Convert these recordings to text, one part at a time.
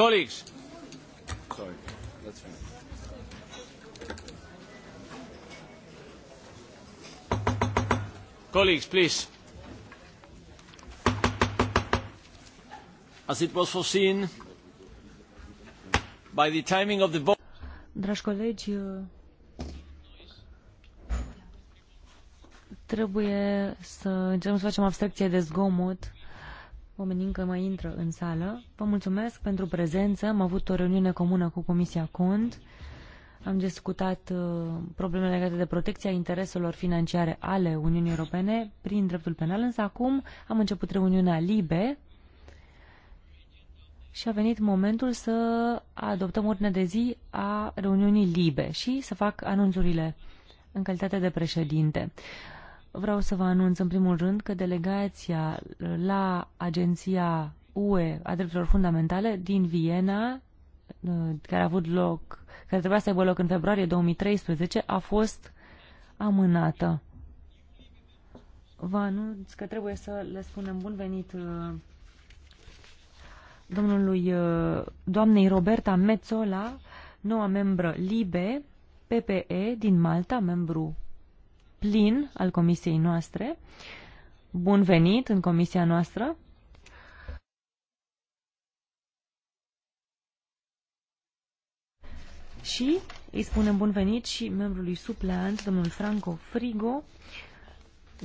Colleagues. Sorry, that's fine. Colleagues, please. As it was foreseen, by the timing of the vote. Dragi colegi, trebuie să încercăm să facem abstracție de zgomot oamenii încă mai intră în sală. Vă mulțumesc pentru prezență. Am avut o reuniune comună cu Comisia Cont. Am discutat uh, probleme legate de protecția intereselor financiare ale Uniunii Europene prin dreptul penal, însă acum am început reuniunea LIBE și a venit momentul să adoptăm ordinea de zi a reuniunii LIBE și să fac anunțurile în calitate de președinte. Vreau să vă anunț în primul rând că delegația la Agenția UE a Drepturilor Fundamentale din Viena, uh, care a avut loc, care trebuia să aibă loc în februarie 2013, a fost amânată. Vă anunț că trebuie să le spunem bun venit uh, domnului, uh, doamnei Roberta Mezzola, noua membră LIBE, PPE din Malta, membru plin al comisiei noastre. Bun venit în comisia noastră. Și îi spunem bun venit și membrului supleant, domnul Franco Frigo,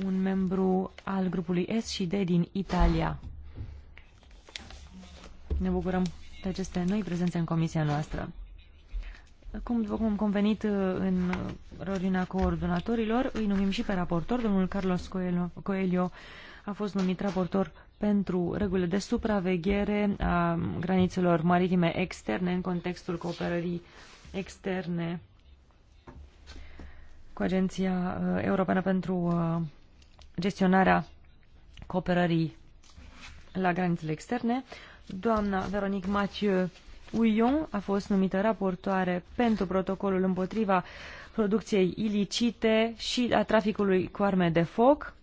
un membru al grupului S și D din Italia. Ne bucurăm de aceste noi prezențe în comisia noastră. Cum, după cum am convenit uh, în rodina coordonatorilor, îi numim și pe raportor. Domnul Carlos Coelho, Coelho a fost numit raportor pentru regulile de supraveghere a granițelor maritime externe în contextul cooperării externe cu Agenția uh, Europeană pentru uh, gestionarea cooperării la granițele externe. Doamna Veronique Mathieu Uyon a fost numită raportoare pentru protocolul împotriva producției ilicite și a traficului cu arme de foc.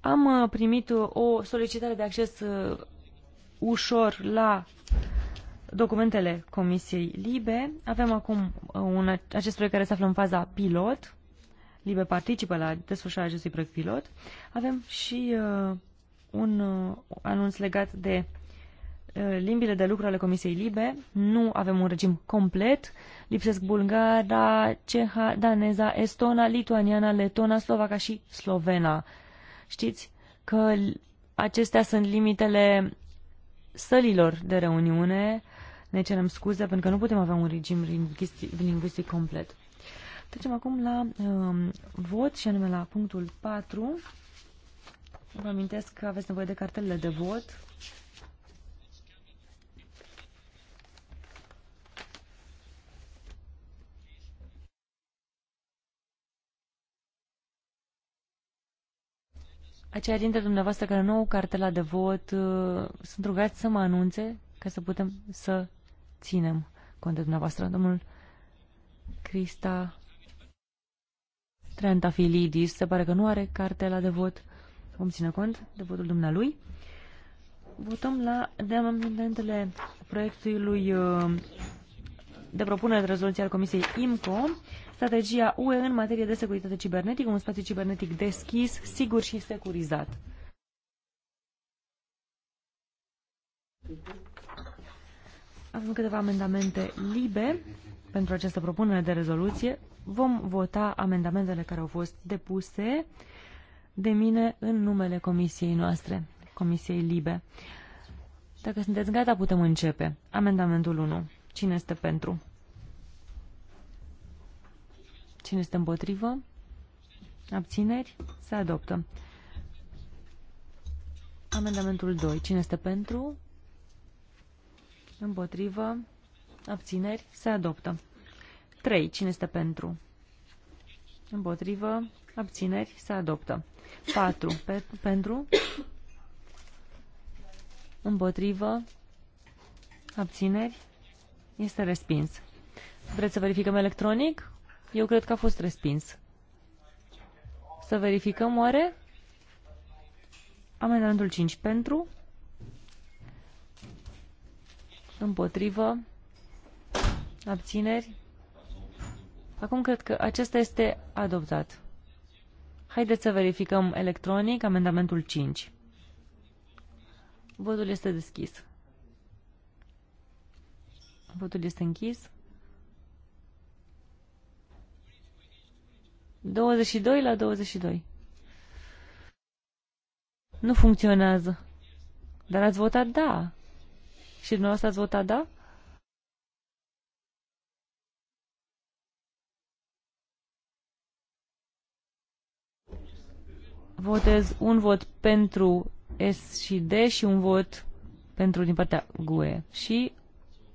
Am uh, primit o solicitare de acces uh, ușor la documentele Comisiei Libe. Avem acum uh, un, acest proiect care se află în faza pilot. Libe participă la desfășurarea acestui proiect pilot. Avem și uh, un uh, anunț legat de Eh, limbile de lucru ale Comisiei Libe. Nu avem un regim complet. Lipsesc bulgara, ceha, daneza, estona, lituaniana, letona, slovaca și slovena. Știți că acestea sunt limitele sălilor de reuniune. Ne cerem scuze pentru că nu putem avea un regim lingvistic, lingvistic complet. Trecem acum la um, vot și anume la punctul 4. Vă amintesc că aveți nevoie de cartelele de vot. aceia dintre dumneavoastră care nu au cartela de vot uh, sunt rugați să mă anunțe ca să putem să ținem cont de dumneavoastră. Domnul Crista Trentafilidis se pare că nu are cartela de vot. Vom ține cont de votul dumnealui. Votăm la deamentele proiectului uh, de propunere de rezoluție al Comisiei IMCO strategia UE în materie de securitate cibernetică, un spațiu cibernetic deschis, sigur și securizat. Avem câteva amendamente libe pentru această propunere de rezoluție. Vom vota amendamentele care au fost depuse de mine în numele comisiei noastre, comisiei libe. Dacă sunteți gata, putem începe. Amendamentul 1. Cine este pentru? Cine este împotrivă? Abțineri? Se adoptă. Amendamentul 2. Cine este pentru? Împotrivă? Abțineri? Se adoptă. 3. Cine este pentru? Împotrivă? Abțineri? Se adoptă. 4. Pe pentru? Împotrivă? Abțineri? Este respins. Vreți să verificăm electronic? Eu cred că a fost respins. Să verificăm oare? Amendamentul 5 pentru. Împotrivă. Abțineri. Acum cred că acesta este adoptat. Haideți să verificăm electronic amendamentul 5. Votul este deschis. Votul este închis. 22 la 22. Nu funcționează. Dar ați votat da. Și dumneavoastră ați votat da? Votez un vot pentru S și D și un vot pentru din partea GUE și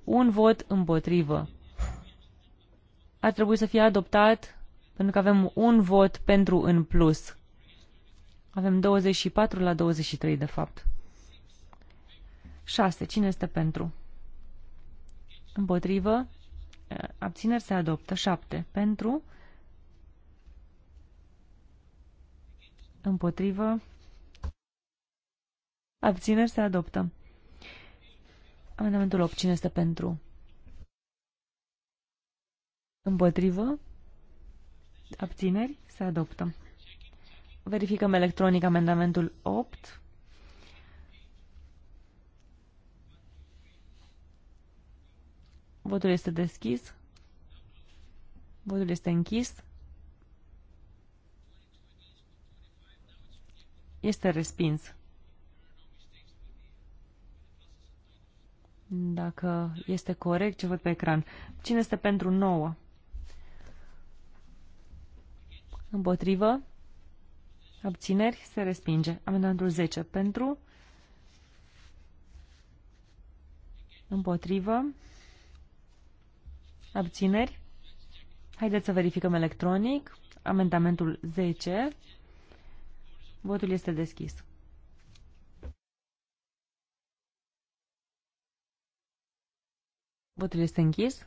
un vot împotrivă. Ar trebui să fie adoptat pentru că avem un vot pentru în plus. Avem 24 la 23, de fapt. 6. Cine este pentru? Împotrivă. Abțineri se adoptă. 7. Pentru. Împotrivă. Abțineri se adoptă. Amendamentul 8. Cine este pentru? Împotrivă abțineri, se adoptă. Verificăm electronic amendamentul 8. Votul este deschis. Votul este închis. Este respins. Dacă este corect ce văd pe ecran. Cine este pentru 9? Împotrivă. Abțineri. Se respinge. Amendamentul 10. Pentru. Împotrivă. Abțineri. Haideți să verificăm electronic. Amendamentul 10. Votul este deschis. Votul este închis.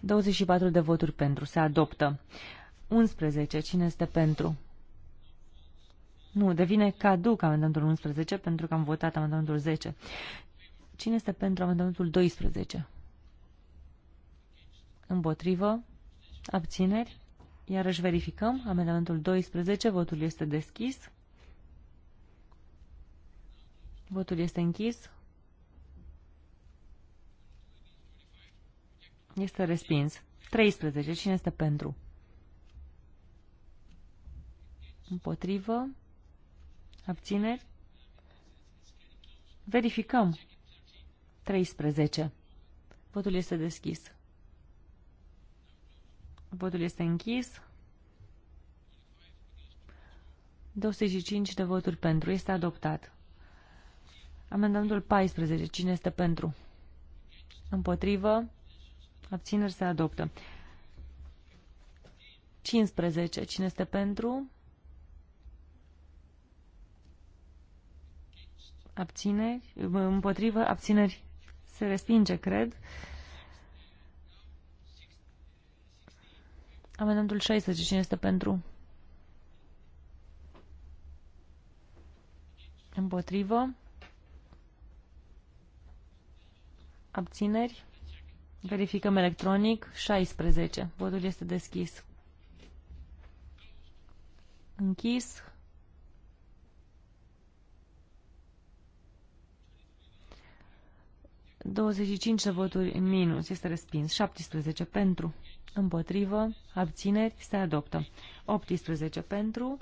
24 de voturi pentru. Se adoptă. 11. Cine este pentru? Nu, devine caduc amendamentul 11 pentru că am votat amendamentul 10. Cine este pentru amendamentul 12? Împotrivă? Abțineri? Iarăși verificăm. Amendamentul 12. Votul este deschis. Votul este închis. Este respins. 13. Cine este pentru? Împotrivă. Abțineri. Verificăm. 13. Votul este deschis. Votul este închis. 25 de voturi pentru. Este adoptat. Amendamentul 14. Cine este pentru? Împotrivă. Abțineri se adoptă. 15. Cine este pentru? abțineri, împotrivă, abțineri, se respinge, cred. Amendamentul 16, cine este pentru? Împotrivă. Abțineri. Verificăm electronic. 16. Votul este deschis. Închis. 25 de voturi în minus. Este respins. 17 pentru. Împotrivă. Abțineri. Se adoptă. 18 pentru.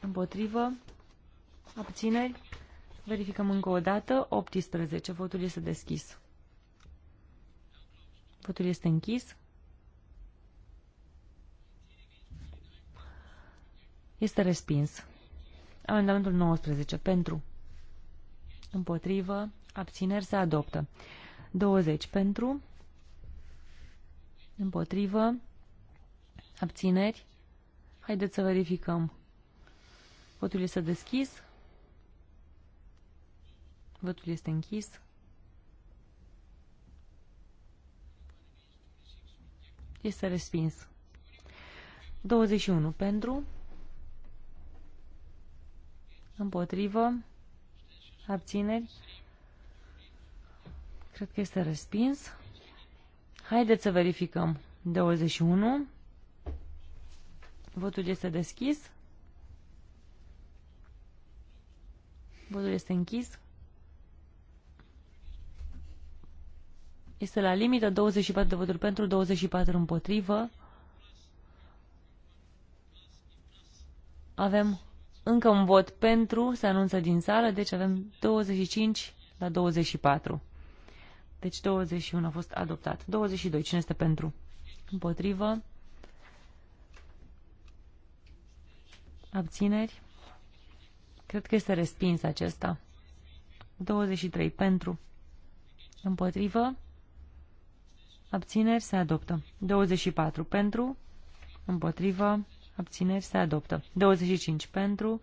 Împotrivă. Abțineri. Verificăm încă o dată. 18. Votul este deschis. Votul este închis. Este respins. Amendamentul 19. Pentru împotrivă, abțineri se adoptă. 20 pentru, împotrivă, abțineri. Haideți să verificăm. Votul este deschis. Votul este închis. Este respins. 21 pentru, împotrivă, Abțineri? Cred că este respins. Haideți să verificăm. 21. Votul este deschis. Votul este închis. Este la limită 24 de voturi pentru, 24 împotrivă. Avem încă un vot pentru se anunță din sală, deci avem 25 la 24. Deci 21 a fost adoptat. 22. Cine este pentru? Împotrivă. Abțineri. Cred că este respins acesta. 23. Pentru. Împotrivă. Abțineri se adoptă. 24. Pentru. Împotrivă abțineri se adoptă. 25 pentru,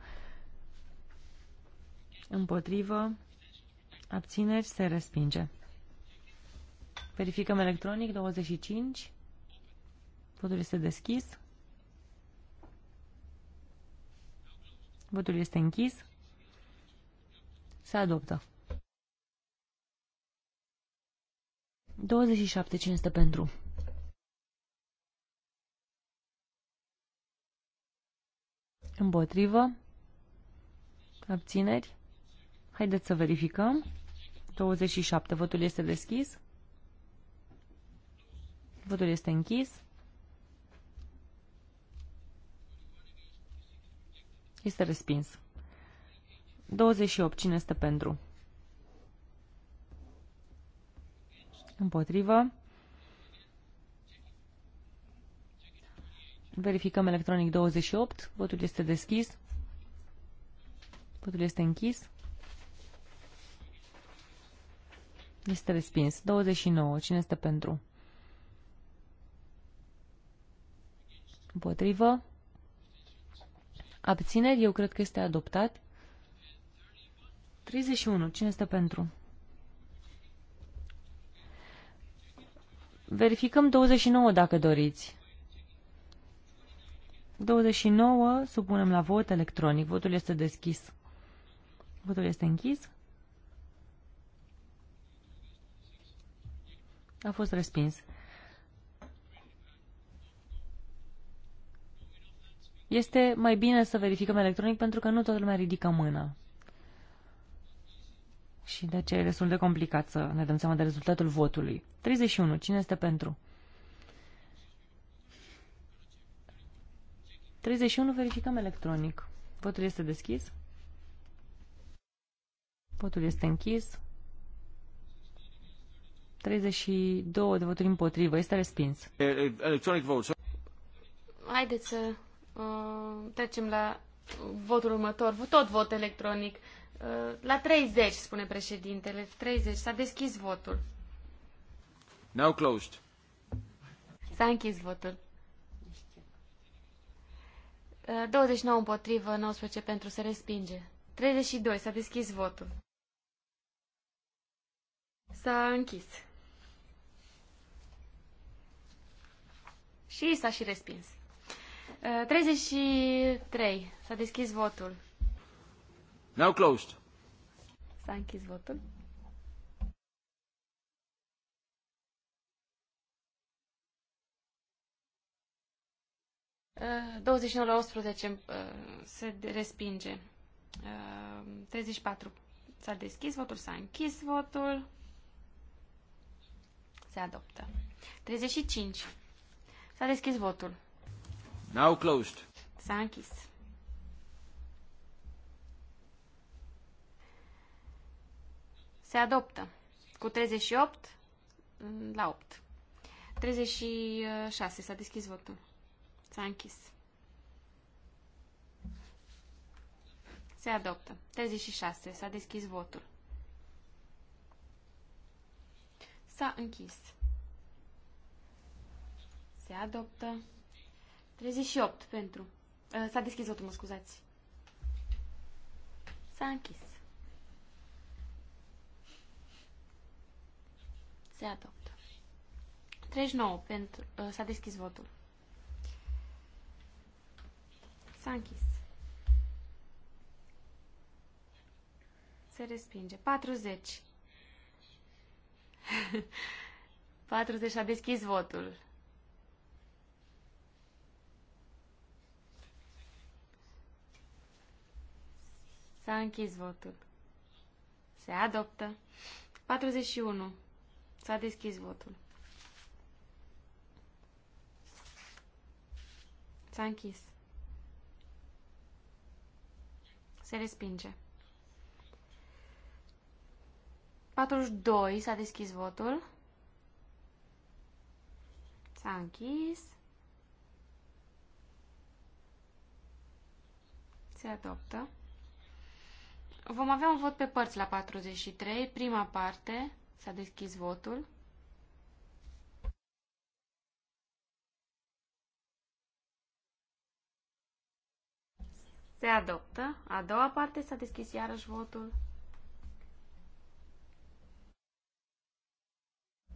împotrivă, abțineri se respinge. Verificăm electronic, 25, votul este deschis, votul este închis, se adoptă. 27 500 pentru. Împotrivă? Abțineri? Haideți să verificăm. 27. Votul este deschis. Votul este închis. Este respins. 28. Cine este pentru? Împotrivă. Verificăm electronic 28. Votul este deschis. Votul este închis. Este respins. 29. Cine este pentru? Împotrivă. Abțineri. Eu cred că este adoptat. 31. Cine este pentru? Verificăm 29 dacă doriți. 29 supunem la vot electronic. Votul este deschis. Votul este închis. A fost respins. Este mai bine să verificăm electronic pentru că nu toată lumea ridică mâna. Și de aceea e destul de complicat să ne dăm seama de rezultatul votului. 31. Cine este pentru? 31 verificăm electronic. Votul este deschis. Votul este închis. 32 de voturi împotrivă. Este respins. Electronic vote. Haideți să uh, trecem la votul următor. Tot vot electronic. Uh, la 30, spune președintele. 30. S-a deschis votul. Now closed. S-a închis votul. 29 eh, împotrivă, 19 pentru, se respinge. 32, s-a deschis votul. S-a închis. Și s-a și respins. 33, eh, s-a deschis votul. Now closed. S-a închis votul. 29 uh, la 11 uh, se respinge. 34 uh, s-a deschis votul, s-a închis votul. Se adoptă. 35. S-a deschis votul. Now closed. S-a închis. Se adoptă. Cu 38 mm, la 8. 36. S-a deschis votul. S-a închis. Se adoptă. 36. S-a deschis votul. S-a închis. Se adoptă. 38 pentru. Ă, s-a deschis votul, mă scuzați. S-a închis. Se adoptă. 39 pentru. Ă, s-a deschis votul. S-a închis. Se respinge. 40. 40 a deschis votul. S-a închis votul. Se adoptă. 41. S-a deschis votul. S-a închis. Se respinge. 42. S-a deschis votul. S-a închis. Se adoptă. Vom avea un vot pe părți la 43. Prima parte. S-a deschis votul. Se adoptă. A doua parte s-a deschis iarăși votul.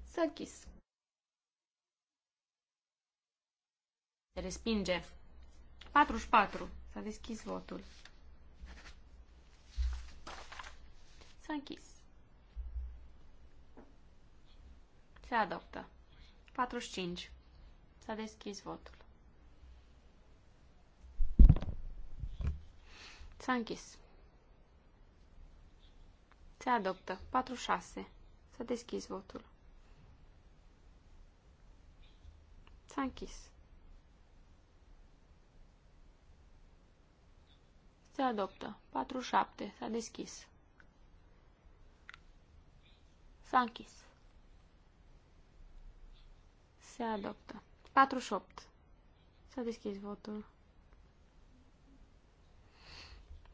S-a închis. Se respinge. 44. S-a deschis votul. S-a închis. Se adoptă. 45. S-a deschis votul. S-a închis. Se adoptă. 46. S-a deschis votul. S-a închis. Se adoptă. 47. S-a deschis. S-a închis. Se adoptă. 48. S-a deschis votul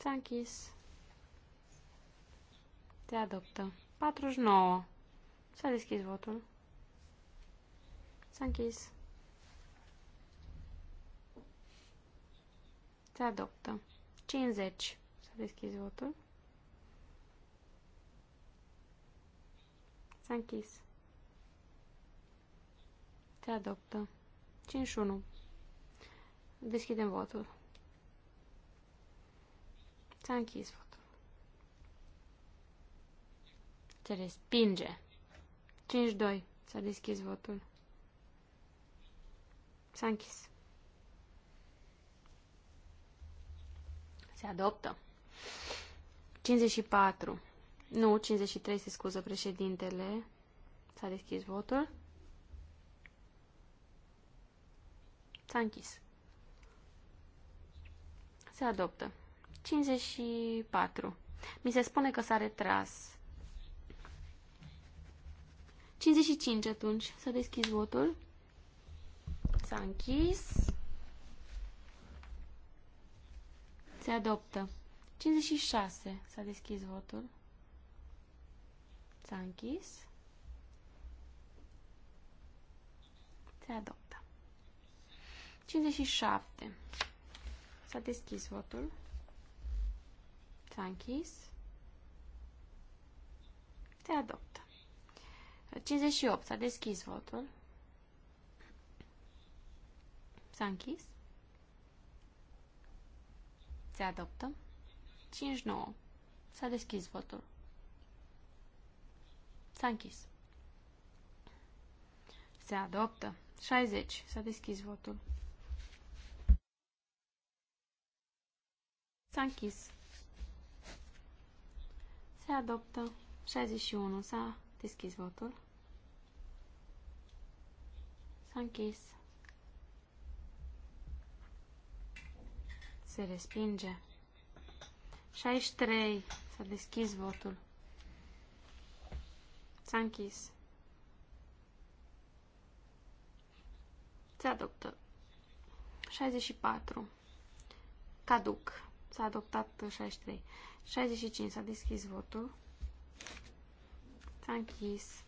ți a închis. Te adoptă. 49. S-a deschis votul. S-a închis. Te adoptă. 50. S-a deschis votul. S-a închis. Te adoptă. 51. Deschidem votul ți a închis votul. Se respinge. 5-2. S-a deschis votul. S-a închis. Se adoptă. 54. Nu, 53 se scuză președintele. S-a deschis votul. S-a închis. Se adoptă. 54. Mi se spune că s-a retras. 55 atunci. Să deschis votul. S-a închis. Se adoptă. 56. S-a deschis votul. S-a închis. Se adoptă. 57. S-a deschis votul. S-a închis. Se adoptă. 58. S-a deschis votul. S-a închis. Se adoptă. 59. S-a deschis votul. S-a închis. Se adoptă. 60. S-a deschis votul. S-a închis. Se adoptă. 61. S-a deschis votul. S-a închis. Se respinge. 63. S-a deschis votul. S-a închis. Se adoptă. 64. Caduc. S-a adoptat 63. 65. S-a deschis votul. S-a închis.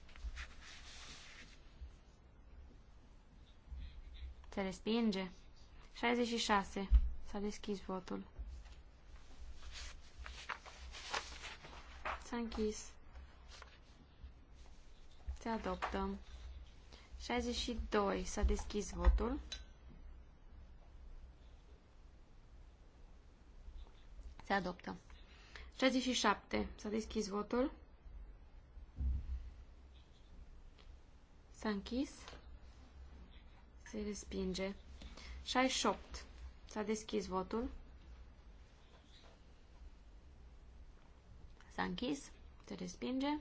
Se respinge. 66. S-a deschis votul. S-a închis. Se adoptă. 62. S-a deschis votul. Se adoptă. 67. S-a deschis votul. S-a închis. Se respinge. 68. S-a deschis votul. S-a închis. Se respinge.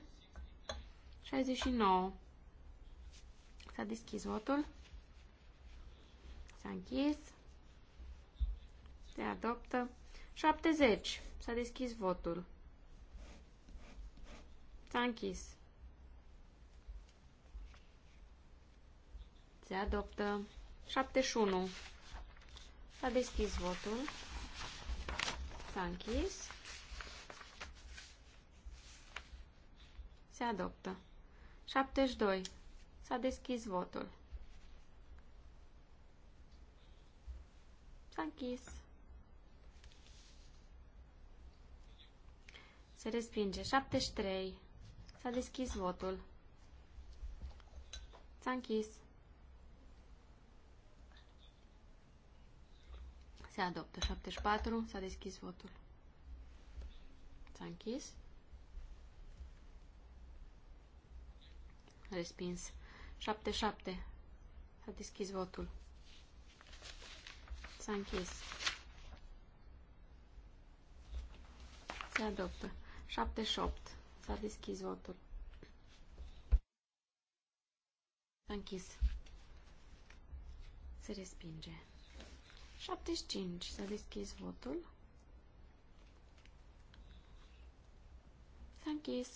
69. S-a deschis votul. S-a închis. Se adoptă. 70. S-a deschis votul. S-a închis. Se adoptă 71. S-a deschis votul. S-a închis. Se adoptă. 72. S-a deschis votul. S-a închis. Se respinge. 73. S-a deschis votul. S-a închis. Se adoptă. 74. S-a deschis votul. S-a închis. Respins. 77. S-a deschis votul. S-a închis. Se adoptă. 78. S-a deschis votul. S-a închis. Se respinge. 75. S-a deschis votul. S-a închis.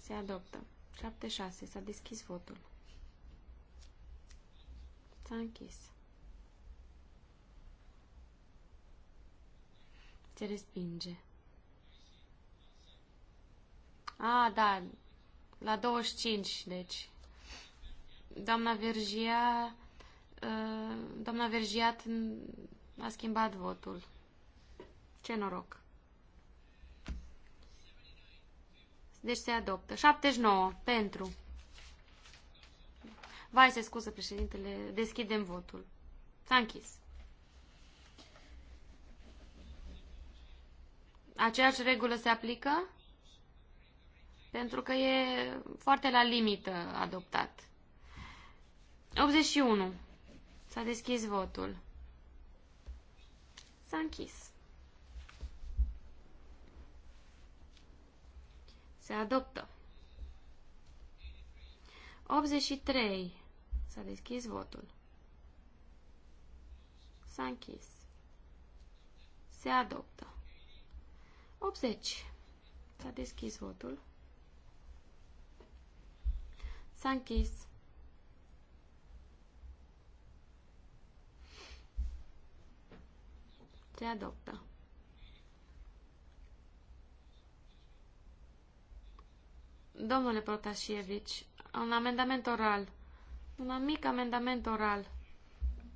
Se adoptă. 76. S-a deschis votul. S-a închis. Se respinge. A, da, la 25, deci. Doamna Vergia, ă, doamna Vergiat a schimbat votul. Ce noroc. Deci se adoptă. 79 pentru. Vai, se scuză președintele, deschidem votul. S-a închis. Aceeași regulă se aplică? pentru că e foarte la limită adoptat. 81. S-a deschis votul. S-a închis. Se adoptă. 83. S-a deschis votul. S-a închis. Se adoptă. 80. S-a deschis votul. S-a închis. Se adoptă. Domnule Protasievici, un amendament oral, un mic amendament oral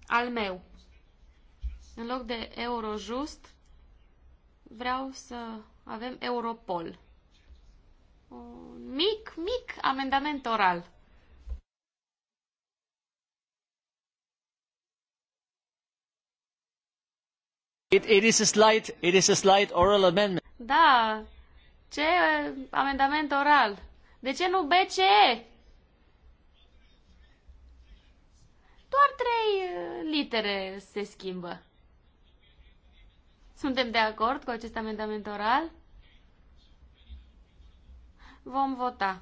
al meu. În loc de Eurojust, vreau să avem Europol. Un mic, mic amendament oral. It, it, is a slight, it is a slight oral amendment. Da, ce amendament oral? De ce nu BCE? Doar trei uh, litere se schimbă. Suntem de acord cu acest amendament oral? Vom vota.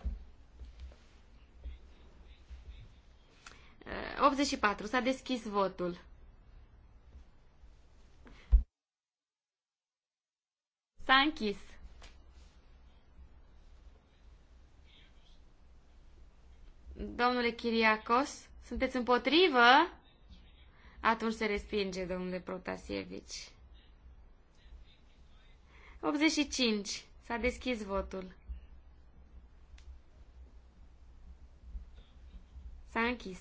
84. Uh, s-a deschis votul. S-a închis. Domnule Chiriacos, sunteți împotrivă? Atunci se respinge, domnule Protasievici. 85. S-a deschis votul. S-a închis.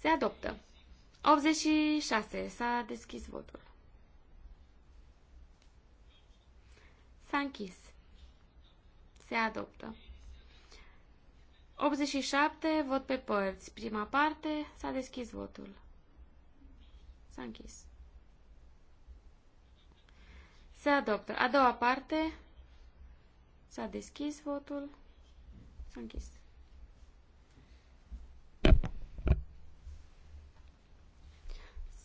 Se adoptă. 86. S-a deschis votul. S-a închis. Se adoptă. 87, vot pe părți. Prima parte, s-a deschis votul. S-a închis. Se adoptă. A doua parte, s-a deschis votul. S-a închis.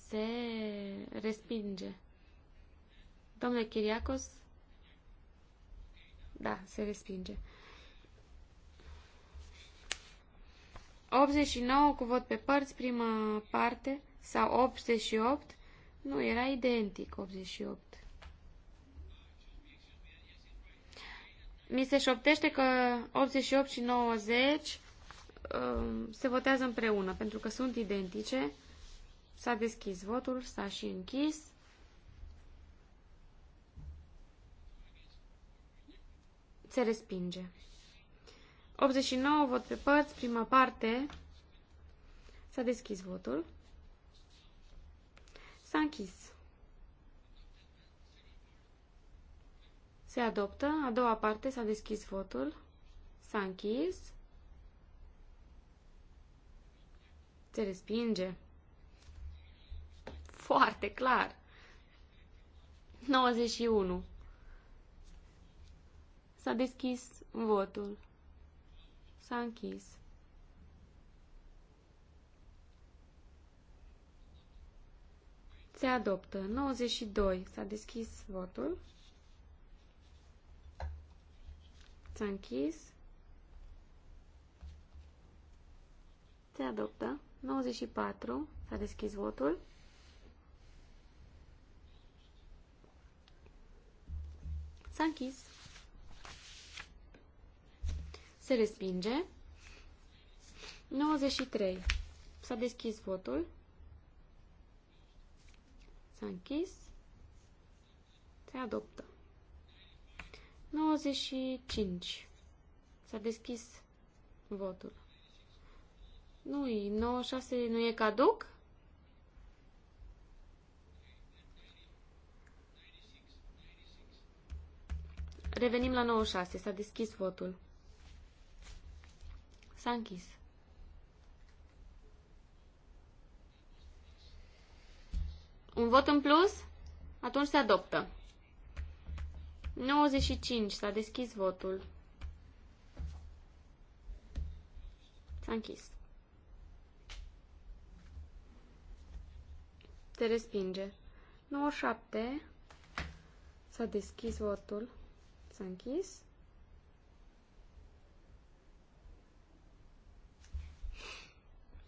Se respinge. Domnule Chiriacos, da, se respinge. 89 cu vot pe părți, prima parte, sau 88, nu, era identic 88. Mi se șoptește că 88 și 90 um, se votează împreună, pentru că sunt identice. S-a deschis votul, s-a și închis. Se respinge. 89, vot pe părți, prima parte. S-a deschis votul. S-a închis. Se adoptă. A doua parte s-a deschis votul. S-a închis. Se respinge. Foarte clar. 91. S-a deschis votul. S-a închis. Se adoptă. 92. S-a deschis votul. S-a închis. Se adoptă. 94. S-a deschis votul. S-a închis. Se respinge. 93. S-a deschis votul. S-a închis. Se adoptă. 95. S-a deschis votul. nu 96 nu e caduc? Revenim la 96. S-a deschis votul. S-a închis. Un vot în plus? Atunci se adoptă. 95. S-a deschis votul. S-a închis. Se respinge. 97. S-a deschis votul. S-a închis.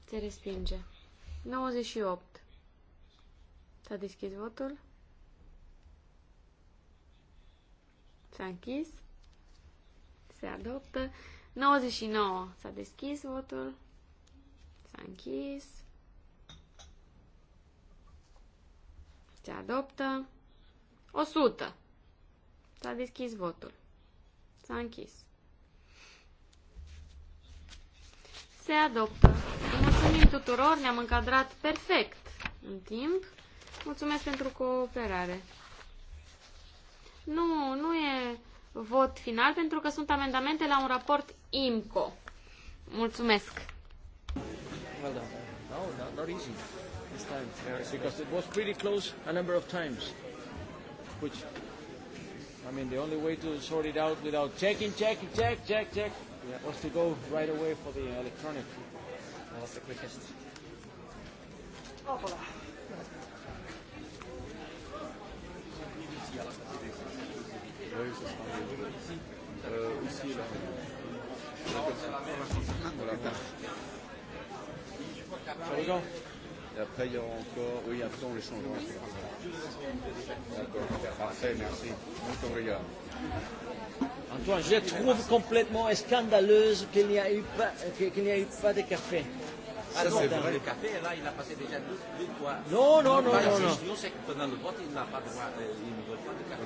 Se respinge. 98. S-a deschis votul. S-a închis. Se adoptă. 99. S-a deschis votul. S-a închis. Se adoptă. 100. S-a deschis votul. S-a închis. Se adoptă. Mulțumim tuturor, ne-am încadrat perfect în timp. Mulțumesc pentru cooperare. Nu, nu e vot final pentru că sunt amendamente la un raport IMCO. Mulțumesc. which I mean the only way to sort it out without checking, checking, check, check, check, check. Yeah, wants to go right away for the uh, electronic. That uh, was the quickest. Oh, voilà. Oui, we go. Et après, il y aura encore. Oui, après, on les changera. D'accord. Parfait, merci. Muito regarde. Antoine, je trouve complètement scandaleuse qu'il n'y a eu pas, a eu pas de café. Ah Ça, ah, c'est vrai. Le café, là, il a passé déjà deux, deux fois. Non, non, non, non. non, non. Je sais que pendant le vote, il n'a pas droit. Euh,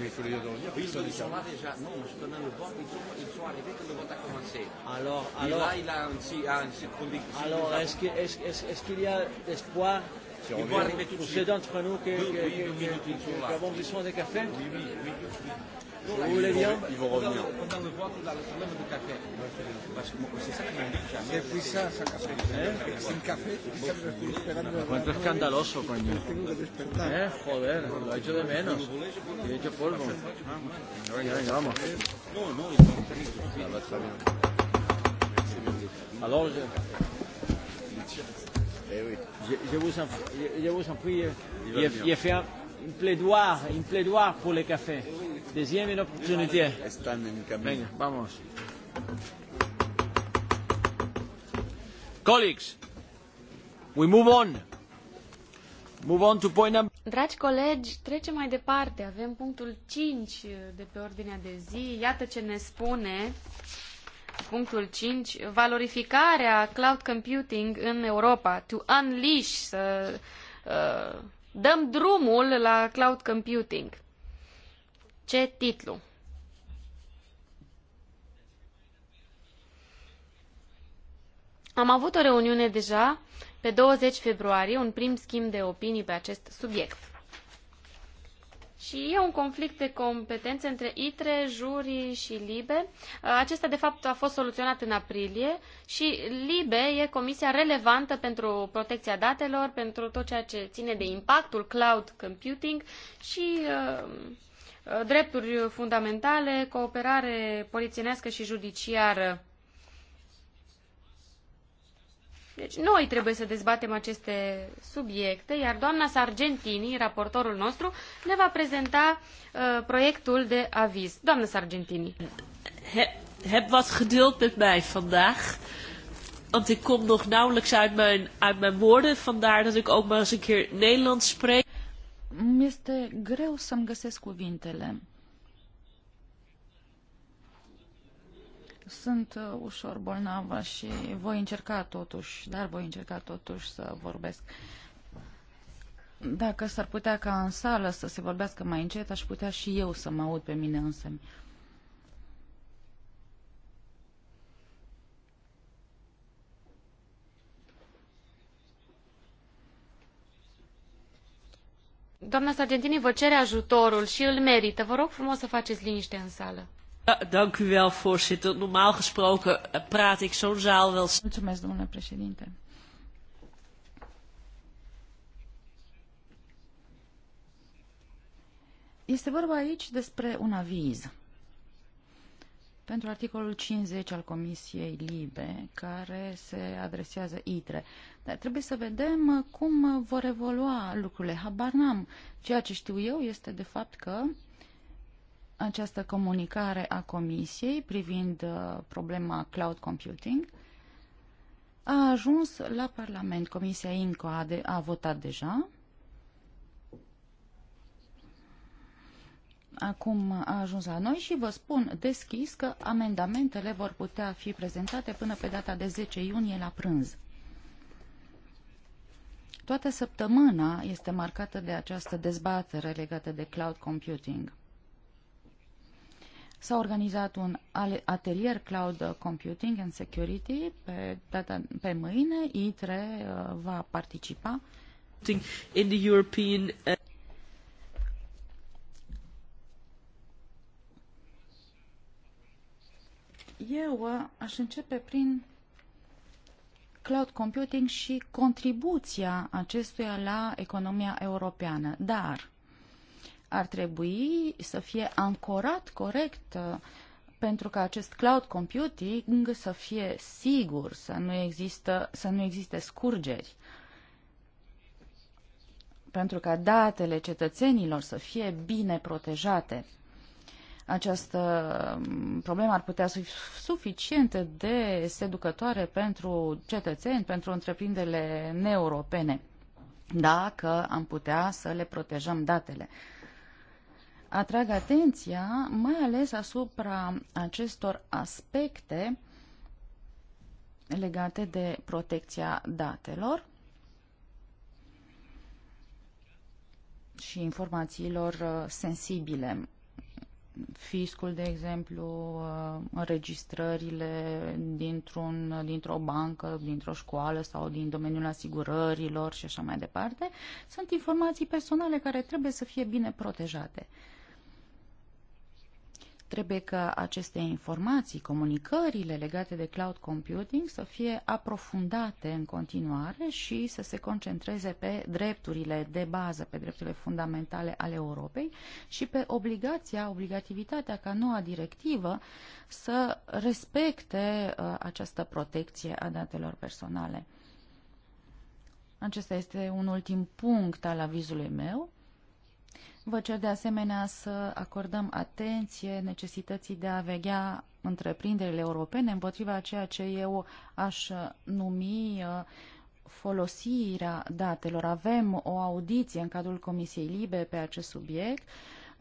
mais il faut les le livre. Oui, ils, ils sont là déjà. Non, je te donne le bon. Ils sont, ils sont arrivés quand le vote a commencé. Alors, alors. Et là, il a un petit, un petit conviction. Alors, est-ce qu'il est, est, est qu y a espoir si pour ceux d'entre nous qui avons besoin de café Oui, oui, oui. oui, oui, oui. Cuánto escandaloso, coño. Eh, joder, lo he hecho de menos. Lo he hecho polvo. Venga, venga, vamos. No, no, está bien. Alors, je... Eh oui. Je, je, vous en, je, je vous en prie, Il va bien. il fait un un plaidoire, un plaidoire pour le café. Deuxième une opportunité. Venga, vamos. Colleagues, we move on. Move on to point number... Dragi colegi, trecem mai departe. Avem punctul 5 de pe ordinea de zi. Iată ce ne spune punctul 5, valorificarea cloud computing în Europa, to unleash, să uh, dăm drumul la cloud computing. Ce titlu? Am avut o reuniune deja pe 20 februarie, un prim schimb de opinii pe acest subiect. Și e un conflict de competențe între ITRE, juri și LIBE. Uh, acesta, de fapt, a fost soluționat în aprilie și LIBE e comisia relevantă pentru protecția datelor, pentru tot ceea ce ține de impactul cloud computing și uh, uh drepturi fundamentale, cooperare polițienească și judiciară. Deci noi trebuie să dezbatem aceste subiecte, iar doamna Sargentini, raportorul nostru, ne va prezenta uh, proiectul de aviz. Doamna Sargentini. He, heb wat geduld met mij vandaag. Want ik kom nog nauwelijks uit mijn, uit mijn woorden. Vandaar dat ik ook maar eens een keer Nederlands spreek. Mi este greu să-mi găsesc cuvintele. sunt uh, ușor bolnavă și voi încerca totuși, dar voi încerca totuși să vorbesc. Dacă s-ar putea ca în sală să se vorbească mai încet, aș putea și eu să mă aud pe mine însă. Doamna Sargentini vă cere ajutorul și îl merită. Vă rog frumos să faceți liniște în sală. Eh, dank u wel, voorzitter. Normaal gesproken eh, praat ik zo'n zaal wel... Mulțumesc, domnule președinte. Este vorba aici despre un aviz pentru articolul 50 al Comisiei Libe, care se adresează ITRE. Dar trebuie să vedem cum vor evolua lucrurile. Habar n-am. Ceea ce știu eu este de fapt că această comunicare a Comisiei privind uh, problema cloud computing a ajuns la Parlament. Comisia INCO a, de, a votat deja. Acum a ajuns la noi și vă spun deschis că amendamentele vor putea fi prezentate până pe data de 10 iunie la prânz. Toată săptămâna este marcată de această dezbatere legată de cloud computing. S-a organizat un atelier Cloud Computing and Security pe, data, pe mâine. ITRE uh, va participa. In the European, uh... Eu uh, aș începe prin cloud computing și contribuția acestuia la economia europeană. Dar ar trebui să fie ancorat corect uh, pentru ca acest cloud computing să fie sigur, să nu, există, să nu existe scurgeri pentru ca datele cetățenilor să fie bine protejate. Această um, problemă ar putea fi suficientă de seducătoare pentru cetățeni, pentru întreprinderile neeuropene, dacă am putea să le protejăm datele atrag atenția mai ales asupra acestor aspecte legate de protecția datelor și informațiilor uh, sensibile. Fiscul, de exemplu, uh, înregistrările dintr-un, dintr-o bancă, dintr-o școală sau din domeniul asigurărilor și așa mai departe, sunt informații personale care trebuie să fie bine protejate. Trebuie ca aceste informații, comunicările legate de cloud computing să fie aprofundate în continuare și să se concentreze pe drepturile de bază, pe drepturile fundamentale ale Europei și pe obligația, obligativitatea ca noua directivă să respecte uh, această protecție a datelor personale. Acesta este un ultim punct al avizului meu Vă cer de asemenea să acordăm atenție necesității de a veghea întreprinderile europene împotriva ceea ce eu aș numi uh, folosirea datelor. Avem o audiție în cadrul Comisiei Libe pe acest subiect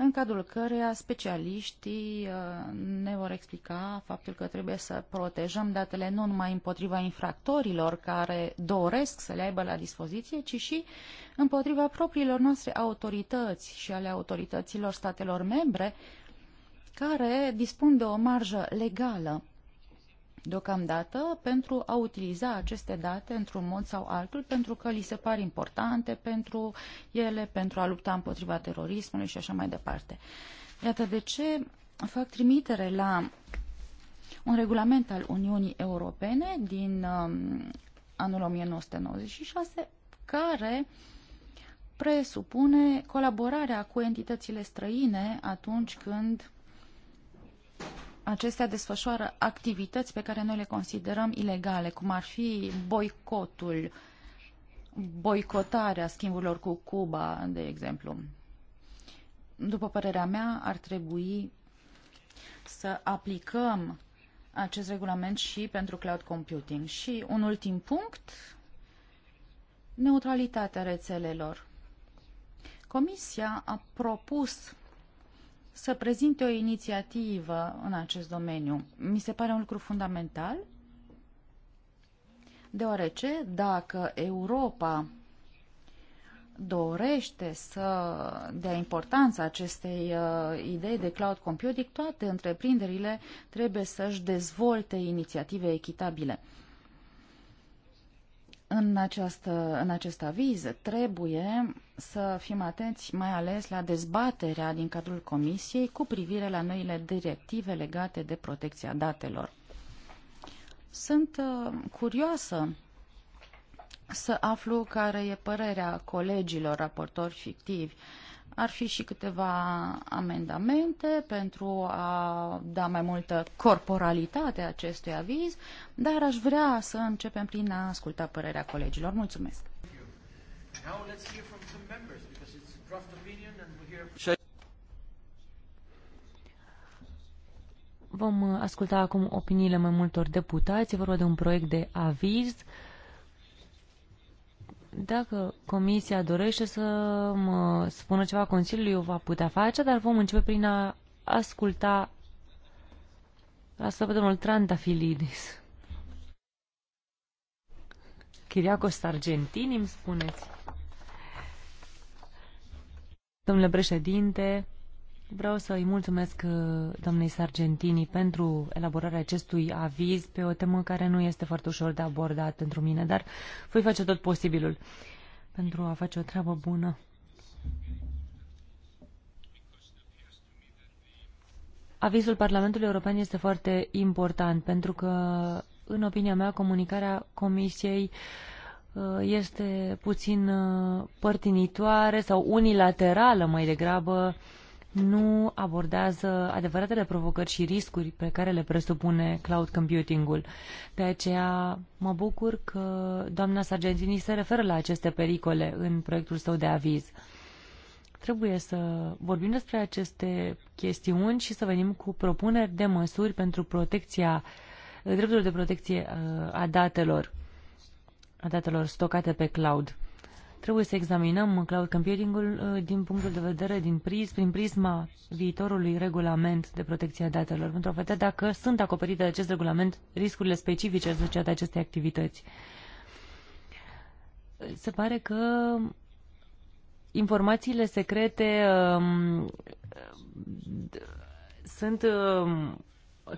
în cadrul căreia specialiștii uh, ne vor explica faptul că trebuie să protejăm datele nu numai împotriva infractorilor care doresc să le aibă la dispoziție, ci și împotriva propriilor noastre autorități și ale autorităților statelor membre care dispun de o marjă legală deocamdată pentru a utiliza aceste date într-un mod sau altul, pentru că li se par importante pentru ele, pentru a lupta împotriva terorismului și așa mai departe. Iată de ce fac trimitere la un regulament al Uniunii Europene din um, anul 1996 care presupune colaborarea cu entitățile străine atunci când acestea desfășoară activități pe care noi le considerăm ilegale, cum ar fi boicotul, boicotarea schimburilor cu Cuba, de exemplu. După părerea mea, ar trebui să aplicăm acest regulament și pentru cloud computing. Și un ultim punct, neutralitatea rețelelor. Comisia a propus să prezinte o inițiativă în acest domeniu. Mi se pare un lucru fundamental, deoarece dacă Europa dorește să dea importanță acestei uh, idei de cloud computing, toate întreprinderile trebuie să-și dezvolte inițiative echitabile. În, această, în acest aviz trebuie să fim atenți mai ales la dezbaterea din cadrul Comisiei cu privire la noile directive legate de protecția datelor. Sunt uh, curioasă să aflu care e părerea colegilor raportori fictivi. Ar fi și câteva amendamente pentru a da mai multă corporalitate acestui aviz, dar aș vrea să începem prin a asculta părerea colegilor. Mulțumesc! Now let's hear from Vom uh, asculta acum opiniile mai multor deputați. E vorba de un proiect de aviz. Dacă comisia dorește să mă um, uh, spună ceva Consiliului, o va putea face, dar vom începe prin a asculta asta pe domnul Filidis, Chiriacos Argentini, îmi spuneți? Domnule președinte, vreau să-i mulțumesc uh, domnei Sargentini pentru elaborarea acestui aviz pe o temă care nu este foarte ușor de abordat pentru mine, dar voi face tot posibilul pentru a face o treabă bună. Avizul Parlamentului European este foarte important pentru că, în opinia mea, comunicarea Comisiei uh, Uh, este puțin uh, părtinitoare sau unilaterală mai degrabă, nu abordează adevăratele provocări și riscuri pe care le presupune cloud computing-ul. De aceea mă bucur că doamna Sargentini se referă la aceste pericole în proiectul său de aviz. Trebuie să vorbim despre aceste chestiuni și să venim cu propuneri de măsuri pentru protecția drepturilor de protecție uh, a datelor a datelor stocate pe cloud. Trebuie să examinăm cloud computing-ul uh, din punctul de vedere, din priz, prin prisma viitorului regulament de protecție a datelor, pentru a vedea dacă sunt acoperite de acest regulament riscurile specifice asociate acestei activități. Se pare că informațiile secrete um, sunt um,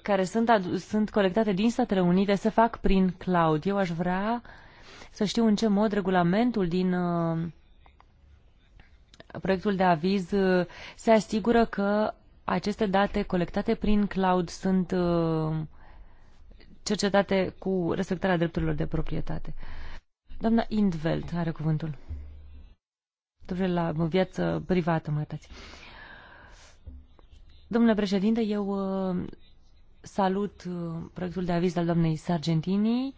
care sunt, sunt colectate din Statele Unite se fac prin cloud. Eu aș vrea uh, să știu în ce mod regulamentul din uh, proiectul de aviz uh, se asigură că aceste date colectate prin cloud sunt uh, cercetate cu respectarea drepturilor de proprietate. Doamna Indveld are cuvântul. Domnule, la viață privată, mă iertați. Domnule președinte, eu salut proiectul de aviz al doamnei Sargentini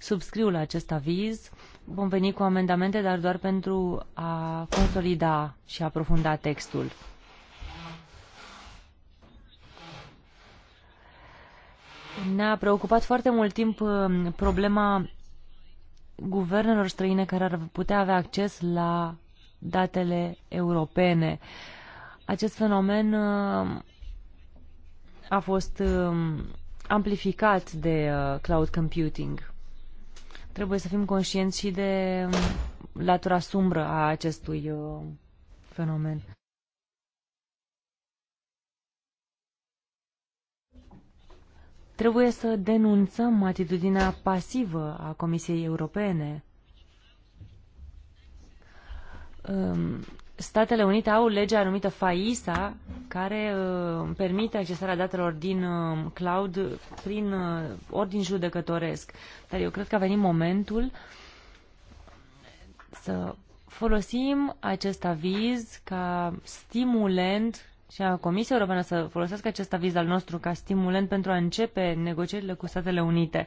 subscriu la acest aviz. Vom veni cu amendamente, dar doar pentru a consolida și a aprofunda textul. Ne-a preocupat foarte mult timp uh, problema guvernelor străine care ar putea avea acces la datele europene. Acest fenomen uh, a fost um, amplificat de uh, cloud computing. Trebuie să fim conștienți și de um, latura sumbră a acestui uh, fenomen. Trebuie să denunțăm atitudinea pasivă a Comisiei Europene um, Statele Unite au legea numită FAISA, care uh, permite accesarea datelor din uh, cloud prin uh, ordin judecătoresc. Dar eu cred că a venit momentul să folosim acest aviz ca stimulent și a Comisiei Europeană să folosească acest aviz al nostru ca stimulent pentru a începe negocierile cu Statele Unite,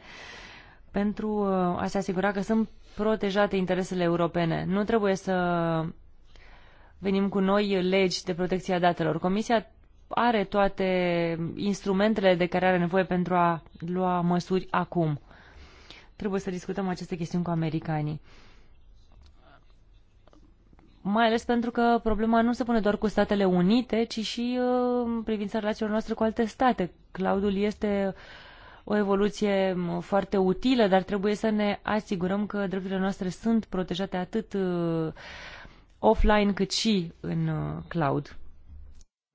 pentru uh, a se asigura că sunt protejate interesele europene. Nu trebuie să venim cu noi legi de protecție a datelor. Comisia are toate instrumentele de care are nevoie pentru a lua măsuri acum. Trebuie să discutăm aceste chestiuni cu americanii. Mai ales pentru că problema nu se pune doar cu Statele Unite, ci și uh, în privința relațiilor noastre cu alte state. Claudul este o evoluție um, foarte utilă, dar trebuie să ne asigurăm că drepturile noastre sunt protejate atât uh, offline cât și în uh, cloud.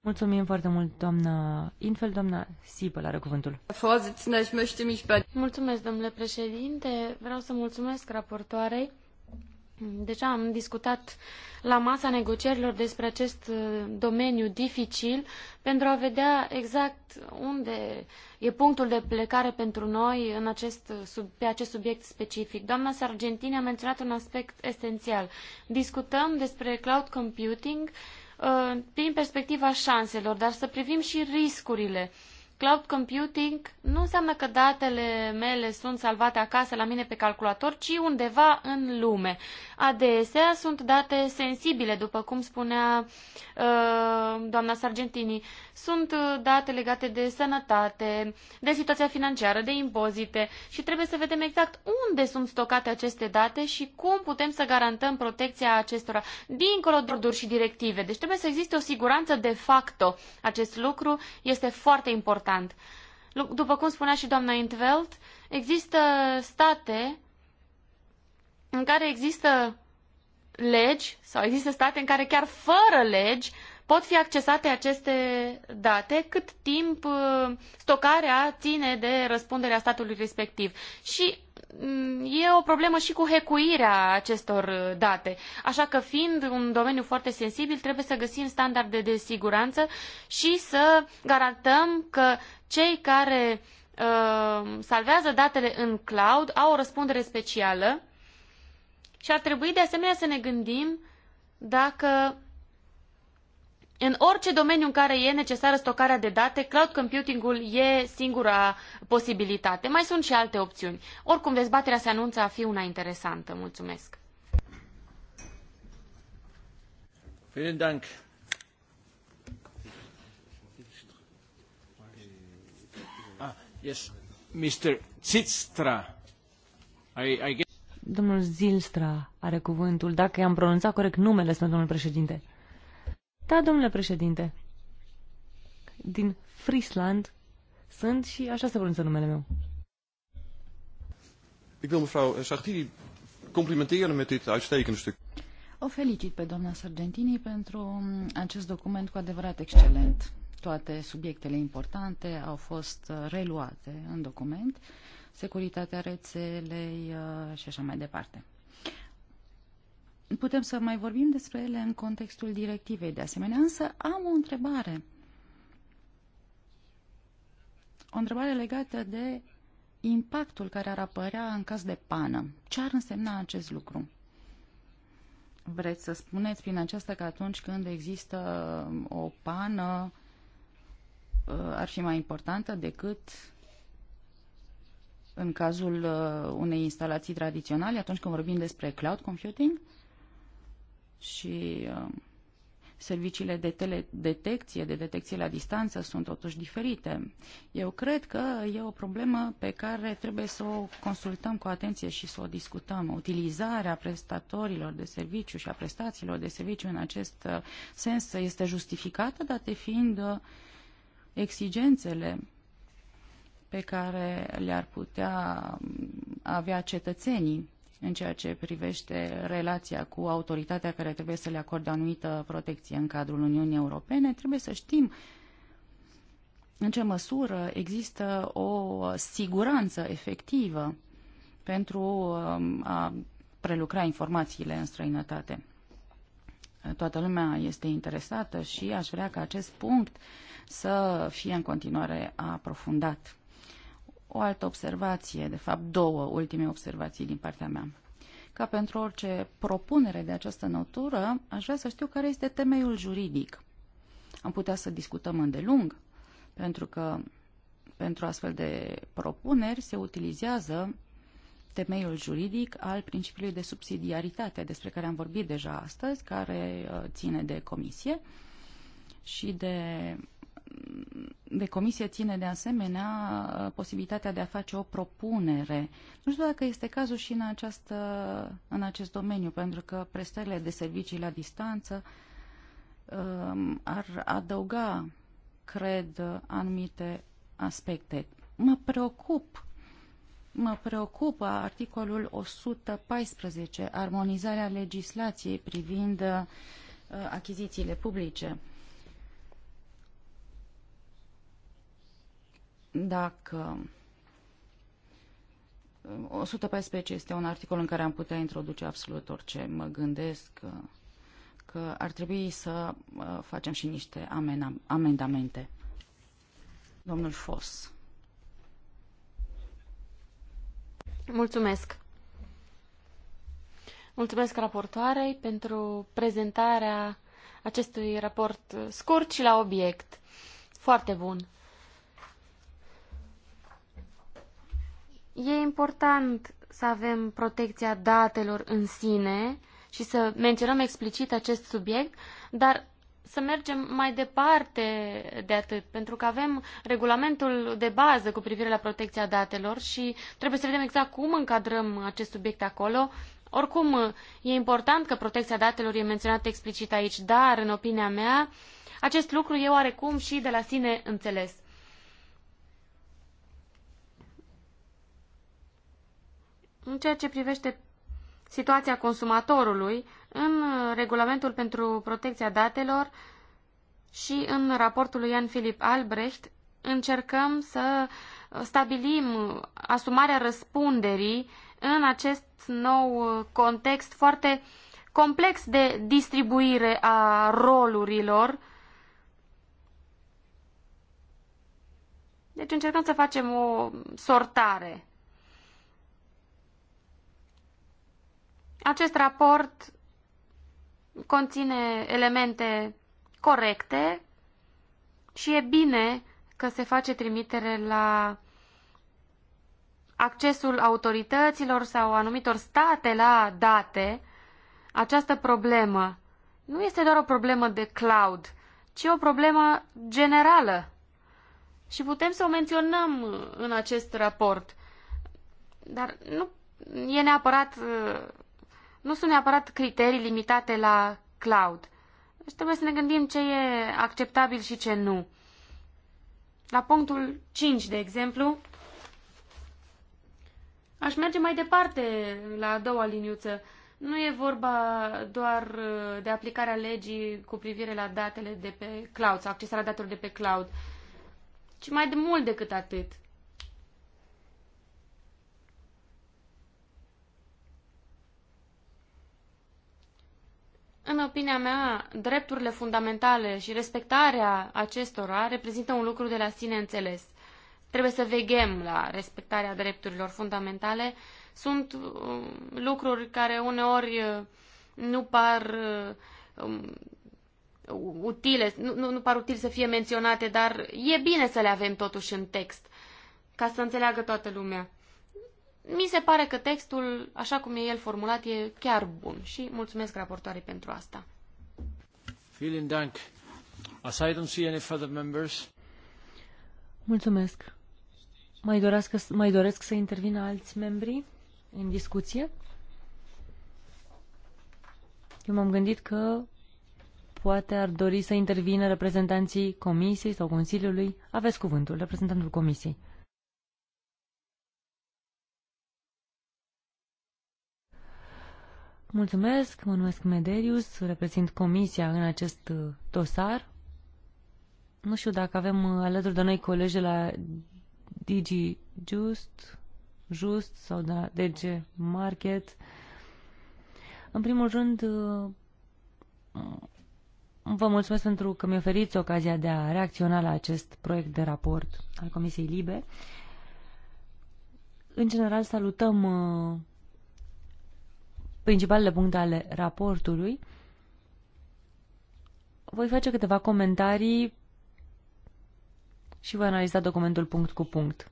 Mulțumim foarte mult, doamna Infel, doamna Sipă, la cuvântul. Mulțumesc, domnule președinte. Vreau să mulțumesc raportoarei Deja am discutat la masa negocierilor despre acest uh, domeniu dificil pentru a vedea exact unde e punctul de plecare pentru noi în acest, uh, sub, pe acest subiect specific. Doamna Sargentini a menționat un aspect esențial. Discutăm despre cloud computing uh, prin perspectiva șanselor, dar să privim și riscurile uh, Cloud computing nu înseamnă că datele mele sunt salvate acasă la mine pe calculator, ci undeva în lume. Adesea sunt date sensibile, după cum spunea uh, doamna Sargentini. Sunt uh, date legate de sănătate, de situația financiară, de impozite și trebuie să vedem exact unde sunt stocate aceste date și cum putem să garantăm protecția acestora, dincolo de orduri și directive. Deci trebuie să existe o siguranță de facto. Acest lucru este foarte important important. După cum spunea și doamna Intveld, există state în care există legi sau există state în care chiar fără legi pot fi accesate aceste date cât timp uh, stocarea ține de răspunderea statului respectiv. Și Mm, e o problemă și cu hecuirea acestor uh, date. Așa că, fiind un domeniu foarte sensibil, trebuie să găsim standarde de siguranță și să garantăm că cei care uh, salvează datele în cloud au o răspundere specială și ar trebui de asemenea să ne gândim dacă în orice domeniu în care e necesară stocarea de date, cloud computing-ul e singura posibilitate. Mai sunt și alte opțiuni. Oricum, dezbaterea se anunță a fi una interesantă. Mulțumesc! Vielen ah, yes. Mr. Zitstra. I, I guess... Domnul Zilstra are cuvântul, dacă i-am pronunțat corect numele, spune domnul președinte. Da, domnule președinte. Din Friesland sunt și așa se pronunță numele meu. Ik wil mevrouw eh, Sartini complimenteren met dit uitstekende stuk. O felicit pe doamna Sargentini pentru mm, acest document cu adevărat excelent. Toate subiectele importante au fost eh, reluate în document, securitatea rețelei eh, și așa mai departe putem să mai vorbim despre ele în contextul directivei de asemenea, însă am o întrebare. O întrebare legată de impactul care ar apărea în caz de pană. Ce ar însemna acest lucru? Vreți să spuneți prin aceasta că atunci când există uh, o pană uh, ar fi mai importantă decât în cazul uh, unei instalații tradiționale, atunci când vorbim despre cloud computing? și um, serviciile de teledetecție, de detecție la distanță sunt totuși diferite. Eu cred că e o problemă pe care trebuie să o consultăm cu atenție și să o discutăm. Utilizarea prestatorilor de serviciu și a prestațiilor de serviciu în acest uh, sens este justificată, date fiind uh, exigențele pe care le-ar putea um, avea cetățenii în ceea ce privește relația cu autoritatea care trebuie să le acorde o anumită protecție în cadrul Uniunii Europene, trebuie să știm în ce măsură există o siguranță efectivă pentru um, a prelucra informațiile în străinătate. Toată lumea este interesată și aș vrea ca acest punct să fie în continuare aprofundat o altă observație, de fapt două ultime observații din partea mea. Ca pentru orice propunere de această natură, aș vrea să știu care este temeiul juridic. Am putea să discutăm îndelung, pentru că pentru astfel de propuneri se utilizează temeiul juridic al principiului de subsidiaritate, despre care am vorbit deja astăzi, care uh, ține de comisie și de de comisie ține de asemenea uh, posibilitatea de a face o propunere. Nu știu dacă este cazul și în, această, în acest domeniu, pentru că prestările de servicii la distanță um, ar adăuga, cred, anumite aspecte. Mă preocup mă preocupă articolul 114, armonizarea legislației privind uh, achizițiile publice. dacă 114 este un articol în care am putea introduce absolut orice. Mă gândesc că, că ar trebui să uh, facem și niște amendamente. Domnul Fos. Mulțumesc. Mulțumesc raportoarei pentru prezentarea acestui raport scurt și la obiect. Foarte bun. E important să avem protecția datelor în sine și să menționăm explicit acest subiect, dar să mergem mai departe de atât, pentru că avem regulamentul de bază cu privire la protecția datelor și trebuie să vedem exact cum încadrăm acest subiect acolo. Oricum, e important că protecția datelor e menționată explicit aici, dar, în opinia mea, acest lucru e oarecum și de la sine înțeles. În ceea ce privește situația consumatorului, în regulamentul pentru protecția datelor și în raportul lui Jan philip Albrecht încercăm să stabilim asumarea răspunderii în acest nou context foarte complex de distribuire a rolurilor. Deci încercăm să facem o sortare Acest raport conține elemente corecte și e bine că se face trimitere la accesul autorităților sau anumitor state la date. Această problemă nu este doar o problemă de cloud, ci o problemă generală. Și putem să o menționăm în acest raport. Dar nu e neapărat nu sunt neapărat criterii limitate la cloud. Deci trebuie să ne gândim ce e acceptabil și ce nu. La punctul 5, de exemplu, aș merge mai departe la a doua liniuță. Nu e vorba doar uh, de aplicarea legii cu privire la datele de pe cloud sau accesarea datelor de pe cloud, ci mai de mult decât atât. În opinia mea, drepturile fundamentale și respectarea acestora reprezintă un lucru de la sine înțeles. Trebuie să veghem la respectarea drepturilor fundamentale. Sunt um, lucruri care uneori uh, nu par uh, um, utile, nu, nu, nu par util să fie menționate, dar e bine să le avem totuși în text, ca să înțeleagă toată lumea. Mi se pare că textul, așa cum e el formulat, e chiar bun și mulțumesc raportoarei pentru asta. Vielen Dank. I don't see any further members. Mulțumesc. Mai doresc, mai doresc să intervină alți membri în discuție? Eu m-am gândit că poate ar dori să intervină reprezentanții Comisiei sau Consiliului. Aveți cuvântul, reprezentantul Comisiei. Mulțumesc, mă numesc Mederius, reprezint comisia în acest uh, dosar. Nu știu dacă avem uh, alături de noi colegi de la Digi Just, Just sau de la DG Market. În primul rând, uh, vă mulțumesc pentru că mi oferiți ocazia de a reacționa la acest proiect de raport al Comisiei Libe. În general, salutăm principalele puncte ale raportului, voi face câteva comentarii și voi analiza documentul punct cu punct.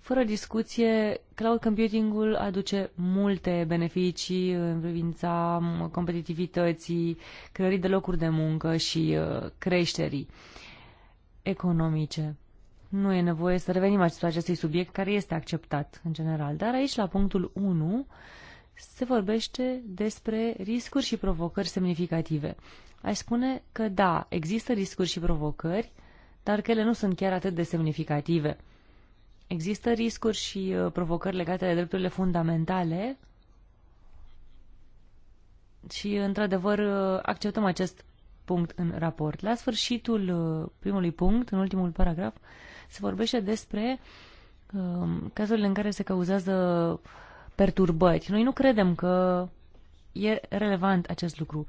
Fără discuție, cloud computing-ul aduce multe beneficii în privința competitivității, creării de locuri de muncă și uh, creșterii economice nu e nevoie să revenim asupra acestui subiect care este acceptat în general. Dar aici, la punctul 1, se vorbește despre riscuri și provocări semnificative. Aș spune că da, există riscuri și provocări, dar că ele nu sunt chiar atât de semnificative. Există riscuri și uh, provocări legate de drepturile fundamentale și, într-adevăr, uh, acceptăm acest punct în raport. La sfârșitul uh, primului punct, în ultimul paragraf, se vorbește despre um, cazurile în care se cauzează perturbări. Noi nu credem că e relevant acest lucru.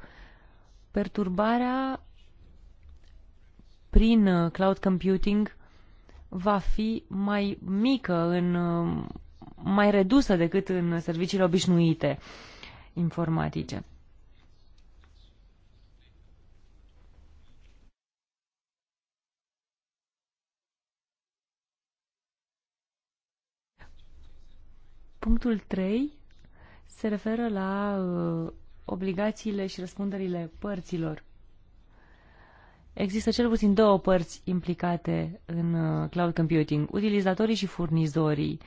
Perturbarea prin uh, cloud computing va fi mai mică, în, um, mai redusă decât în serviciile obișnuite informatice. Punctul 3 se referă la uh, obligațiile și răspunderile părților. Există cel puțin două părți implicate în uh, cloud computing, utilizatorii și furnizorii.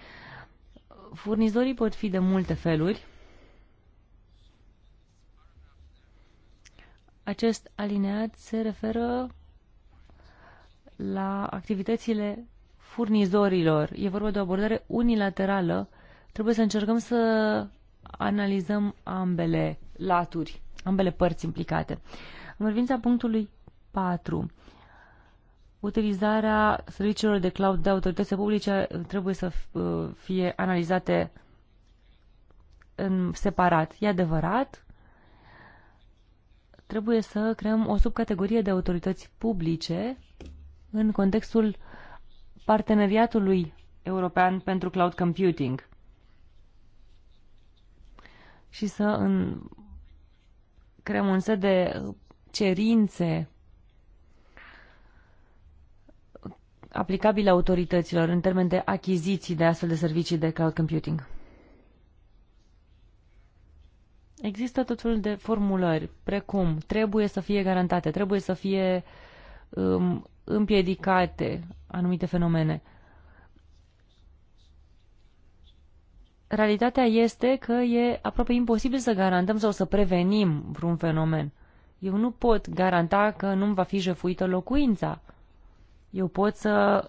Furnizorii pot fi de multe feluri. Acest alineat se referă la activitățile furnizorilor. E vorba de o abordare unilaterală uh, Trebuie să încercăm să analizăm ambele laturi, ambele părți implicate. În privința punctului 4, utilizarea serviciilor de cloud de autorități publice trebuie să uh, fie analizate în separat. E adevărat, trebuie să creăm o subcategorie de autorități publice în contextul parteneriatului european pentru cloud computing și să în, creăm un set de cerințe aplicabile autorităților în termen de achiziții de astfel de servicii de cloud computing. Există tot felul de formulări, precum trebuie să fie garantate, trebuie să fie um, împiedicate anumite fenomene. realitatea este că e aproape imposibil să garantăm sau să prevenim vreun fenomen. Eu nu pot garanta că nu-mi va fi jefuită locuința. Eu pot să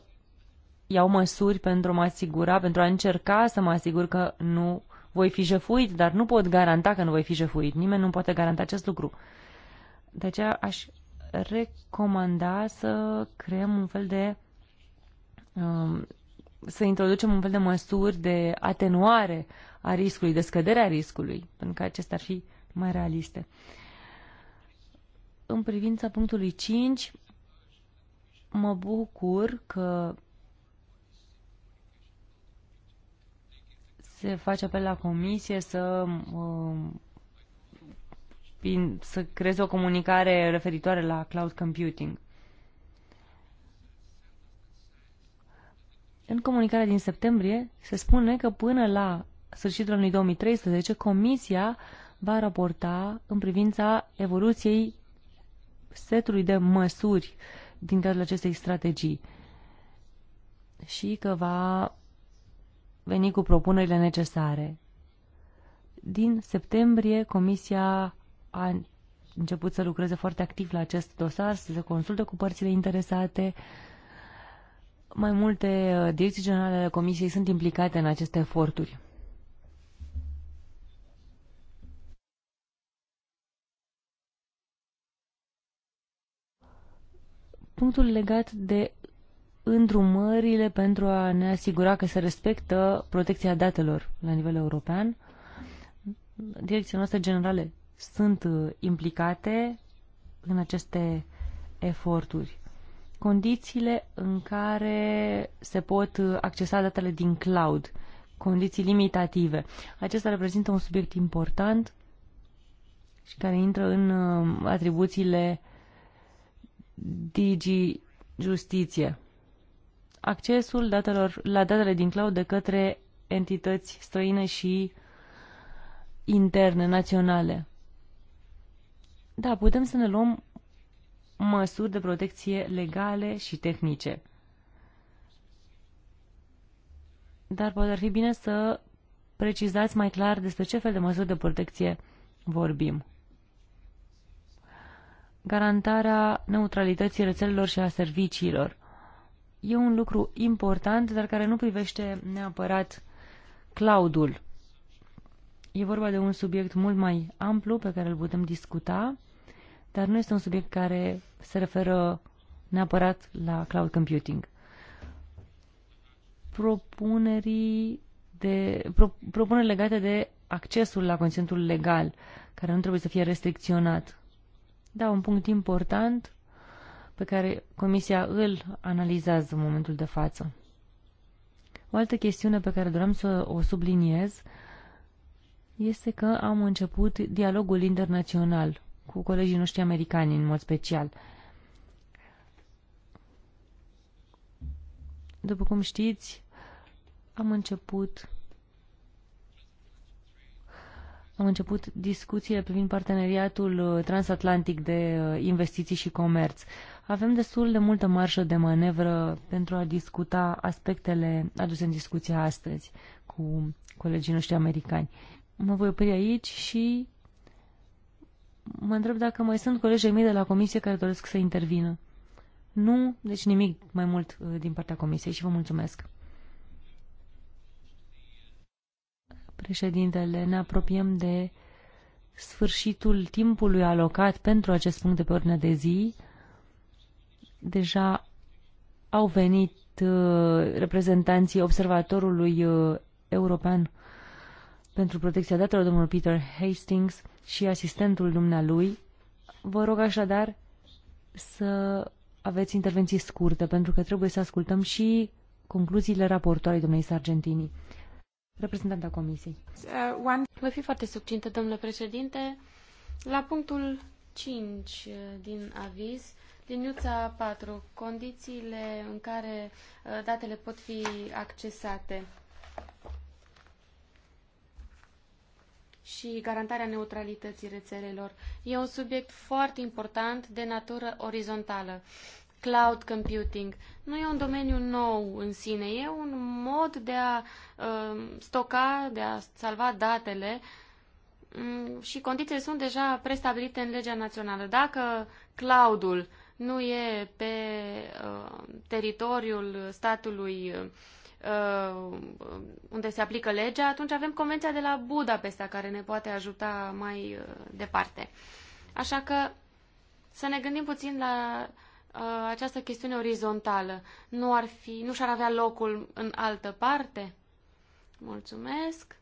iau măsuri pentru a mă asigura, pentru a încerca să mă asigur că nu voi fi jefuit, dar nu pot garanta că nu voi fi jefuit. Nimeni nu poate garanta acest lucru. De aceea aș recomanda să creăm un fel de um, să introducem un fel de măsuri de atenuare a riscului, de scădere a riscului, pentru că acestea ar fi mai realiste. În privința punctului 5, mă bucur că se face apel la comisie să um, să creeze o comunicare referitoare la cloud computing. În comunicarea din septembrie se spune că până la sfârșitul anului 2013 Comisia va raporta în privința evoluției setului de măsuri din cadrul acestei strategii și că va veni cu propunerile necesare. Din septembrie, Comisia a început să lucreze foarte activ la acest dosar, să se consulte cu părțile interesate, mai multe uh, direcții generale ale Comisiei sunt implicate în aceste eforturi. Punctul legat de îndrumările pentru a ne asigura că se respectă protecția datelor la nivel european. Direcția noastră generale sunt uh, implicate în aceste eforturi condițiile în care se pot accesa datele din cloud, condiții limitative. Acesta reprezintă un subiect important și care intră în uh, atribuțiile Digi Justiție. Accesul datelor, la datele din cloud de către entități străine și interne, naționale. Da, putem să ne luăm măsuri de protecție legale și tehnice. Dar poate ar fi bine să precizați mai clar despre ce fel de măsuri de protecție vorbim. Garantarea neutralității rețelelor și a serviciilor. E un lucru important, dar care nu privește neapărat cloudul. E vorba de un subiect mult mai amplu pe care îl putem discuta dar nu este un subiect care se referă neapărat la cloud computing. Propunerii de, pro, propuneri legate de accesul la conținutul legal, care nu trebuie să fie restricționat. Da, un punct important pe care Comisia îl analizează în momentul de față. O altă chestiune pe care doream să o subliniez este că am început dialogul internațional cu colegii noștri americani în mod special. După cum știți, am început am început discuțiile privind parteneriatul uh, transatlantic de uh, investiții și comerț. Avem destul de multă marjă de manevră pentru a discuta aspectele aduse în discuție astăzi cu colegii noștri americani. Mă voi opri aici și mă întreb dacă mai sunt colegii mei de la comisie care doresc să intervină. Nu, deci nimic mai mult uh, din partea comisiei și vă mulțumesc. Președintele, ne apropiem de sfârșitul timpului alocat pentru acest punct de pe ordine de zi. Deja au venit uh, reprezentanții Observatorului uh, European pentru Protecția Datelor, domnul Peter Hastings, și asistentul dumnealui. Vă rog așadar să aveți intervenții scurte, pentru că trebuie să ascultăm și concluziile raportoarei domnului Sargentini, reprezentanta Comisiei. Uh, Voi fi foarte succintă, domnule președinte. La punctul 5 uh, din aviz, liniuța 4, condițiile în care uh, datele pot fi accesate și garantarea neutralității rețelelor. E un subiect foarte important de natură orizontală. Cloud computing nu e un domeniu nou în sine, e un mod de a uh, stoca, de a salva datele um, și condițiile sunt deja prestabilite în legea națională. Dacă cloudul nu e pe uh, teritoriul statului uh, Uh, unde se aplică legea, atunci avem Convenția de la Budapesta care ne poate ajuta mai uh, departe. Așa că să ne gândim puțin la uh, această chestiune orizontală. Nu ar fi, nu și-ar avea locul în altă parte? Mulțumesc.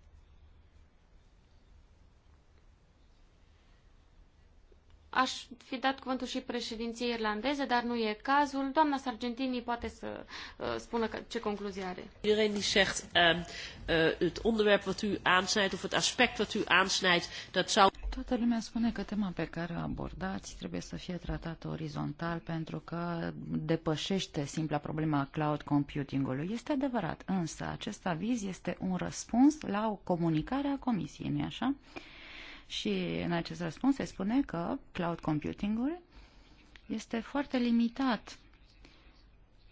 Aș fi dat cuvântul și președinției irlandeze, dar nu e cazul. Doamna Sargentini poate să uh, spună că, ce concluzie are. Iren die zegt uh, uh, het onderwerp wat u aansnijdt of het aspect wat u aansnijdt, dat zou... Toată lumea spune că tema pe care o abordați trebuie să fie tratată orizontal pentru că depășește simpla problema cloud computing-ului. Este adevărat, însă acest aviz este un răspuns la o comunicare a Comisiei, nu-i așa? Și în acest răspuns se spune că cloud computing-ul este foarte limitat.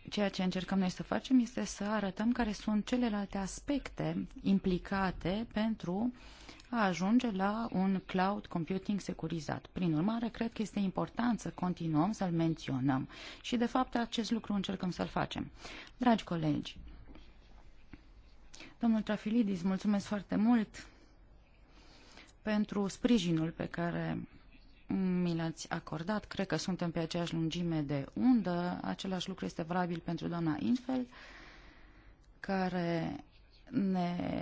Ceea ce încercăm noi să facem este să arătăm care sunt celelalte aspecte implicate pentru a ajunge la un cloud computing securizat. Prin urmare, cred că este important să continuăm să-l menționăm și, de fapt, acest lucru încercăm să-l facem. Dragi colegi, domnul Trafilidis, mulțumesc foarte mult pentru sprijinul pe care mi l-ați acordat. Cred că suntem pe aceeași lungime de undă. Același lucru este valabil pentru doamna Infel, care ne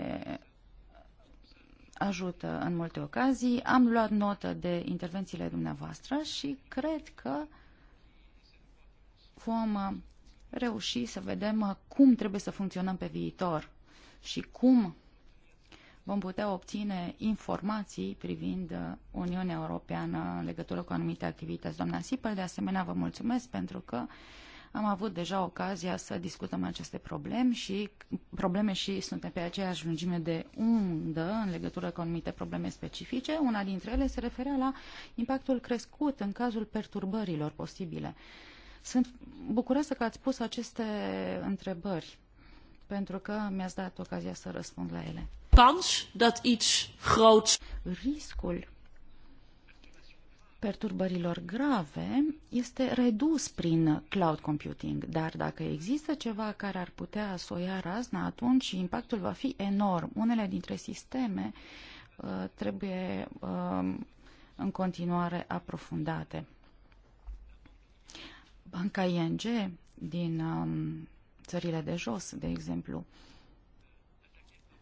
ajută în multe ocazii. Am luat notă de intervențiile dumneavoastră și cred că vom reuși să vedem cum trebuie să funcționăm pe viitor și cum vom putea obține informații privind uh, Uniunea Europeană în legătură cu anumite activități. Doamna Sipel, de asemenea, vă mulțumesc pentru că am avut deja ocazia să discutăm aceste probleme și, probleme și suntem pe aceeași lungime de undă în legătură cu anumite probleme specifice. Una dintre ele se referea la impactul crescut în cazul perturbărilor posibile. Sunt bucuroasă că ați pus aceste întrebări pentru că mi-ați dat ocazia să răspund la ele kans dat iets groots. Riscul perturbărilor grave este redus prin cloud computing, dar dacă există ceva care ar putea soia razna, atunci impactul va fi enorm. Unele dintre sisteme uh, trebuie uh, în continuare aprofundate. Banca ING din um, țările de jos, de exemplu, uh,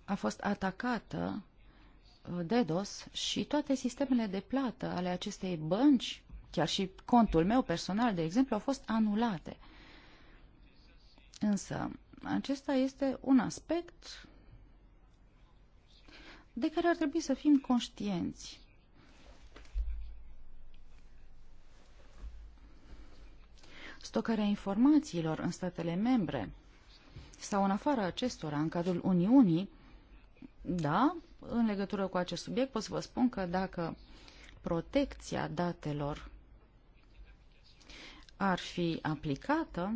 a fost atacată uh, DDoS și toate sistemele de plată ale acestei bănci, chiar și contul meu personal, de exemplu, au fost anulate. Însă, acesta este un aspect de care ar trebui să fim conștienți. Stocarea informațiilor în statele membre sau în afara acestora, în cadrul Uniunii, da, în legătură cu acest subiect pot să vă spun că dacă protecția datelor ar fi aplicată,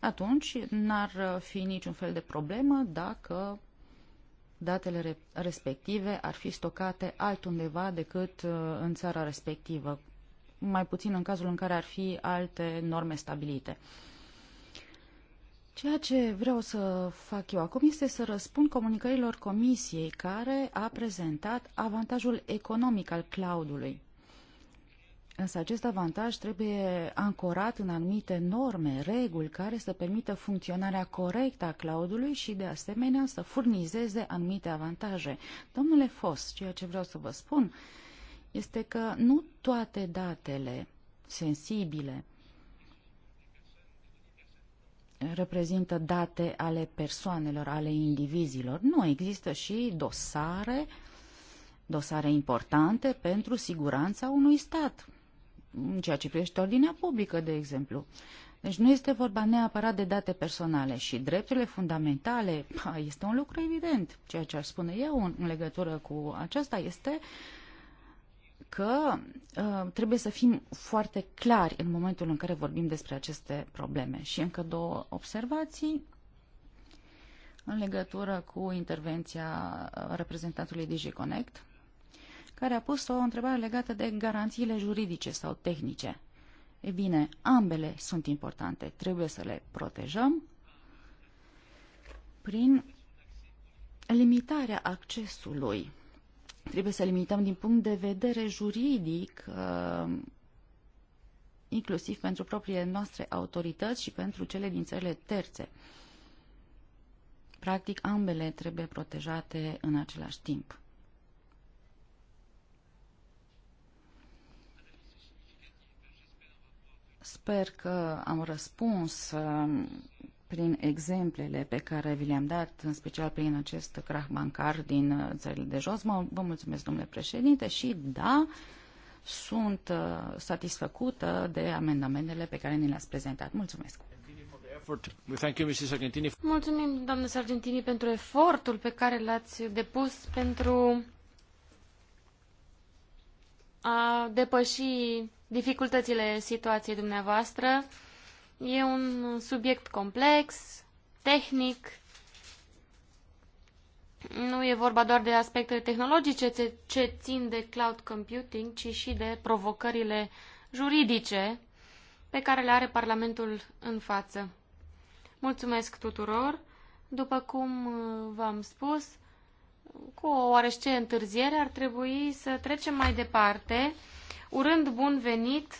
atunci n-ar fi niciun fel de problemă dacă datele respective ar fi stocate altundeva decât uh, în țara respectivă, mai puțin în cazul în care ar fi alte norme stabilite. Ceea ce vreau să fac eu acum este să răspund comunicărilor comisiei care a prezentat avantajul economic al cloudului. Însă acest avantaj trebuie ancorat în anumite norme, reguli care să permită funcționarea corectă a cloudului și de asemenea să furnizeze anumite avantaje. Domnule Fos, ceea ce vreau să vă spun este că nu toate datele sensibile reprezintă date ale persoanelor, ale indivizilor. Nu, există și dosare, dosare importante pentru siguranța unui stat, în ceea ce privește ordinea publică, de exemplu. Deci nu este vorba neapărat de date personale și drepturile fundamentale, este un lucru evident. Ceea ce aș spune eu în legătură cu aceasta este uh, că uh, trebuie să fim foarte clari în momentul în care vorbim despre aceste probleme. Și încă două observații în legătură cu intervenția uh, reprezentantului DigiConnect, care a pus o întrebare legată de garanțiile juridice sau tehnice. E bine, ambele sunt importante. Trebuie să le protejăm prin limitarea accesului Trebuie să limităm din punct de vedere juridic, uh, inclusiv pentru propriile noastre autorități și pentru cele din țările terțe. Practic, ambele trebuie protejate în același timp. Sper că am răspuns uh, prin exemplele pe care vi le-am dat, în special prin acest crah bancar din uh, țările de jos. Mă, vă mulțumesc, domnule președinte, și da, sunt uh, satisfăcută de amendamentele pe care ni le-ați prezentat. Mulțumesc! Mulțumim, doamnă Sargentini, pentru efortul pe care l-ați depus pentru a depăși dificultățile situației dumneavoastră. E un subiect complex, tehnic. Nu e vorba doar de aspectele tehnologice ce țin de cloud computing, ci și de provocările juridice pe care le are Parlamentul în față. Mulțumesc tuturor! După cum uh, v-am spus, cu o oarește întârziere ar trebui să trecem mai departe, urând bun venit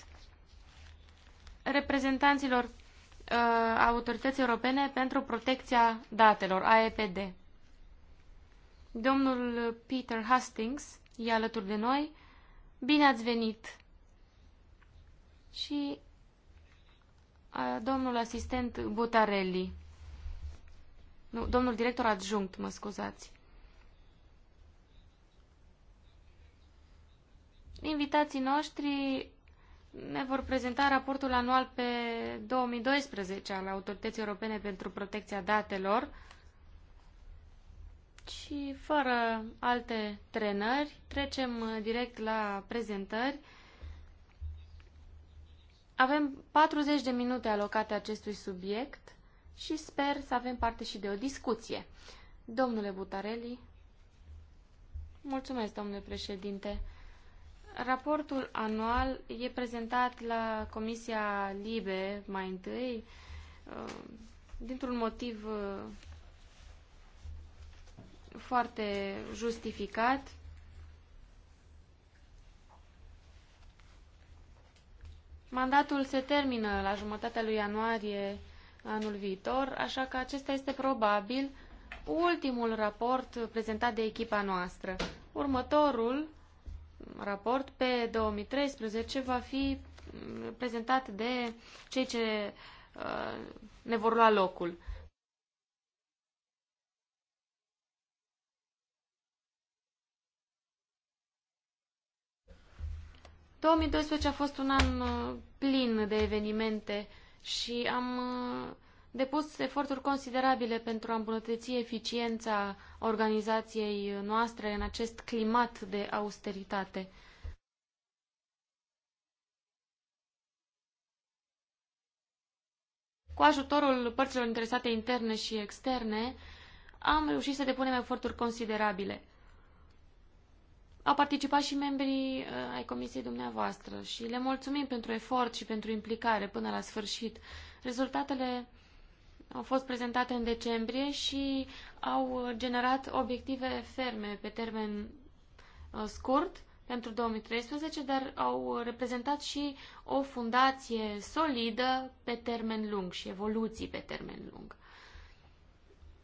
reprezentanților uh, Autorității Europene pentru Protecția Datelor, AEPD. Domnul Peter Hastings e alături de noi. Bine ați venit! Și uh, domnul asistent Butarelli. Nu, domnul director adjunct, mă scuzați. Invitații noștri ne vor prezenta raportul anual pe 2012 al Autorității Europene pentru Protecția Datelor și fără alte trenări trecem uh, direct la prezentări. Avem 40 de minute alocate acestui subiect și sper să avem parte și de o discuție. Domnule Butareli, mulțumesc, domnule președinte. Raportul anual e prezentat la Comisia Libe mai întâi, uh, dintr-un motiv uh, foarte justificat. Mandatul se termină la jumătatea lui ianuarie anul viitor, așa că acesta este probabil ultimul raport prezentat de echipa noastră. Următorul raport pe 2013 va fi mm, prezentat de cei ce uh, ne vor lua locul. ...2012 a fost un an uh, plin de evenimente și am uh, depus eforturi considerabile pentru a îmbunătăți eficiența organizației noastre în acest climat de austeritate. Cu ajutorul părților interesate interne și externe, am reușit să depunem eforturi considerabile. Au participat și membrii uh, ai comisiei dumneavoastră și le mulțumim pentru efort și pentru implicare până la sfârșit. Rezultatele au fost prezentate în decembrie și au generat obiective ferme pe termen uh, scurt pentru 2013, dar au reprezentat și o fundație solidă pe termen lung și evoluții pe termen lung.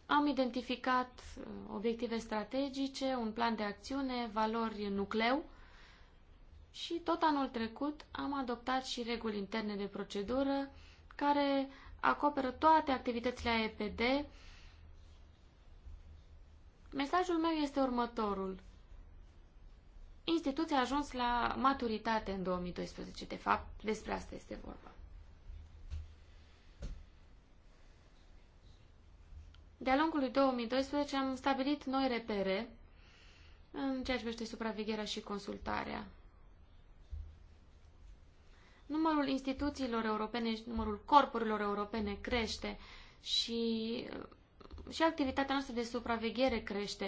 Am identificat uh, obiective strategice, un plan de acțiune, valori nucleu și tot anul trecut am adoptat și reguli interne de procedură care acoperă toate activitățile AEPD. Mesajul meu este următorul. Instituția a ajuns la maturitate în 2012, de fapt, despre asta este vorba. De-a lungul lui 2012 am stabilit noi repere în ceea ce privește supravegherea și consultarea numărul instituțiilor europene și numărul corpurilor europene crește și, și activitatea noastră de supraveghere crește.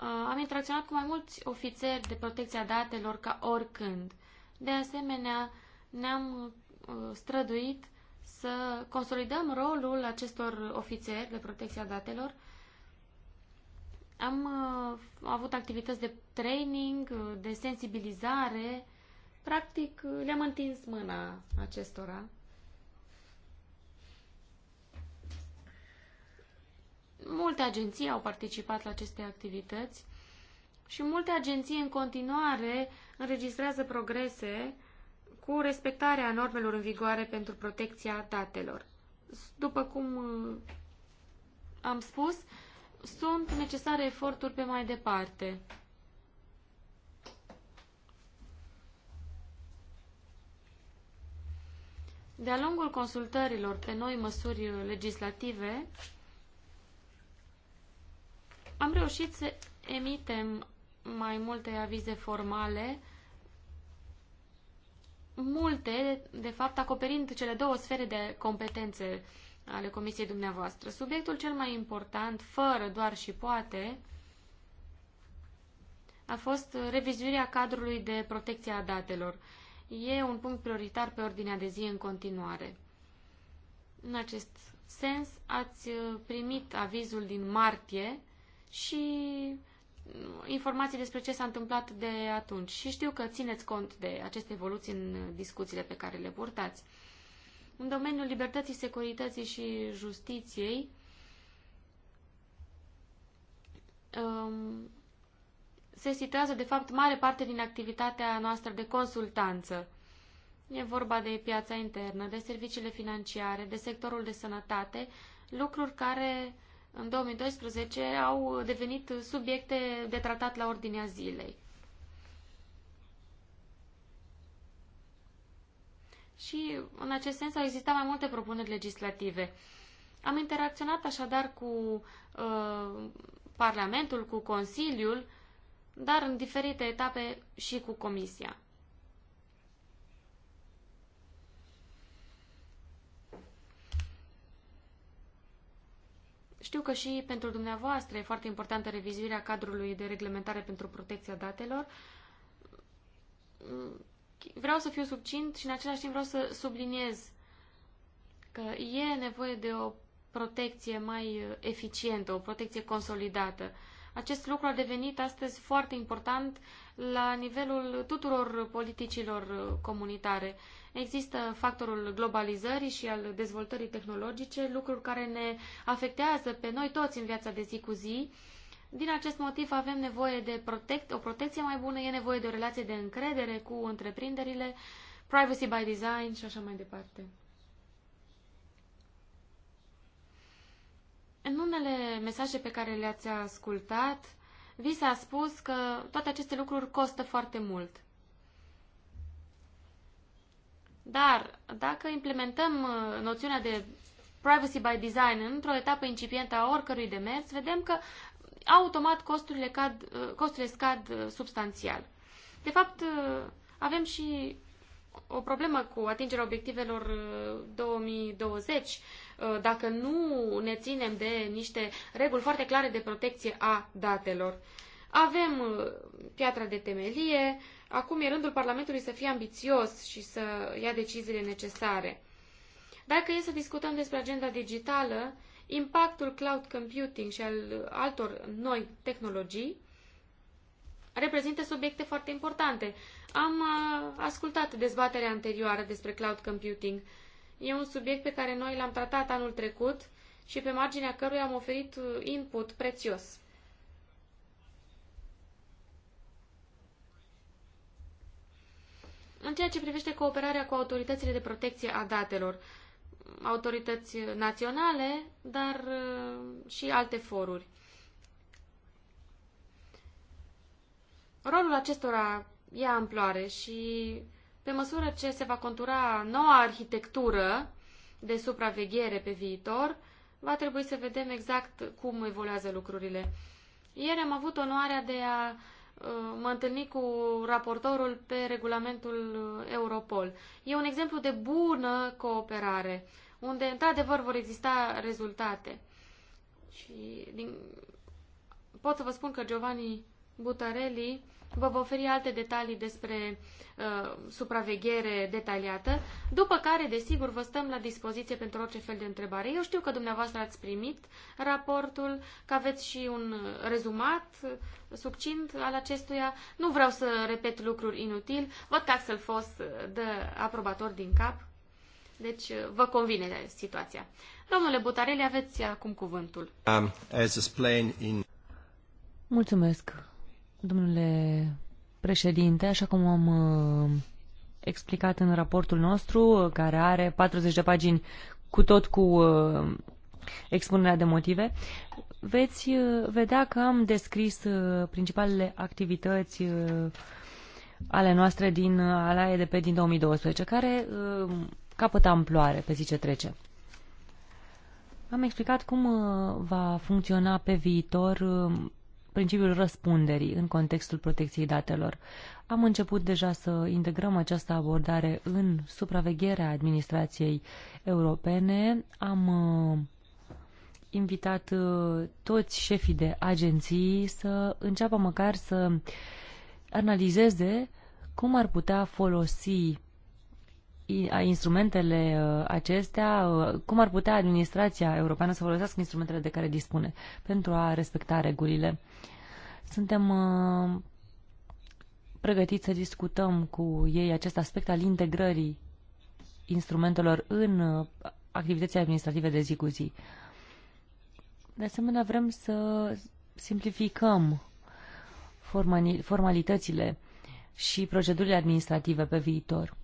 Uh, am interacționat cu mai mulți ofițeri de protecția datelor ca oricând. De asemenea, ne-am uh, străduit să consolidăm rolul acestor ofițeri de protecția datelor. Am uh, avut activități de training, de sensibilizare, Practic, le-am întins mâna acestora. Multe agenții au participat la aceste activități și multe agenții în continuare înregistrează progrese cu respectarea normelor în vigoare pentru protecția datelor. După cum uh, am spus, sunt necesare eforturi pe mai departe. De-a lungul consultărilor pe noi măsuri legislative, am reușit să emitem mai multe avize formale, multe, de fapt, acoperind cele două sfere de competențe ale comisiei dumneavoastră. Subiectul cel mai important, fără doar și poate, a fost revizuirea cadrului de protecție a datelor e un punct prioritar pe ordinea de zi în continuare. În acest sens, ați uh, primit avizul din martie și mm, informații despre ce s-a întâmplat de atunci. Și știu că țineți cont de aceste evoluții în discuțiile pe care le purtați. În domeniul libertății, securității și justiției, um, se situează, de fapt, mare parte din activitatea noastră de consultanță. E vorba de piața internă, de serviciile financiare, de sectorul de sănătate, lucruri care în 2012 au devenit subiecte de tratat la ordinea zilei. Și în acest sens au existat mai multe propuneri legislative. Am interacționat așadar cu uh, Parlamentul, cu Consiliul, dar în diferite etape și cu Comisia. Știu că și pentru dumneavoastră e foarte importantă revizuirea cadrului de reglementare pentru protecția datelor. Vreau să fiu subțint și în același timp vreau să subliniez că e nevoie de o protecție mai eficientă, o protecție consolidată. Acest lucru a devenit astăzi foarte important la nivelul tuturor politicilor uh, comunitare. Există factorul globalizării și al dezvoltării tehnologice, lucruri care ne afectează pe noi toți în viața de zi cu zi. Din acest motiv avem nevoie de protect, o protecție mai bună, e nevoie de o relație de încredere cu întreprinderile, privacy by design și așa mai departe. În unele mesaje pe care le-ați ascultat, vi s-a spus că toate aceste lucruri costă foarte mult. Dar dacă implementăm uh, noțiunea de privacy by design într-o etapă incipientă a oricărui demers, vedem că automat costurile, cad, uh, costurile scad uh, substanțial. De fapt, avem și o problemă cu atingerea obiectivelor 2020 Uh, dacă nu ne ținem de niște reguli foarte clare de protecție a datelor. Avem uh, piatra de temelie, acum e rândul Parlamentului să fie ambițios și să ia deciziile necesare. Dacă e să discutăm despre agenda digitală, impactul cloud computing și al altor noi tehnologii reprezintă subiecte foarte importante. Am uh, ascultat dezbaterea anterioară despre cloud computing. E un subiect pe care noi l-am tratat anul trecut și pe marginea căruia am oferit uh, input prețios. În ceea ce privește cooperarea cu autoritățile de protecție a datelor, autorități naționale, dar uh, și alte foruri. Rolul acestora ia amploare și pe măsură ce se va contura noua arhitectură de supraveghere pe viitor, va trebui să vedem exact cum evoluează lucrurile. Ieri am avut onoarea de a uh, mă întâlni cu raportorul pe regulamentul uh, Europol. E un exemplu de bună cooperare, unde într-adevăr vor exista rezultate. Și din... pot să vă spun că Giovanni Butarelli vă voi oferi alte detalii despre uh, supraveghere detaliată, după care, desigur, vă stăm la dispoziție pentru orice fel de întrebare. Eu știu că dumneavoastră ați primit raportul, că aveți și un rezumat uh, succint al acestuia. Nu vreau să repet lucruri inutil. Văd că Axel fost uh, de aprobator din cap. Deci uh, vă convine situația. Domnule Butarele, aveți acum cuvântul. Um, as in... Mulțumesc. Domnule președinte, așa cum am uh, explicat în raportul nostru, uh, care are 40 de pagini cu tot cu uh, expunerea de motive, veți vedea că am descris principalele activități ale noastre din ala EDP din 2012, care capătă amploare pe zi ce trece. Am explicat cum va funcționa pe viitor principiul răspunderii în contextul protecției datelor. Am început deja să integrăm această abordare în supravegherea administrației europene. Am uh, invitat uh, toți șefii de agenții să înceapă măcar să analizeze cum ar putea folosi instrumentele uh, acestea, cum ar putea administrația europeană să folosească instrumentele de care dispune pentru a respecta regulile. Suntem uh, pregătiți să discutăm cu ei acest aspect al integrării instrumentelor în uh, activitățile administrative de zi cu zi. De asemenea, vrem să simplificăm formalitățile și procedurile administrative pe viitor.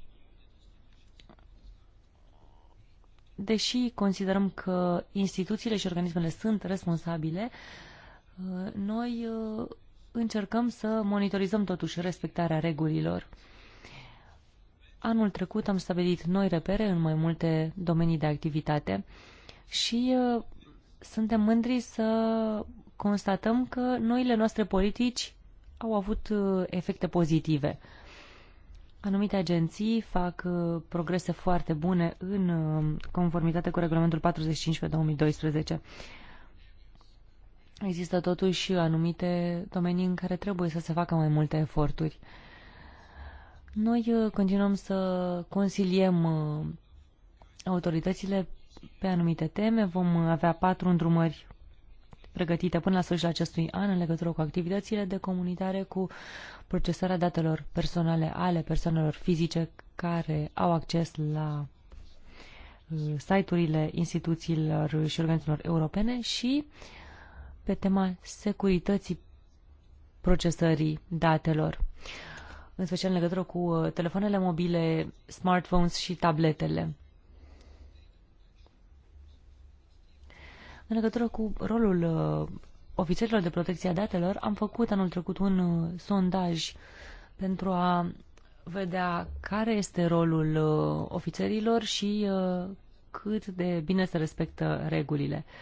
Deși considerăm că instituțiile și organismele sunt responsabile, Uh, noi uh, încercăm să monitorizăm totuși respectarea regulilor. Anul trecut am stabilit noi repere în mai multe domenii de activitate și uh, suntem mândri să constatăm că noile noastre politici au avut efecte pozitive. Anumite agenții fac progrese foarte bune în conformitate cu regulamentul 45 pe 2012. Există totuși anumite domenii în care trebuie să se facă mai multe eforturi. Noi uh, continuăm să consiliem uh, autoritățile pe anumite teme. Vom uh, avea patru îndrumări pregătite până la sfârșitul acestui an în legătură cu activitățile de comunitare, cu procesarea datelor personale ale persoanelor fizice care au acces la site-urile instituțiilor și organizațiilor europene și uh, pe tema securității procesării datelor, în special în legătură cu uh, telefoanele mobile, smartphones și tabletele. În legătură cu rolul uh, ofițerilor de protecție a datelor, am făcut anul trecut un uh, sondaj pentru a vedea care este rolul ofițerilor și cât de bine se respectă regulile. Uh,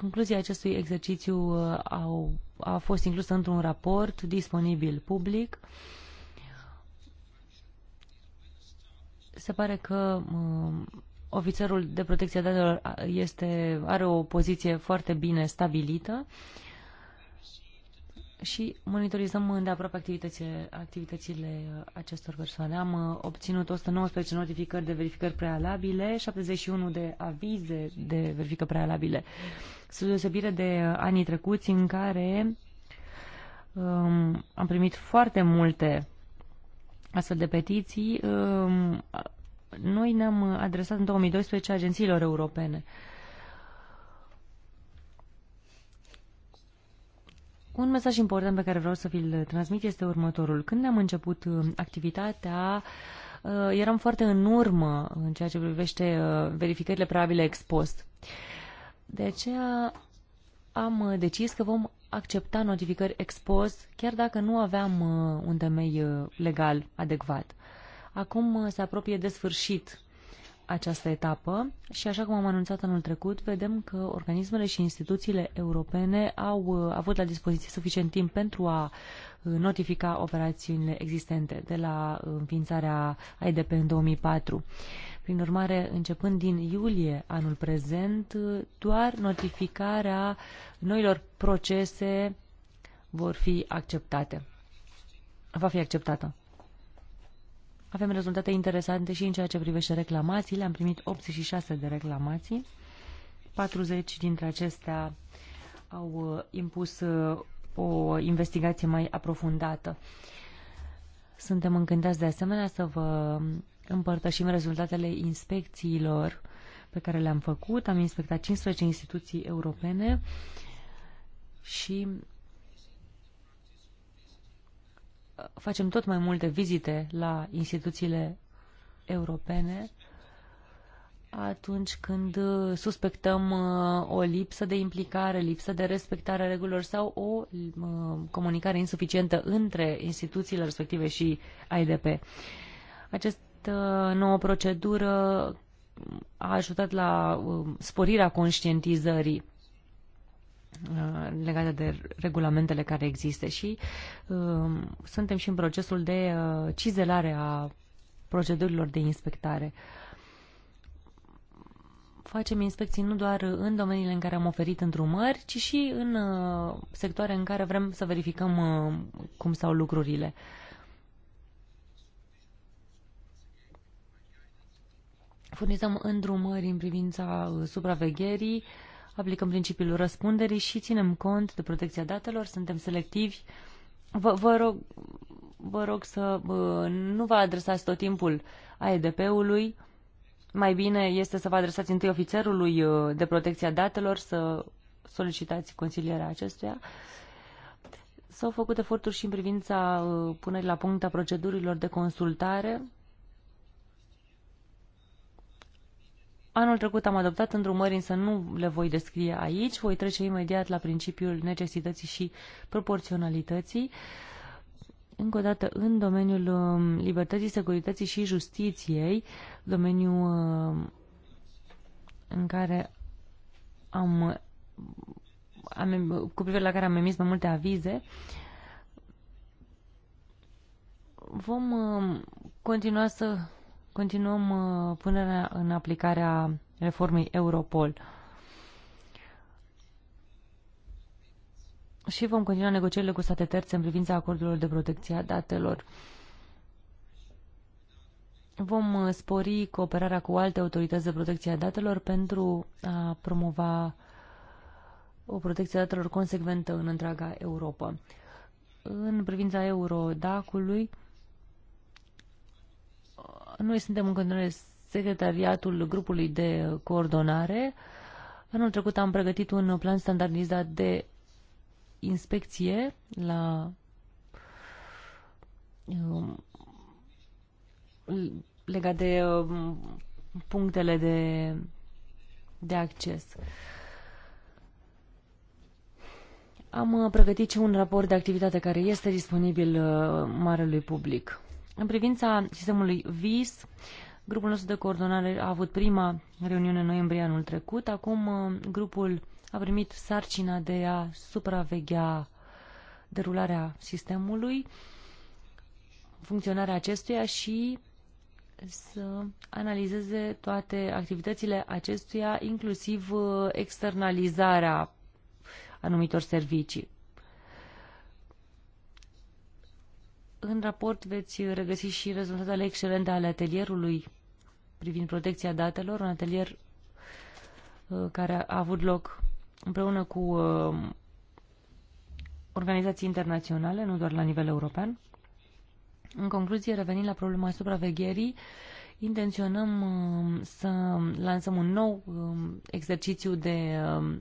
Concluzia acestui exercițiu uh, au, a fost inclusă într-un raport disponibil public. Se pare că uh, ofițerul de protecție a datelor este, are o poziție foarte bine stabilită și monitorizăm îndeaproape activitățile, activitățile uh, acestor persoane. Am uh, obținut 119 notificări de verificări prealabile, 71 de avize de verificări prealabile, Sunt deosebire de uh, anii trecuți în care um, am primit foarte multe astfel de petiții. Um, noi ne-am adresat în 2012 agențiilor europene. Uh, Un mesaj important pe care vreau să vi-l transmit este următorul. Când am început uh, activitatea, uh, eram foarte în urmă în ceea ce privește uh, verificările prealabile ex post. De aceea am decis că vom accepta notificări ex post, chiar dacă nu aveam un temei legal adecvat. Acum se apropie de sfârșit această etapă și, așa cum am anunțat anul trecut, vedem că organismele și instituțiile europene au uh, avut la dispoziție suficient timp pentru a uh, notifica operațiunile existente de la uh, înființarea AIDP în 2004. Prin urmare, începând din iulie anul prezent, doar notificarea noilor procese vor fi acceptate. Va fi acceptată. Avem rezultate interesante și în ceea ce privește reclamațiile. Am primit 86 de reclamații. 40 dintre acestea au uh, impus uh, o investigație mai aprofundată. Suntem încântați de asemenea să vă împărtășim rezultatele inspecțiilor pe care le-am făcut. Am inspectat 15 instituții europene și facem tot mai multe vizite la instituțiile europene atunci când uh, suspectăm uh, o lipsă de implicare, lipsă de respectare a regulilor sau o uh, comunicare insuficientă între instituțiile respective și AIDP. Această nouă procedură a ajutat la sporirea conștientizării Uh, legate de regulamentele care există și uh, suntem și în procesul de uh, cizelare a procedurilor de inspectare. Facem inspecții nu doar în domeniile în care am oferit îndrumări, ci și în uh, sectoare în care vrem să verificăm uh, cum stau lucrurile. Furnizăm îndrumări în privința uh, supravegherii, uh, aplicăm principiul răspunderii și ținem cont de protecția datelor, suntem selectivi. Vă, vă rog, vă rog să nu vă adresați tot timpul AEDP-ului. Mai bine este să vă adresați întâi ofițerului uh, de protecția datelor, să solicitați consilierea acestuia. S-au făcut eforturi și în privința uh, punerii la punct a procedurilor de consultare Anul trecut am adoptat îndrumări, însă nu le voi descrie aici. Voi trece imediat la principiul necesității și proporționalității. Încă o dată, în domeniul um, libertății, securității și justiției, domeniul um, în care am, am cu privire la care am emis mai multe avize, vom um, continua să continuăm uh, punerea în aplicare a reformei Europol. Și vom continua negocierile cu state terțe în privința acordurilor de protecție a datelor. Vom uh, spori cooperarea cu alte autorități de protecție a datelor pentru a promova o protecție a datelor consecventă în întreaga Europa. În privința Eurodacului, noi suntem în continuare secretariatul grupului de coordonare. Anul trecut am pregătit un plan standardizat de inspecție la um, legat de um, punctele de, de acces. Am uh, pregătit și un raport de activitate care este disponibil uh, marelui public. În privința sistemului VIS, grupul nostru de coordonare a avut prima reuniune în noiembrie anul trecut. Acum uh, grupul a primit sarcina de a supraveghea derularea sistemului, funcționarea acestuia și să analizeze toate activitățile acestuia, inclusiv uh, externalizarea anumitor servicii. În raport veți regăsi și rezultatele excelente ale atelierului privind protecția datelor, un atelier uh, care a avut loc împreună cu uh, organizații internaționale, nu doar la nivel european. În concluzie, revenind la problema supravegherii, intenționăm uh, să lansăm un nou um, exercițiu de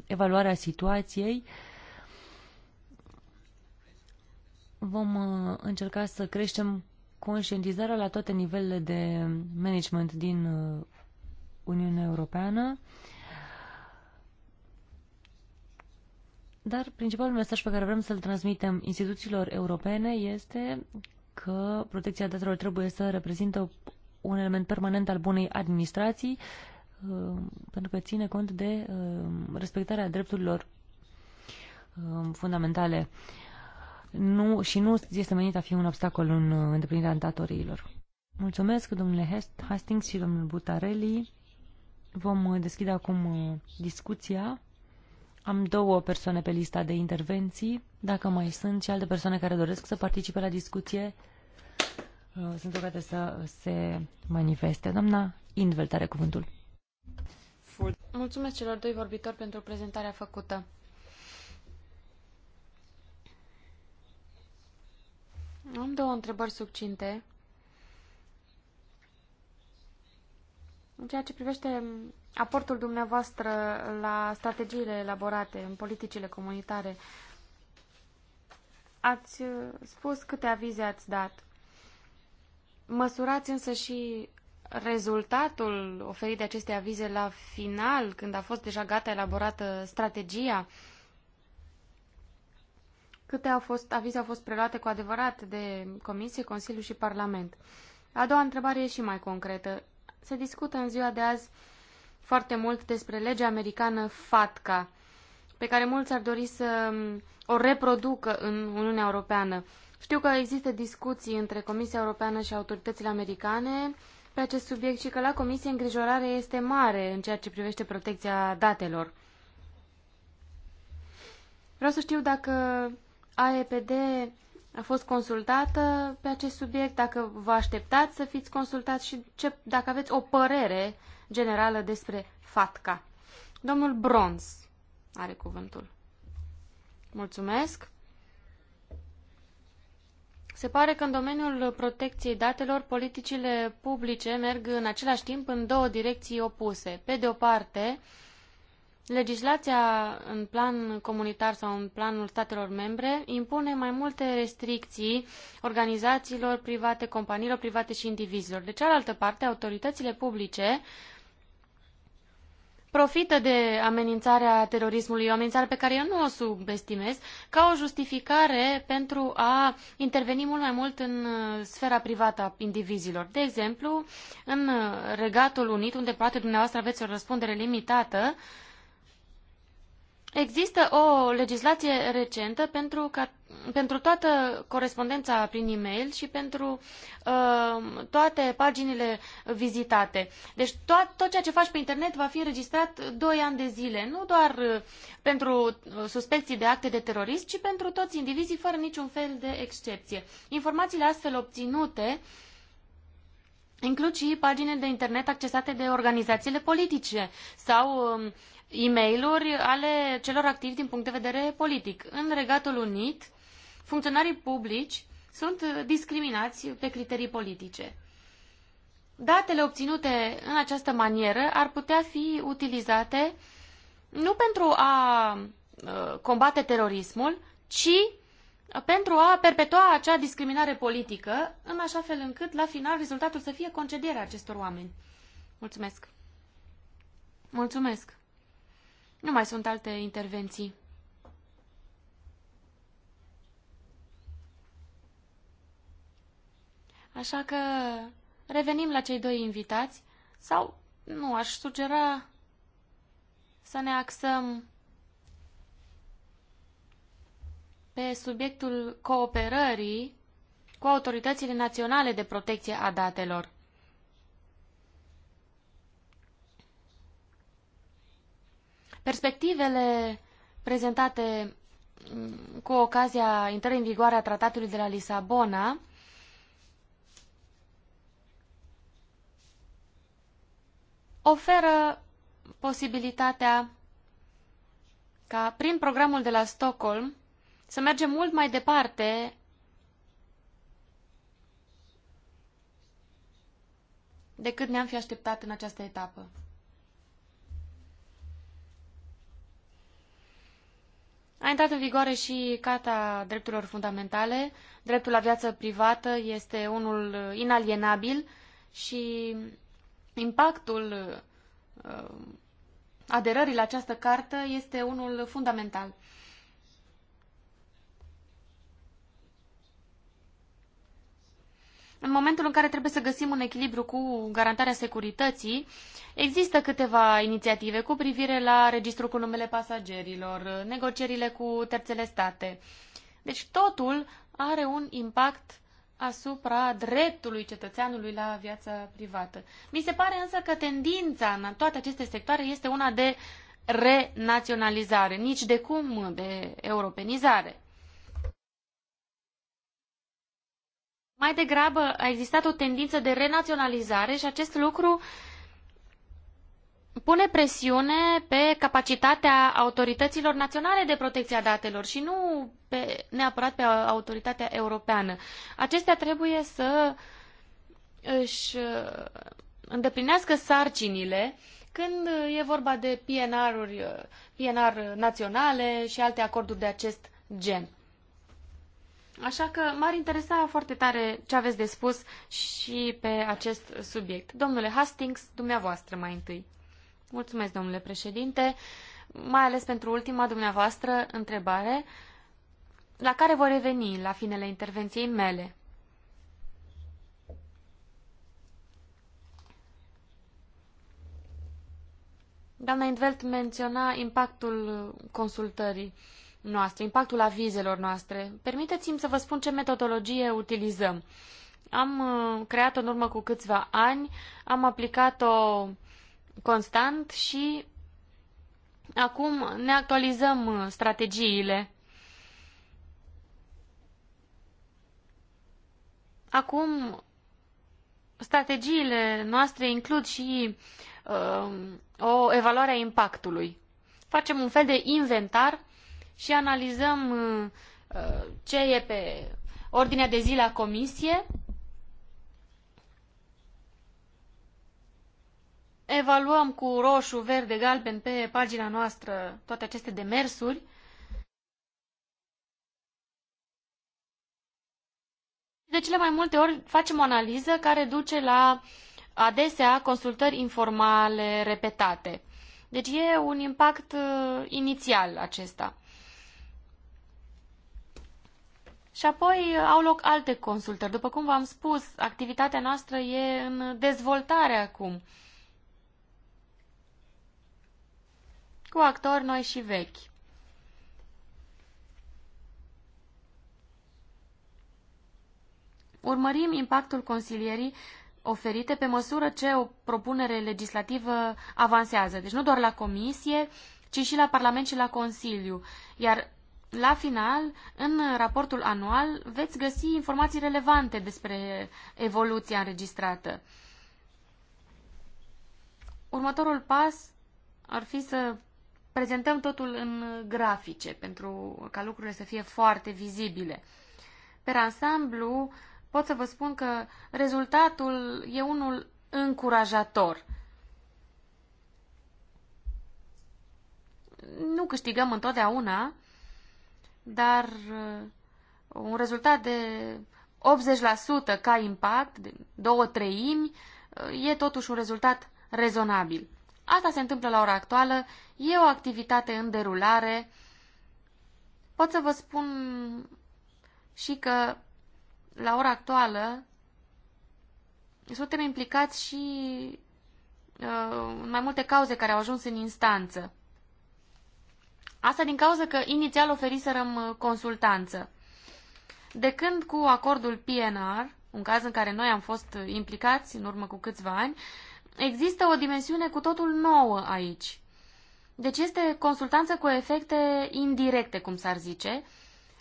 evaluare a situației Vom uh, încerca să creștem conștientizarea la toate nivelele de management din uh, Uniunea Europeană. Dar principalul mesaj pe care vrem să-l transmitem instituțiilor europene este că protecția datelor trebuie să reprezintă un element permanent al bunei administrații, uh, pentru că ține cont de respectarea drepturilor fundamentale nu, și nu este menit a fi un obstacol în uh, îndeplinirea datoriilor. Mulțumesc, domnule Hastings și domnul Butarelli. Vom uh, deschide acum uh, discuția. Am două persoane pe lista de intervenții. Dacă mai sunt și alte persoane care doresc să participe la discuție, sunt rugate să se manifeste. Doamna Indvelt are cuvântul. Mulțumesc celor doi vorbitori pentru prezentarea făcută. Am două întrebări succinte. În ceea ce privește aportul dumneavoastră la strategiile elaborate în politicile comunitare, ați uh, spus câte avize ați dat. Măsurați însă și rezultatul oferit de aceste avize la final, când a fost deja gata elaborată strategia? Câte au fost, avize au fost preluate cu adevărat de Comisie, Consiliu și Parlament? A doua întrebare e și mai concretă. Se discută în ziua de azi foarte mult despre legea americană FATCA, pe care mulți ar dori să um, o reproducă în Uniunea Europeană. Știu că există discuții între Comisia Europeană și autoritățile americane pe acest subiect și că la Comisie îngrijorare este mare în ceea ce privește protecția datelor. Vreau să știu dacă AEPD a fost consultată pe acest subiect, dacă vă așteptați să fiți consultați și ce, dacă aveți o părere generală despre FATCA. Domnul Bronz are cuvântul. Mulțumesc. Se pare că în domeniul protecției datelor, politicile publice merg în același timp în două direcții opuse. Pe de o parte, Legislația în plan comunitar sau în planul statelor membre impune mai multe restricții organizațiilor private, companiilor private și indivizilor. De cealaltă parte, autoritățile publice profită de amenințarea terorismului, o amenințare pe care eu nu o subestimez, ca o justificare pentru a interveni mult mai mult în uh, sfera privată a indivizilor. De exemplu, în uh, Regatul Unit, unde poate dumneavoastră aveți o răspundere limitată, uh, Există o legislație recentă pentru, ca, pentru toată corespondența prin e-mail și pentru uh, toate paginile vizitate. Deci tot, tot ceea ce faci pe internet va fi înregistrat 2 ani de zile, nu doar uh, pentru uh, suspecții de acte de terorism, ci pentru toți indivizii, fără niciun fel de excepție. Informațiile astfel obținute includ și paginile de internet accesate de organizațiile politice sau uh, e mail ale celor activi din punct de vedere politic. În Regatul Unit, funcționarii publici sunt discriminați pe criterii politice. Datele obținute în această manieră ar putea fi utilizate nu pentru a uh, combate terorismul, ci pentru a perpetua acea discriminare politică, în așa fel încât, la final, rezultatul să fie concedierea acestor oameni. Mulțumesc! Mulțumesc! Nu mai sunt alte intervenții. Așa că revenim la cei doi invitați sau, nu, aș sugera să ne axăm pe subiectul cooperării cu autoritățile naționale de protecție a datelor. Perspectivele prezentate mm, cu ocazia intrării în vigoare a tratatului de la Lisabona oferă posibilitatea ca prin programul de la Stockholm să mergem mult mai departe decât ne-am fi așteptat în această etapă. A intrat în vigoare și Carta Drepturilor Fundamentale. Dreptul la viață privată este unul inalienabil și impactul uh, aderării la această carte este unul fundamental. în momentul în care trebuie să găsim un echilibru cu garantarea securității, există câteva inițiative cu privire la registrul cu numele pasagerilor, negocierile cu terțele state. Deci totul are un impact asupra dreptului cetățeanului la viața privată. Mi se pare însă că tendința în toate aceste sectoare este una de renaționalizare, nici de cum de europenizare. Mai degrabă a existat o tendință de renaționalizare și acest lucru pune presiune pe capacitatea autorităților naționale de protecție a datelor și nu pe, neapărat pe autoritatea europeană. Acestea trebuie să își uh, îndeplinească sarcinile când e vorba de PNR-uri, uh, PNR naționale și alte acorduri de acest gen. Așa că m-ar interesa foarte tare ce aveți de spus și pe acest subiect. Domnule Hastings, dumneavoastră mai întâi. Mulțumesc, domnule președinte, mai ales pentru ultima dumneavoastră întrebare, la care voi reveni la finele intervenției mele. Doamna Indvelt menționa impactul consultării noastre, impactul avizelor noastre. Permiteți-mi să vă spun ce metodologie utilizăm. Am uh, creat-o în urmă cu câțiva ani, am aplicat-o constant și acum ne actualizăm uh, strategiile. Acum, strategiile noastre includ și uh, o evaluare a impactului. Facem un fel de inventar și analizăm uh, uh, ce e pe ordinea de zi la comisie, evaluăm cu roșu, verde, galben pe pagina noastră toate aceste demersuri. De cele mai multe ori facem o analiză care duce la adesea consultări informale repetate. Deci e un impact uh, inițial acesta. Și apoi uh, au loc alte consultări. După cum v-am spus, activitatea noastră e în dezvoltare acum. Cu actori noi și vechi. Urmărim impactul consilierii oferite pe măsură ce o propunere legislativă avansează. Deci nu doar la comisie, ci și la Parlament și la Consiliu. Iar la final, în raportul anual, veți găsi informații relevante despre evoluția înregistrată. Următorul pas ar fi să prezentăm totul în grafice, pentru ca lucrurile să fie foarte vizibile. Per ansamblu, pot să vă spun că rezultatul e unul încurajator. Nu câștigăm întotdeauna, dar uh, un rezultat de 80% ca impact, de două treimi, uh, e totuși un rezultat rezonabil. Asta se întâmplă la ora actuală, e o activitate în derulare. Pot să vă spun și că la ora actuală suntem implicați și uh, în mai multe cauze care au ajuns în instanță. Asta din cauza că inițial oferiserăm uh, consultanță. De când cu acordul PNR, un caz în care noi am fost uh, implicați în urmă cu câțiva ani, există o dimensiune cu totul nouă aici. Deci este consultanță cu efecte indirecte, cum s-ar zice,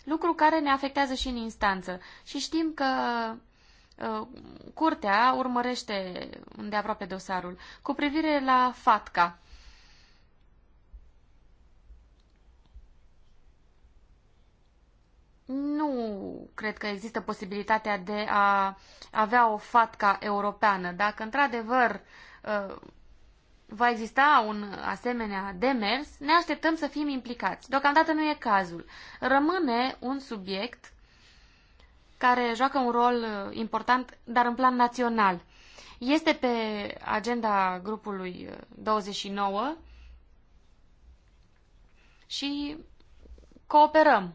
lucru care ne afectează și în instanță. Și știm că uh, curtea urmărește îndeaproape dosarul. Cu privire la FATCA, nu cred că există posibilitatea de a avea o fatca europeană. Dacă într-adevăr ă, va exista un asemenea demers, ne așteptăm să fim implicați. Deocamdată nu e cazul. Rămâne un subiect care joacă un rol ă, important, dar în plan național. Este pe agenda grupului 29 ă, și cooperăm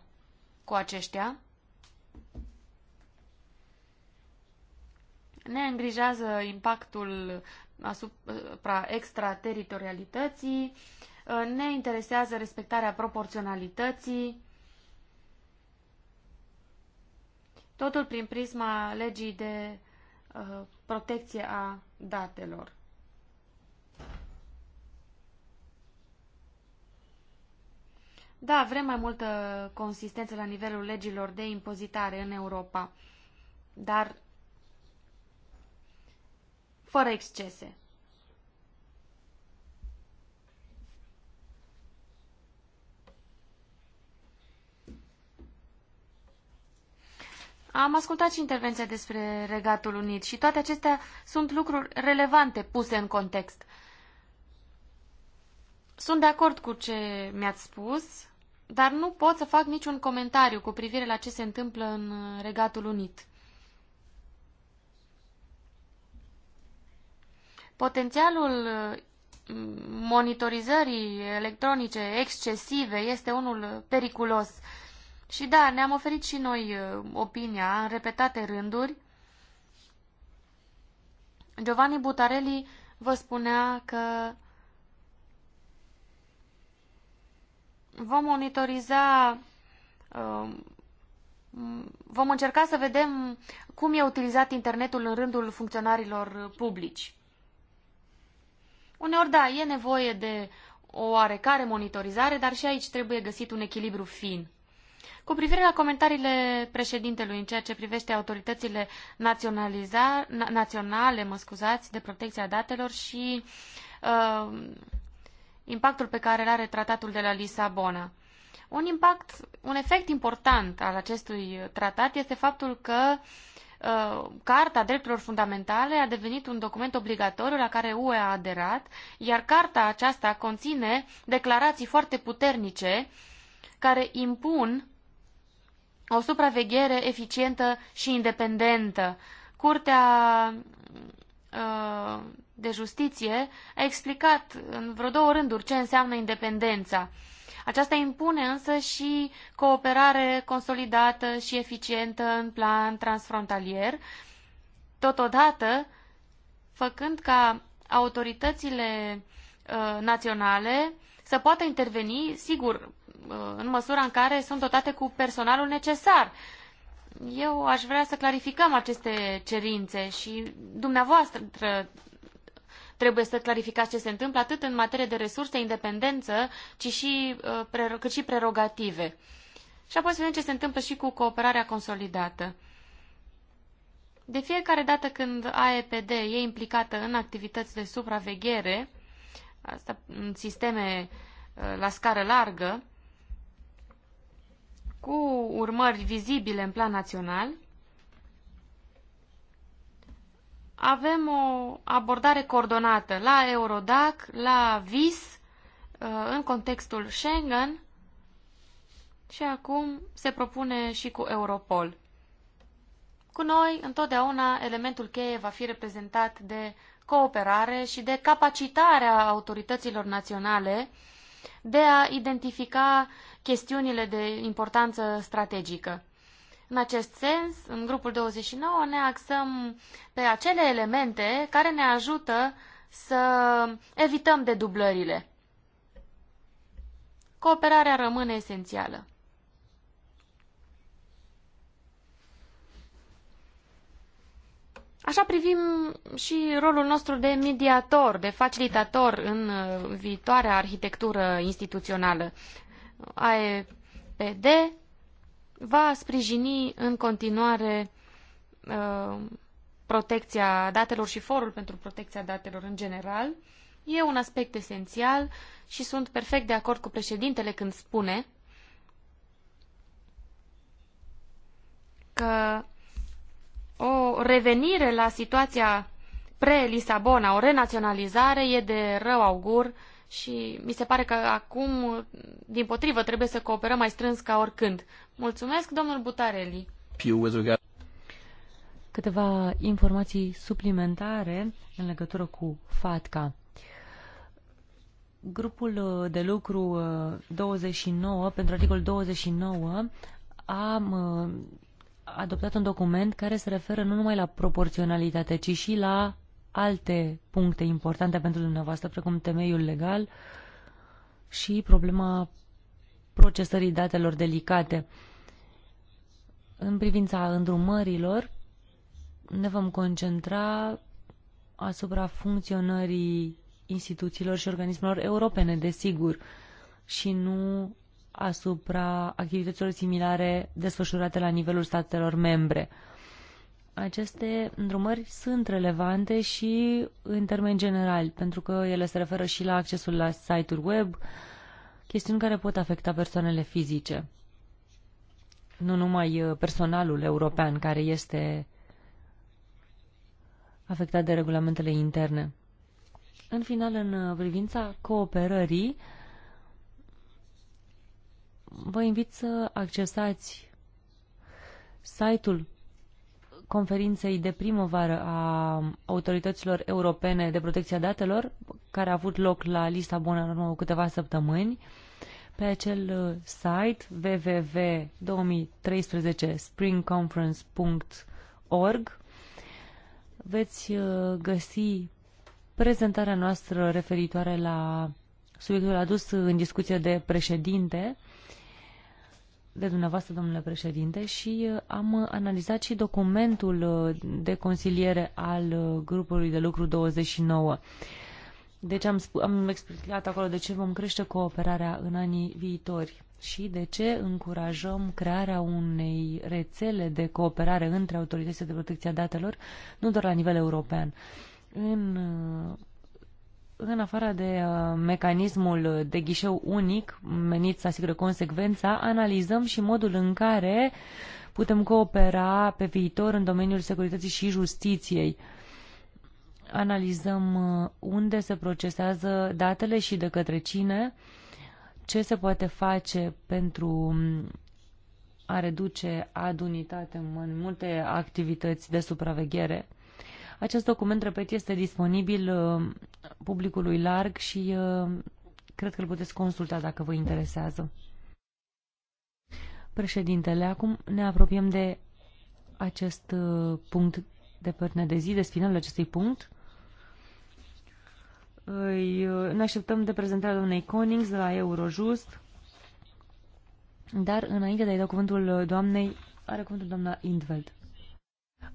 cu aceștia. Ne îngrijează impactul asupra extrateritorialității, ne interesează respectarea proporționalității, totul prin prisma legii de uh, protecție a datelor. Da, vrem mai multă consistență la nivelul legilor de impozitare în Europa, dar fără excese. Am ascultat și intervenția despre Regatul Unit și toate acestea sunt lucruri relevante puse în context. Sunt de acord cu ce mi-ați spus dar nu pot să fac niciun comentariu cu privire la ce se întâmplă în Regatul Unit. Potențialul mm, monitorizării electronice excesive este unul periculos. Și da, ne-am oferit și noi uh, opinia în repetate rânduri. Giovanni Butarelli vă spunea că vom monitoriza, uh, vom încerca să vedem cum e utilizat internetul în rândul funcționarilor publici. Uneori, da, e nevoie de o oarecare monitorizare, dar și aici trebuie găsit un echilibru fin. Cu privire la comentariile președintelui în ceea ce privește autoritățile naționale mă scuzați, de protecția datelor și uh, impactul pe care îl are tratatul de la Lisabona. Un impact, un efect important al acestui tratat este faptul că uh, Carta Drepturilor Fundamentale a devenit un document obligatoriu la care UE a aderat, iar carta aceasta conține declarații foarte puternice care impun o supraveghere eficientă și independentă. Curtea uh, de Justiție a explicat în vreo două rânduri ce înseamnă independența. Aceasta impune însă și cooperare consolidată și eficientă în plan transfrontalier, totodată făcând ca autoritățile uh, naționale să poată interveni, sigur, ă, în măsura în care sunt dotate cu personalul necesar. Eu aș vrea să clarificăm aceste cerințe și dumneavoastră Trebuie să clarificați ce se întâmplă atât în materie de resurse, independență, ci și, uh, cât și prerogative. Și apoi să vedem ce se întâmplă și cu cooperarea consolidată. De fiecare dată când AEPD e implicată în activități de supraveghere, asta în sisteme uh, la scară largă, cu urmări vizibile în plan național, avem o abordare coordonată la Eurodac, la VIS, uh, în contextul Schengen și acum se propune și cu Europol. Cu noi, întotdeauna, elementul cheie va fi reprezentat de cooperare și de capacitarea autorităților naționale de a identifica chestiunile de importanță strategică. În acest sens, în grupul 29, ne axăm pe acele elemente care ne ajută să evităm de Cooperarea rămâne esențială. Așa privim și rolul nostru de mediator, de facilitator în uh, viitoarea arhitectură instituțională. AEPD va sprijini în continuare uh, protecția datelor și forul pentru protecția datelor în general. E un aspect esențial și sunt perfect de acord cu președintele când spune că o revenire la situația pre-Lisabona, o renaționalizare, e de rău augur și mi se pare că acum, din potrivă, trebuie să cooperăm mai strâns ca oricând. Mulțumesc, domnul Butareli. Câteva informații suplimentare în legătură cu FATCA. Grupul de lucru 29, uh, pentru articolul 29, am uh, adoptat un document care se referă nu numai la proporționalitate, ci și la alte puncte importante pentru dumneavoastră, precum temeiul legal și problema procesării datelor delicate. În privința îndrumărilor, ne vom concentra asupra funcționării instituțiilor și organismelor europene, desigur, și nu asupra activităților similare desfășurate la nivelul statelor membre. Aceste îndrumări sunt relevante și în termeni generali, pentru că ele se referă și la accesul la site-uri web, uh, chestiuni care pot afecta persoanele fizice. Nu numai uh, personalul european care este afectat de regulamentele interne. În final, în uh, privința cooperării, vă invit să accesați site-ul conferinței de primăvară a autorităților europene de protecția datelor, care a avut loc la Lisabona în urmă câteva săptămâni, pe acel uh, site www.2013springconference.org veți uh, găsi prezentarea noastră referitoare la subiectul adus în discuție de președinte de dumneavoastră, domnule președinte, și uh, am analizat și documentul uh, de consiliere al uh, grupului de lucru 29. Deci am, am explicat acolo de ce vom crește cooperarea în anii viitori și de ce încurajăm crearea unei rețele de cooperare între autoritățile de protecție a datelor, nu doar la nivel european. În în afară de uh, mecanismul de ghișeu unic menit să asigure consecvența, analizăm și modul în care putem coopera pe viitor în domeniul securității și justiției. Analizăm uh, unde se procesează datele și de către cine, ce se poate face pentru um, a reduce adunitate în multe activități de supraveghere acest document, repet, este disponibil uh, publicului larg și uh, cred că îl puteți consulta dacă vă interesează. Președintele, acum ne apropiem de acest uh, punct de pârnă de zi, de finalul acestui punct. Îi, ne așteptăm de prezentarea doamnei Conings de la Eurojust, dar înainte de a-i da cuvântul doamnei, are cuvântul doamna Indveld.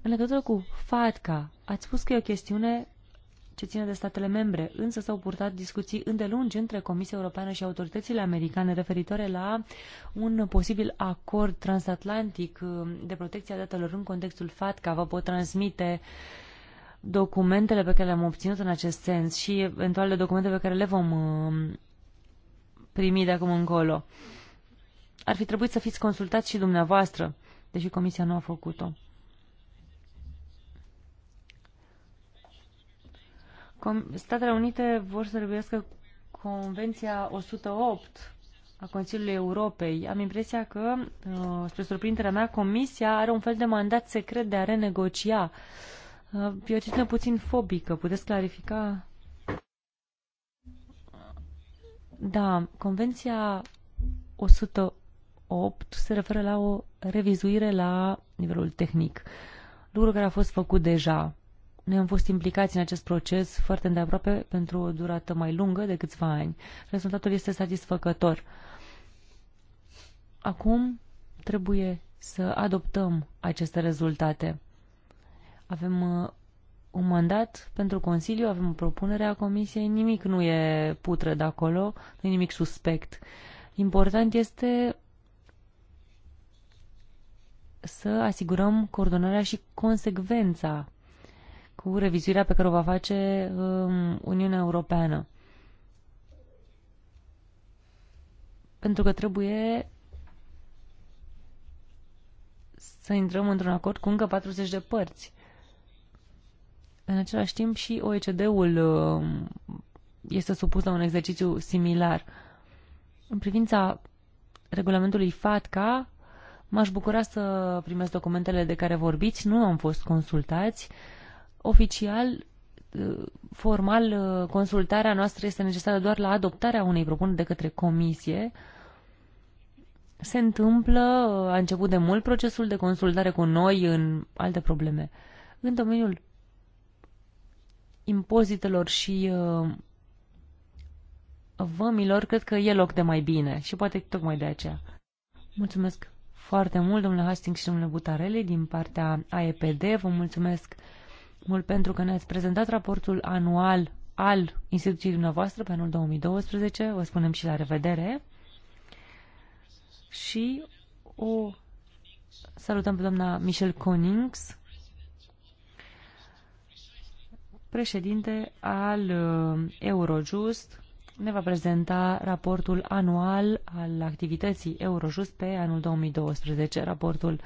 În legătură cu FATCA, ați spus că e o chestiune ce ține de statele membre, însă s-au purtat discuții îndelungi între Comisia Europeană și autoritățile americane referitoare la un posibil acord transatlantic uh, de protecție a datelor în contextul FATCA. Vă pot transmite documentele pe care le-am obținut în acest sens și eventuale documente pe care le vom uh, primi de acum încolo. Ar fi trebuit să fiți consultați și dumneavoastră, deși Comisia nu a făcut-o. Statele Unite vor să revizuiască Convenția 108 a Consiliului Europei. Am impresia că, uh, spre surprinderea mea, Comisia are un fel de mandat secret de a renegocia. Uh, e o citină puțin fobică. Puteți clarifica? Da, Convenția 108 se referă la o revizuire la nivelul tehnic. Lucru care a fost făcut deja. Noi am fost implicați în acest proces foarte îndeaproape pentru o durată mai lungă de câțiva ani. Rezultatul este satisfăcător. Acum trebuie să adoptăm aceste rezultate. Avem uh, un mandat pentru Consiliu, avem o propunere a Comisiei, nimic nu e putră de acolo, nu e nimic suspect. Important este să asigurăm coordonarea și consecvența cu revizuirea pe care o va face um, Uniunea Europeană. Pentru că trebuie să intrăm într-un acord cu încă 40 de părți. În același timp și OECD-ul um, este supus la un exercițiu similar. În privința regulamentului FATCA, m-aș bucura să primesc documentele de care vorbiți, nu am fost consultați. Uh, Oficial, formal, consultarea noastră este necesară doar la adoptarea unei propuneri de către comisie. Se întâmplă, a început de mult procesul de consultare cu noi în alte probleme. În domeniul impozitelor și uh, vămilor, cred că e loc de mai bine și poate tocmai de aceea. Mulțumesc foarte mult, domnule Hastings și domnule Butarele, din partea AEPD. Vă mulțumesc mult pentru că ne-ați prezentat raportul anual al instituției dumneavoastră pe anul 2012. Vă spunem și la revedere. Și o salutăm pe doamna Michelle Conings, președinte al uh, Eurojust, ne va prezenta raportul anual al activității Eurojust pe anul 2012. Raportul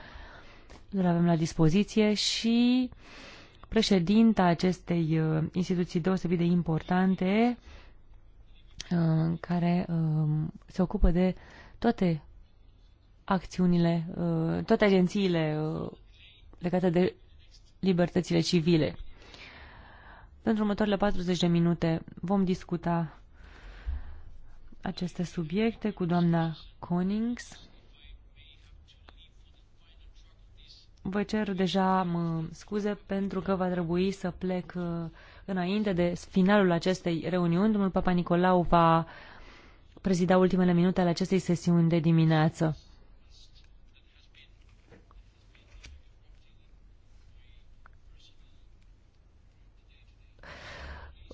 îl avem la dispoziție și președinta acestei uh, instituții deosebit de importante, uh, care um, se ocupă de toate acțiunile, uh, toate agențiile legate de libertățile civile. Pentru următoarele 40 de minute vom discuta aceste subiecte cu doamna Conings, Vă cer deja mă, scuze pentru că va trebui să plec uh, înainte de finalul acestei reuniuni. Domnul Papa Nicolau va prezida ultimele minute ale acestei sesiuni de dimineață.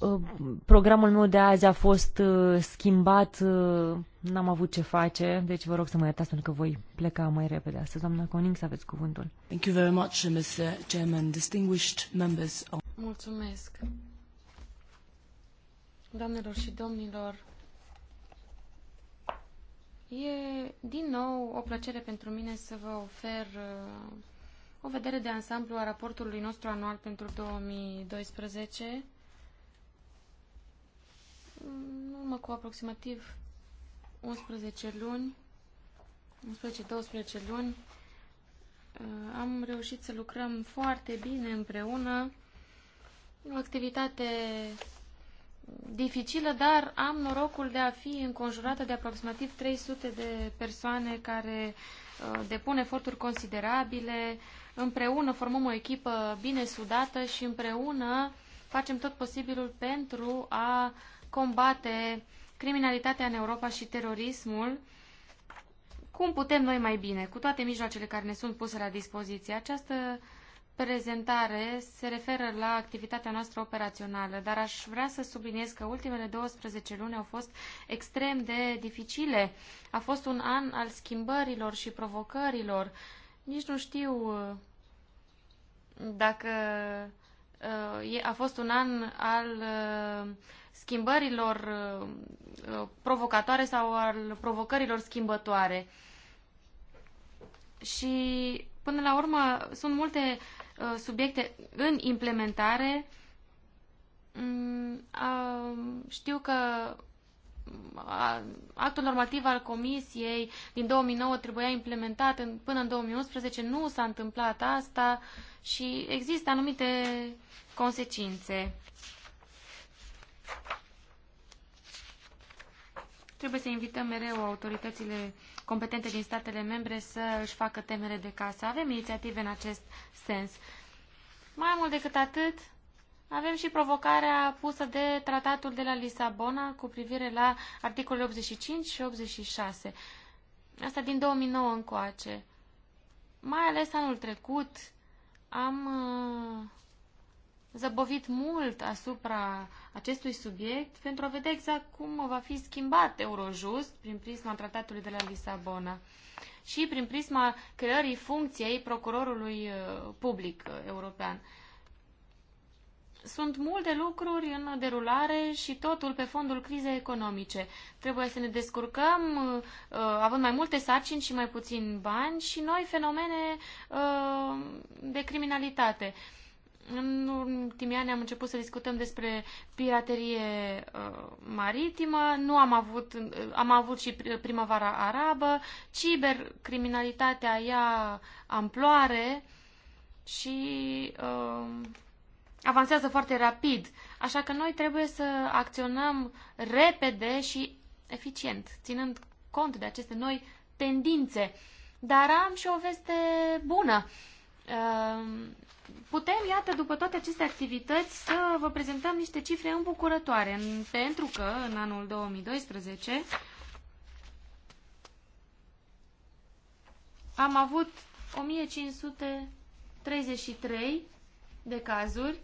Uh, programul meu de azi a fost uh, schimbat, uh, n-am avut ce face, deci vă rog să mă iertați pentru că voi pleca mai repede astăzi. Doamna Coning, să aveți cuvântul. Thank you very much, Mr. Chairman, distinguished members of... Mulțumesc. Doamnelor și domnilor, e din nou o plăcere pentru mine să vă ofer o vedere de ansamblu a raportului nostru anual pentru 2012 în urmă cu aproximativ 11 luni, 11-12 luni, uh, am reușit să lucrăm foarte bine împreună. O activitate dificilă, dar am norocul de a fi înconjurată de aproximativ 300 de persoane care uh, depun eforturi considerabile. Împreună formăm o echipă bine sudată și împreună facem tot posibilul pentru a combate criminalitatea în Europa și terorismul, cum putem noi mai bine, cu toate mijloacele care ne sunt puse la dispoziție. Această prezentare se referă la activitatea noastră operațională, dar aș vrea să subliniez că ultimele 12 luni au fost extrem de dificile. A fost un an al schimbărilor și provocărilor. Nici nu știu uh, dacă uh, a fost un an al uh, schimbărilor uh, uh, provocatoare sau al provocărilor schimbătoare. Și până la urmă sunt multe uh, subiecte în implementare. Mm, știu că actul normativ al Comisiei din 2009 trebuia implementat în, până în 2011, nu s-a întâmplat asta și există anumite consecințe. Trebuie să invităm mereu autoritățile competente din statele membre să își facă temere de casă. Avem inițiative în acest sens. Mai mult decât atât, avem și provocarea pusă de tratatul de la Lisabona cu privire la articolele 85 și 86. Asta din 2009 încoace. Mai ales anul trecut am uh, zăbovit mult asupra acestui subiect pentru a vedea exact cum va fi schimbat Eurojust prin prisma tratatului de la Lisabona și prin prisma creării funcției procurorului uh, public uh, european. Sunt multe lucruri în derulare și totul pe fondul crizei economice. Trebuie să ne descurcăm uh, având mai multe sarcini și mai puțin bani și noi fenomene de criminalitate. În ultimii ani am început să discutăm despre piraterie uh, maritimă, nu am avut, uh, am avut și primăvara arabă, cibercriminalitatea ia amploare și uh, avansează foarte rapid. Așa că noi trebuie să acționăm repede și eficient, ținând cont de aceste noi tendințe. Dar am și o veste bună. Uh, putem, iată, după toate aceste activități, să vă prezentăm niște cifre îmbucurătoare, în, pentru că în anul 2012 am avut 1533 de cazuri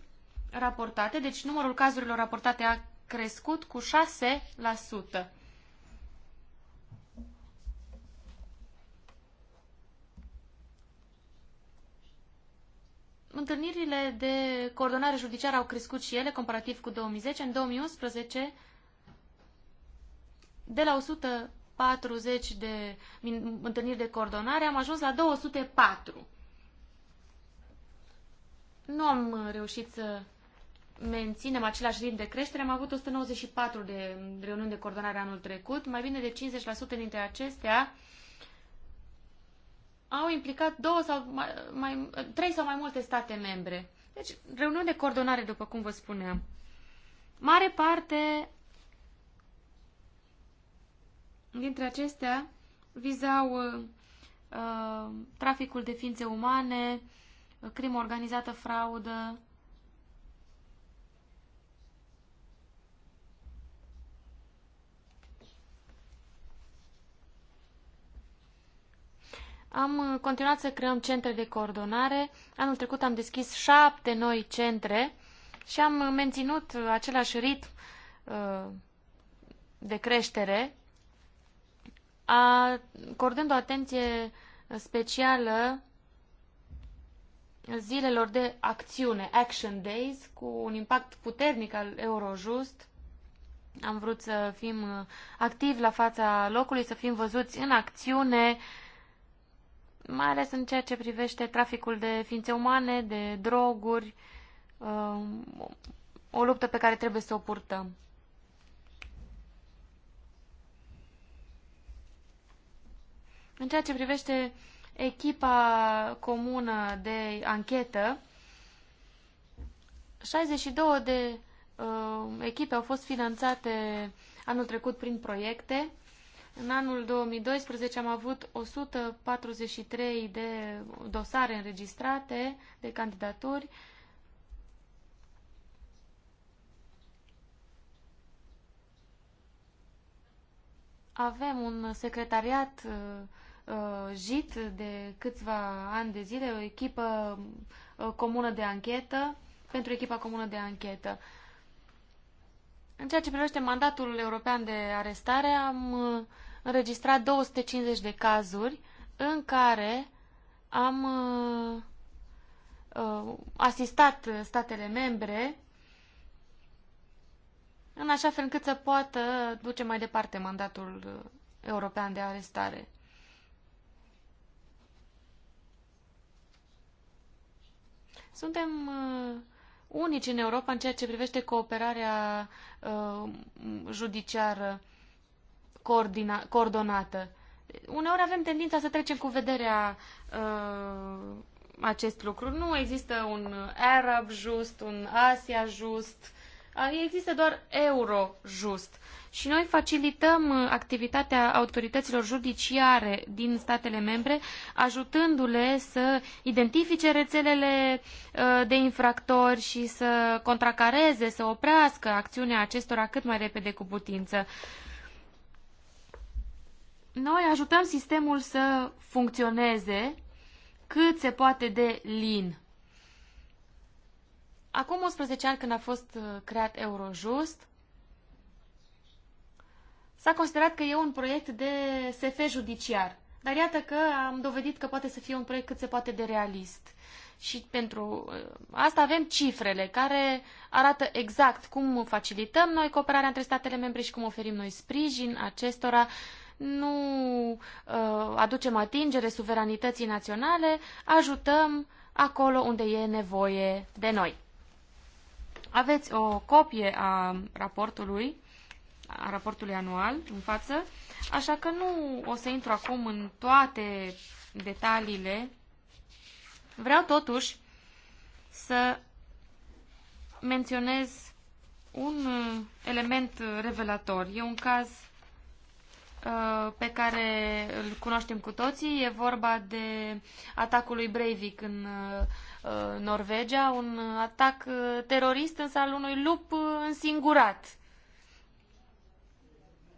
raportate, deci numărul cazurilor raportate a crescut cu 6%. Întâlnirile de coordonare judiciară au crescut și ele comparativ cu 2010. În 2011, de la 140 de întâlniri de coordonare, am ajuns la 204. Nu am reușit să menținem același ritm de creștere. Am avut 194 de reuniuni de coordonare anul trecut. Mai bine de 50% dintre acestea au implicat două sau mai, mai, trei sau mai multe state membre. Deci, reuniuni de coordonare, după cum vă spuneam. Mare parte dintre acestea vizau uh, uh traficul de ființe umane, crimă organizată, fraudă, am uh, continuat să creăm centre de coordonare. Anul trecut am deschis șapte noi centre și am uh, menținut uh, același ritm de creștere, acordând o atenție specială zilelor de acțiune, Action Days, cu un impact puternic al Eurojust. Am vrut să fim activi la fața locului, să fim văzuți în acțiune, uh, mai ales în ceea ce privește traficul de ființe umane, de droguri, um, o luptă pe care trebuie să o purtăm. În ceea ce privește echipa comună de anchetă, 62 de uh, echipe au fost finanțate anul trecut prin proiecte în anul 2012 am avut 143 de dosare înregistrate de candidaturi. Avem un secretariat uh, uh JIT de câțiva ani de zile, o echipă uh, comună de anchetă, pentru echipa comună de anchetă. În ceea ce privește mandatul european de arestare, am uh, înregistrat 250 de cazuri în care am uh, uh, asistat statele membre în așa fel încât să poată duce mai departe mandatul uh, european de arestare. Suntem uh, unici în Europa în ceea ce privește cooperarea uh, judiciară uh, coordina, coordonată. Uneori avem tendința să trecem cu vederea uh, acest lucru. Nu există un Arab just, un Asia just, uh, există doar euro just. Și noi facilităm uh, activitatea autorităților judiciare din statele membre, ajutându-le să identifice rețelele uh, de infractori și să contracareze, să oprească acțiunea acestora cât mai repede cu putință. Noi ajutăm sistemul să funcționeze cât se poate de lin. Acum 11 ani, când a fost uh, creat Eurojust, s-a considerat că e un proiect de SF judiciar. Dar iată că am dovedit că poate să fie un proiect cât se poate de realist. Și pentru uh, asta avem cifrele care arată exact cum facilităm noi cooperarea între statele membre și cum oferim noi sprijin acestora nu uh, aducem atingere suveranității naționale, ajutăm acolo unde e nevoie de noi. Aveți o copie a raportului, a raportului anual în față, așa că nu o să intru acum în toate detaliile. Vreau totuși să menționez un element revelator. E un caz Uh, pe care îl cunoaștem cu toții. E vorba de atacul lui Breivik în uh, uh, Norvegia, un atac terorist, însă al unui lup însingurat.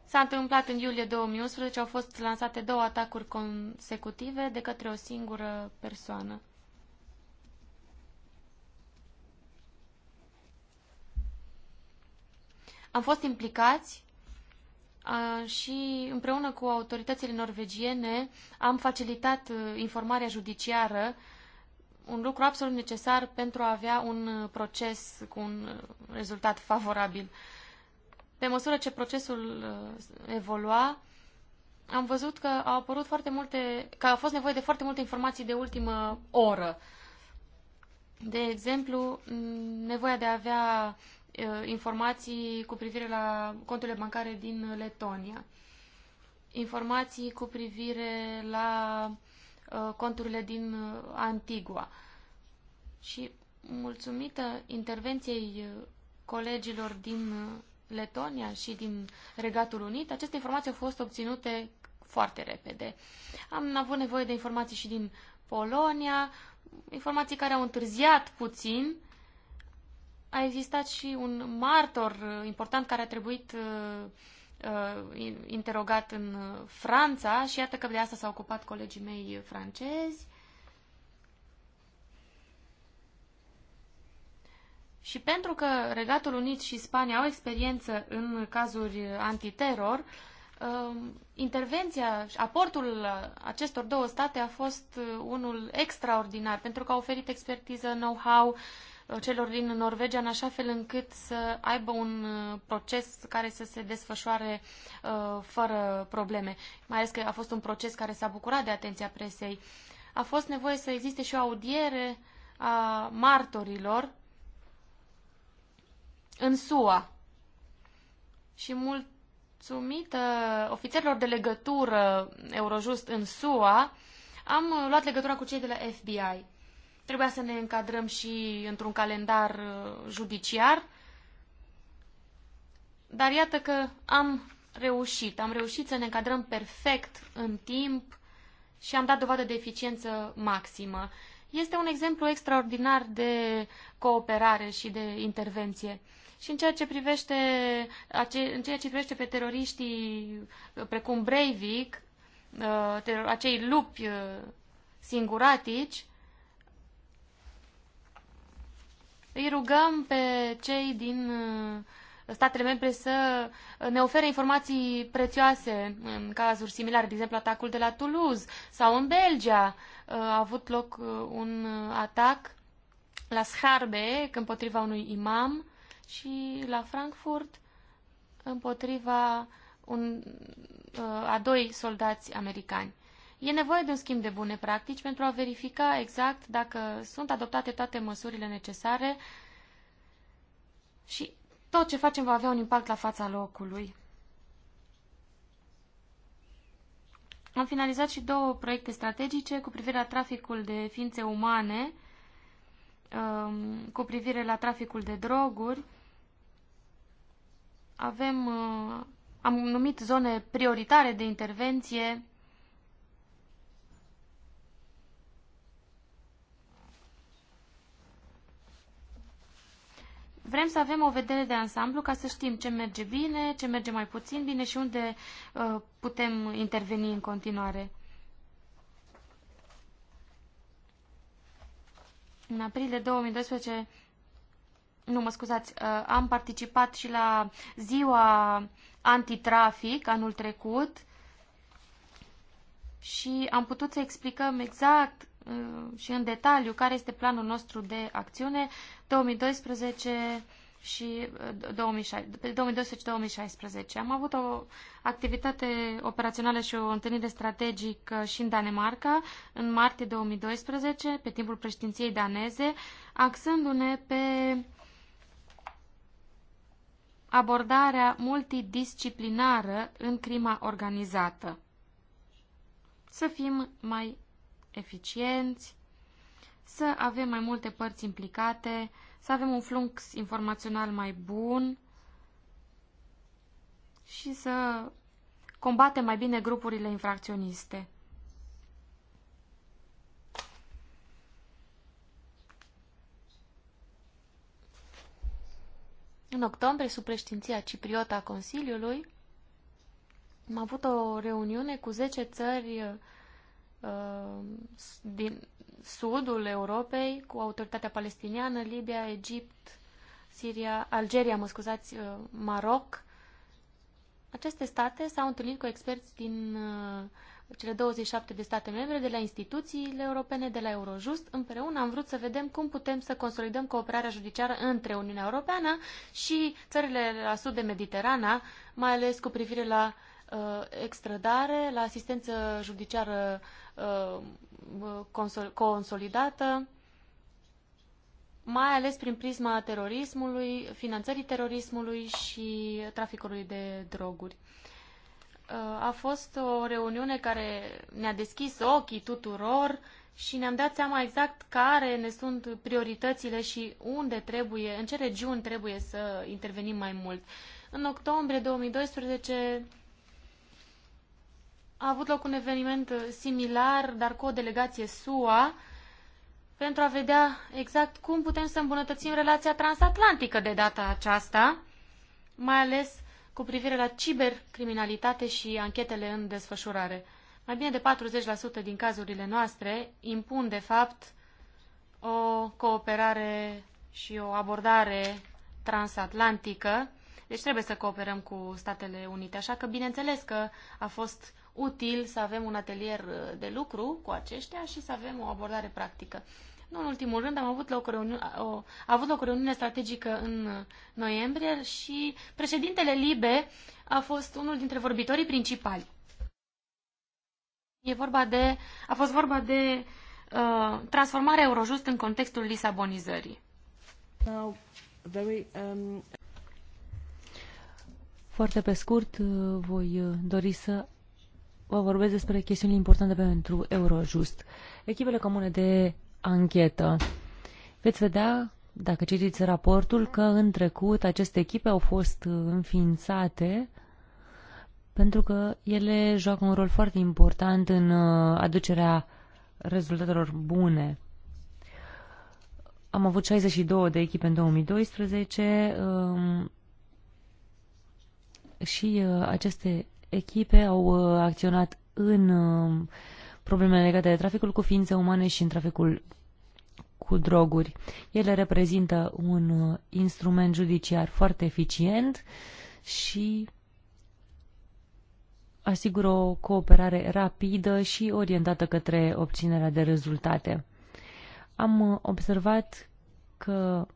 S-a întâmplat în iulie 2011, au fost lansate două atacuri consecutive de către o singură persoană. Am fost implicați și împreună cu autoritățile norvegiene am facilitat uh, informarea judiciară, un lucru absolut necesar pentru a avea un uh, proces cu un uh, rezultat favorabil. Pe măsură ce procesul evolua, am văzut că au apărut foarte multe, că a fost nevoie de foarte multe informații de ultimă oră. De exemplu, nevoia de a avea Uh, informații cu privire la conturile bancare din Letonia, informații cu privire la uh, conturile din uh, Antigua. Și mulțumită intervenției colegilor din Letonia și din Regatul Unit, aceste informații au fost obținute foarte repede. Am avut nevoie de informații și din Polonia, informații care au întârziat puțin, a existat și un martor uh, important care a trebuit uh, uh interogat în uh, Franța și iată că de asta s-au ocupat colegii mei francezi. Și pentru că Regatul Unit și Spania au experiență în cazuri antiteror, um, intervenția, aportul acestor două state a fost unul extraordinar, pentru că au oferit expertiză, know-how, celor din Norvegia în așa fel încât să aibă un uh, proces care să se desfășoare uh, fără probleme. Mai ales că a fost un proces care s-a bucurat de atenția presei. A fost nevoie să existe și o audiere a martorilor în SUA. Și mulțumită ofițerilor de legătură Eurojust în SUA, am uh, luat legătura cu cei de la FBI. Trebuia să ne încadrăm și într-un calendar uh, judiciar. Dar iată că am reușit. Am reușit să ne încadrăm perfect în timp și am dat dovadă de eficiență maximă. Este un exemplu extraordinar de cooperare și de intervenție. Și în ceea ce privește, în ceea ce privește pe teroriștii uh, precum Breivik, uh, acei lupi singuratici, Îi rugăm pe cei din uh, statele membre să uh, ne ofere informații prețioase uh, în cazuri similare, de exemplu atacul de la Toulouse sau în Belgia a avut loc un atac la Scharbe împotriva unui imam și la Frankfurt împotriva un, a doi soldați americani. E nevoie de un schimb de bune practici pentru a verifica exact dacă sunt adoptate toate măsurile necesare și tot ce facem va avea un impact la fața locului. Am finalizat și două proiecte strategice cu privire la traficul de ființe umane, um, cu privire la traficul de droguri. Avem, uh, am numit zone prioritare de intervenție Vrem să avem o vedere de ansamblu ca să știm ce merge bine, ce merge mai puțin bine și unde uh, putem interveni în continuare. În aprilie 2012, nu mă scuzați, uh, am participat și la ziua antitrafic anul trecut și am putut să explicăm exact Uh, și în detaliu care este planul nostru de acțiune 2012 și 2012-2016. Uh, Am avut o activitate operațională și o întâlnire strategică și în Danemarca în martie 2012, pe timpul președinției daneze, axându-ne pe abordarea multidisciplinară în crima organizată. Să fim mai eficienți, să avem mai multe părți implicate, să avem un flux informațional mai bun și să combatem mai bine grupurile infracționiste. În octombrie, sub preștinția cipriota a Consiliului, am avut o reuniune cu 10 țări Uh, din sudul Europei cu autoritatea palestiniană, Libia, Egipt, Siria, Algeria, mă scuzați, uh, Maroc. Aceste state s-au întâlnit cu experți din uh, cele 27 de state membre, de la instituțiile europene, de la Eurojust. Împreună am vrut să vedem cum putem să consolidăm cooperarea judiciară între Uniunea Europeană și țările la sud de Mediterana, mai ales cu privire la Uh, extradare, la asistență judiciară uh, uh, consolidată, mai ales prin prisma terorismului, finanțării terorismului și traficului de droguri. A fost o reuniune care ne-a deschis ochii tuturor și ne-am dat seama exact care ne sunt prioritățile și unde trebuie, în ce regiuni trebuie să intervenim mai mult. În octombrie 2012 a avut loc un eveniment uh, similar, dar cu o delegație SUA, pentru a vedea exact cum putem să îmbunătățim relația transatlantică de data aceasta, mai ales cu privire la cibercriminalitate și anchetele în desfășurare. Mai bine de 40% din cazurile noastre impun, de fapt, o cooperare și o abordare transatlantică, deci trebuie să cooperăm cu Statele Unite. Așa că, bineînțeles că a fost util să avem un atelier uh, de lucru cu aceștia și să avem o abordare practică. Nu în ultimul rând, am avut loc o reuniune, o, a avut loc o reuniune strategică în uh, noiembrie și președintele Libe a fost unul dintre vorbitorii principali. E vorba de, a fost vorba de uh, transformarea Eurojust în contextul lisabonizării. Now, very, um... Foarte pe scurt, uh, voi dori să vă vorbesc despre chestiuni importante pentru Eurojust. Echipele comune de anchetă. Veți vedea, dacă citiți raportul, că în trecut aceste echipe au fost înființate pentru că ele joacă un rol foarte important în uh, aducerea rezultatelor bune. Am avut 62 de echipe în 2012 um, și uh, aceste echipe au uh, acționat în uh, problemele legate de traficul cu ființe umane și în traficul cu droguri. Ele reprezintă un uh, instrument judiciar foarte eficient și asigură o cooperare rapidă și orientată către obținerea de rezultate. Am observat că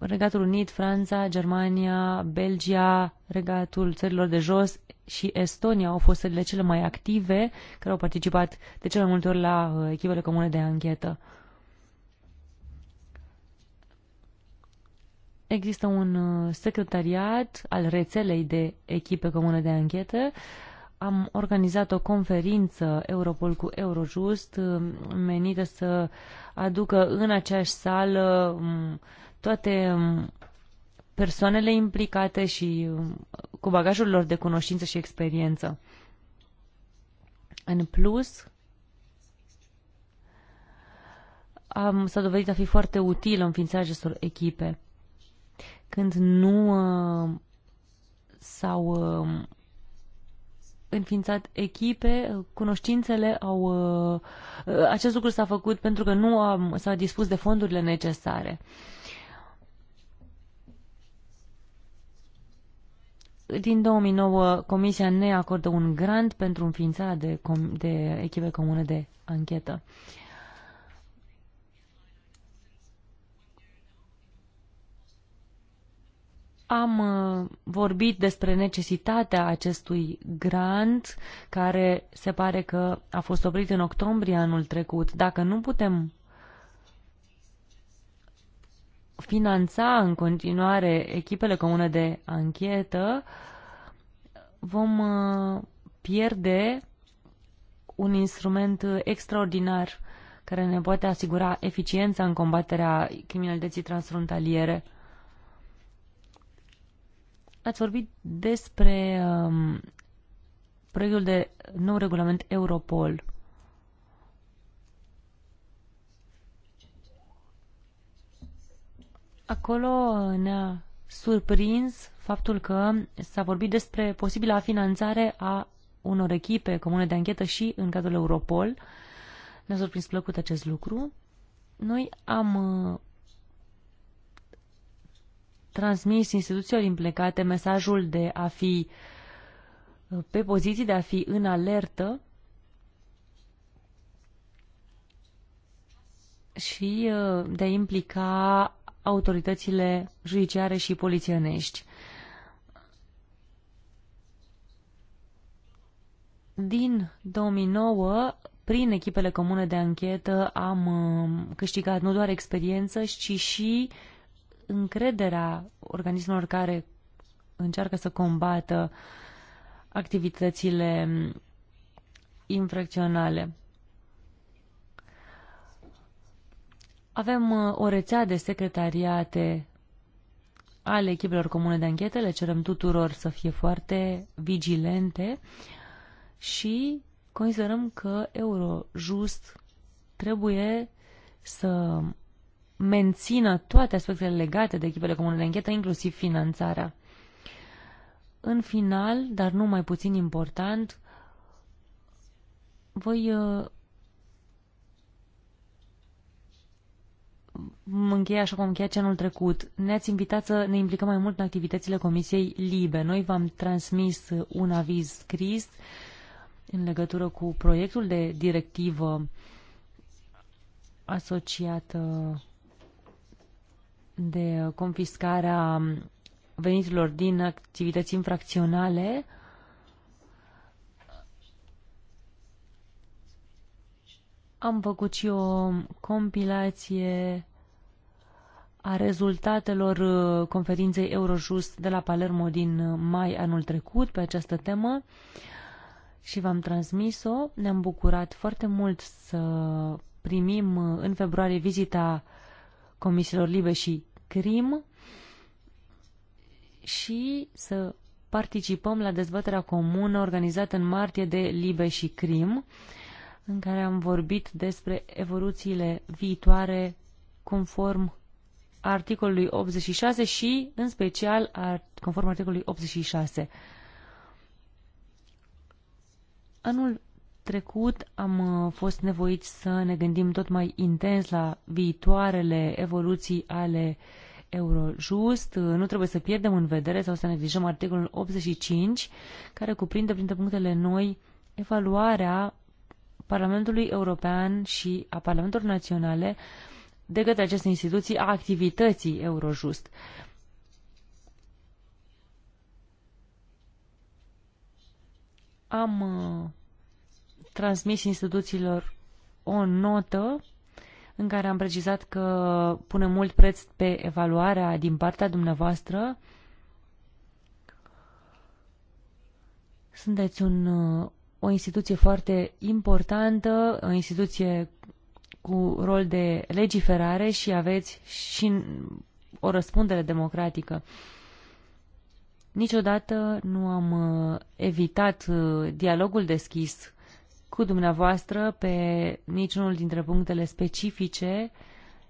Regatul Unit, Franța, Germania, Belgia, Regatul Țărilor de Jos și Estonia au fost țările cele mai active care au participat de cele mai multe ori la uh, echipele comune de anchetă. Există un uh, secretariat al rețelei de echipe comune de anchetă. Am organizat o conferință Europol cu Eurojust uh, menită să aducă în aceeași sală toate um, persoanele implicate și um, cu bagajul lor de cunoștință și experiență. În plus, am, s-a dovedit a fi foarte util înființarea acestor echipe. Când nu uh, s-au uh, înființat echipe, cunoștințele au... Uh, acest lucru s-a făcut pentru că nu s au dispus de fondurile necesare. Uh, Din 2009, Comisia ne acordă un grant pentru înființarea de, de echipe comune de anchetă. Am uh, vorbit despre necesitatea acestui grant, care se pare că a fost oprit în octombrie anul trecut. Dacă nu putem finanța în continuare echipele comune de anchetă, vom uh, pierde un instrument extraordinar care ne poate asigura eficiența în combaterea criminalității transfrontaliere. Ați vorbit despre um, proiectul de nou regulament Europol. Uh, Acolo ne-a surprins faptul că s-a vorbit despre posibila finanțare a unor echipe comune de anchetă și în cadrul Europol. Ne-a surprins plăcut acest lucru. Noi am uh, transmis instituțiilor implicate mesajul de a fi uh, pe poziții, de a fi în alertă și uh, de a implica autoritățile judiciare și polițienești. Din 2009, prin echipele comune de anchetă, am uh, câștigat nu doar experiență, ci și încrederea organismelor care încearcă să combată activitățile infracționale. Avem uh, o rețea de secretariate ale echipelor comune de anchetă, le cerem tuturor să fie foarte vigilente și considerăm că Eurojust trebuie să mențină toate aspectele legate de echipele comune de anchetă, inclusiv finanțarea. În final, dar nu mai puțin important, voi uh, încheia așa cum am încheiat ce anul trecut. Ne-ați invitat să ne implicăm mai mult în activitățile Comisiei Libe. Noi v-am transmis un aviz scris în legătură cu proiectul de directivă asociată de confiscarea veniturilor din activități infracționale Am făcut și o compilație a rezultatelor uh, conferinței Eurojust de la Palermo din uh, mai anul trecut pe această temă și v-am transmis-o. Ne-am bucurat foarte mult să primim uh, în februarie vizita Comisiilor Libe și Crim și să participăm la dezbaterea comună organizată în martie de Libe și Crim în care am vorbit despre evoluțiile viitoare conform articolului 86 și, în special, conform articolului 86. Anul trecut am uh, fost nevoiți să ne gândim tot mai intens la viitoarele evoluții ale Eurojust. Uh, nu trebuie să pierdem în vedere sau să neglijăm articolul 85, care cuprinde printre punctele noi evaluarea Parlamentului European și a Parlamentelor Naționale de către aceste instituții a activității Eurojust. Am uh, transmis instituțiilor o notă în care am precizat că punem mult preț pe evaluarea din partea dumneavoastră. Sunteți un uh, o instituție foarte importantă, o instituție cu rol de legiferare și aveți și o răspundere democratică. Niciodată nu am uh, evitat uh, dialogul deschis cu dumneavoastră pe niciunul dintre punctele specifice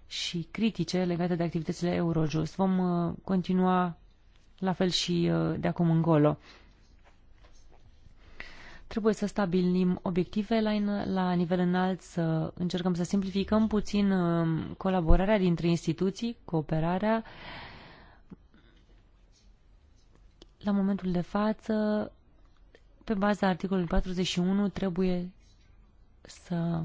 și critice legate de activitățile Eurojust. Vom uh, continua la fel și de acum încolo. Trebuie să stabilim obiective la, la nivel înalt, să încercăm să simplificăm puțin um, colaborarea dintre instituții, cooperarea. La momentul de față, pe baza articolului 41, trebuie să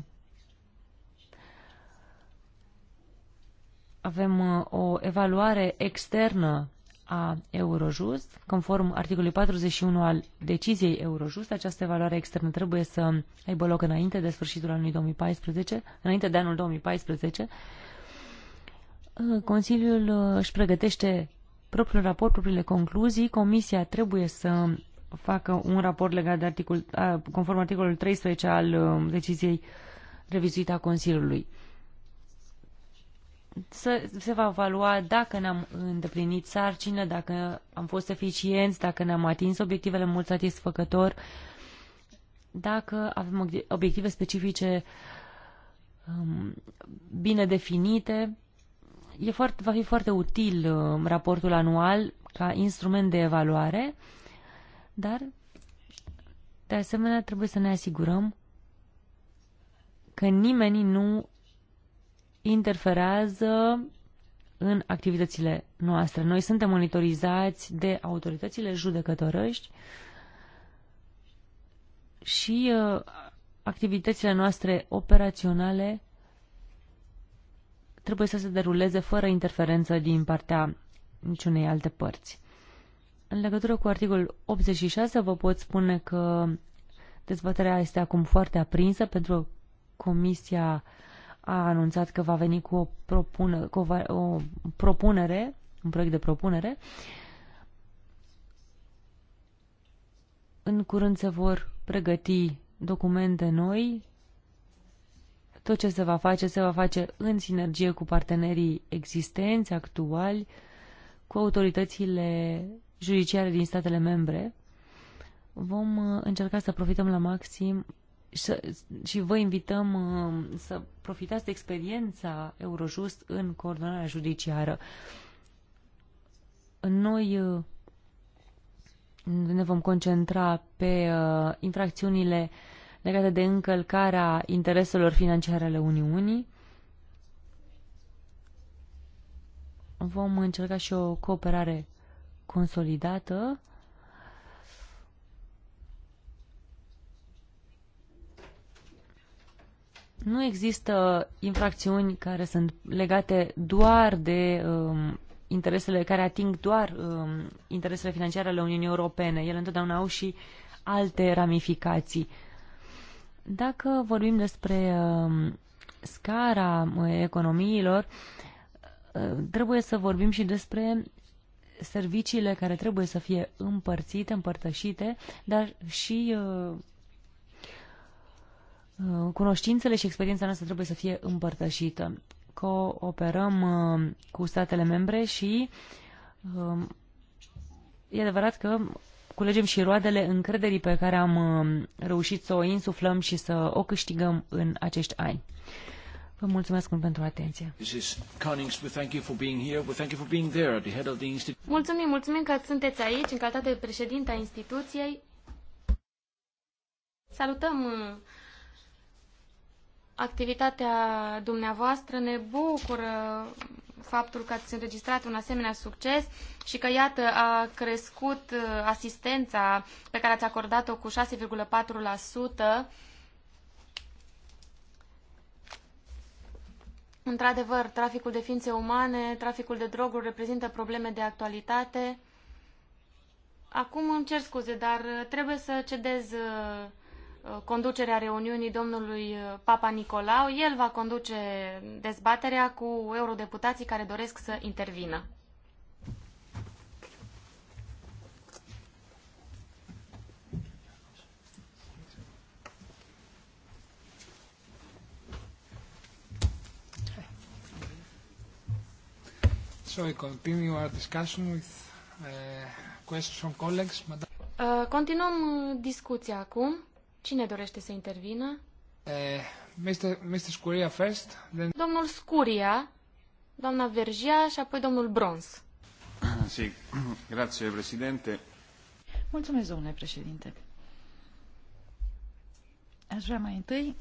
avem uh, o evaluare externă a Eurojust. Conform articolului 41 al deciziei Eurojust, această evaluare externă trebuie să aibă loc înainte de sfârșitul anului 2014, înainte de anul 2014. Consiliul uh, își pregătește propriul raport, propriile concluzii. Comisia trebuie să facă un raport legat de articol, uh, conform articolului 13 al uh, deciziei revizuită a Consiliului să se va evalua dacă ne-am îndeplinit sarcină, dacă am fost eficienți, dacă ne-am atins obiectivele mult satisfăcător, dacă avem obiective specifice um, bine definite. E foarte, va fi foarte util um, raportul anual ca instrument de evaluare, dar de asemenea trebuie să ne asigurăm că nimeni nu interferează în activitățile noastre. Noi suntem monitorizați de autoritățile judecătorești și uh, activitățile noastre operaționale trebuie să se deruleze fără interferență din partea niciunei alte părți. În legătură cu articolul 86 vă pot spune că dezbaterea este acum foarte aprinsă pentru Comisia uh, a anunțat că va veni cu o, propună, cu o, o propunere, un proiect de propunere. În curând se vor pregăti documente noi. Tot ce se va face, se va face în sinergie cu partenerii existenți, actuali, cu autoritățile judiciare din statele membre. Vom uh, încerca să profităm la maxim și vă invităm um, să profitați de experiența Eurojust în coordonarea judiciară. Noi uh, ne vom concentra pe uh, infracțiunile legate de încălcarea intereselor financiare ale Uniunii. Vom încerca și o cooperare consolidată Nu există infracțiuni care sunt legate doar de um, interesele care ating doar um, interesele financiare ale Uniunii Europene. Ele întotdeauna au și alte ramificații. Dacă vorbim despre um, scara uh, economiilor, uh, trebuie să vorbim și despre serviciile care trebuie să fie împărțite, împărtășite, dar și uh, Uh, cunoștințele și experiența noastră trebuie să fie împărtășită. Cooperăm uh, cu statele membre și um, e adevărat că culegem și roadele încrederii pe care am um, reușit să o insuflăm și să o câștigăm în acești ani. Vă mulțumesc mult pentru atenție. Mulțumim, mulțumim că sunteți aici în calitate de președinte a instituției. Salutăm uh, activitatea dumneavoastră. Ne bucură faptul că ați înregistrat un asemenea succes și că, iată, a crescut uh, asistența pe care ați acordat-o cu 6,4%. Într-adevăr, traficul de ființe umane, traficul de droguri reprezintă probleme de actualitate. Acum îmi cer scuze, dar trebuie să cedez uh, Uh, conducerea reuniunii domnului uh, Papa Nicolau. El va conduce dezbaterea cu eurodeputații care doresc să intervină. So we continue our discussion with uh, questions from colleagues. Madame. Uh, continuăm uh, discuția acum. Cine dorește să intervină? Eh, Mr. Mr. Scuria first, then... Domnul Scuria, doamna Vergia și apoi domnul Bronz. Ah, sì, Grazie, președinte. Mulțumesc, domnule președinte. Aș vrea mai întâi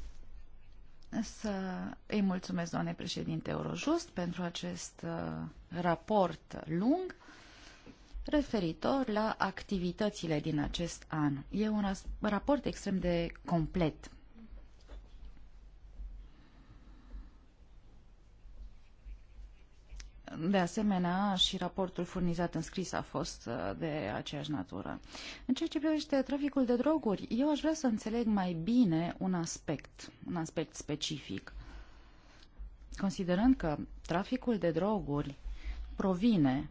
să îi mulțumesc, doamne președinte Eurojust, pentru acest uh, raport lung. Uh, referitor la activitățile din acest an. E un raport extrem de complet. De asemenea, și raportul furnizat în scris a fost uh, de aceeași natură. În ceea ce privește traficul de droguri, eu aș vrea să înțeleg mai bine un aspect, un aspect specific. Considerând că traficul de droguri provine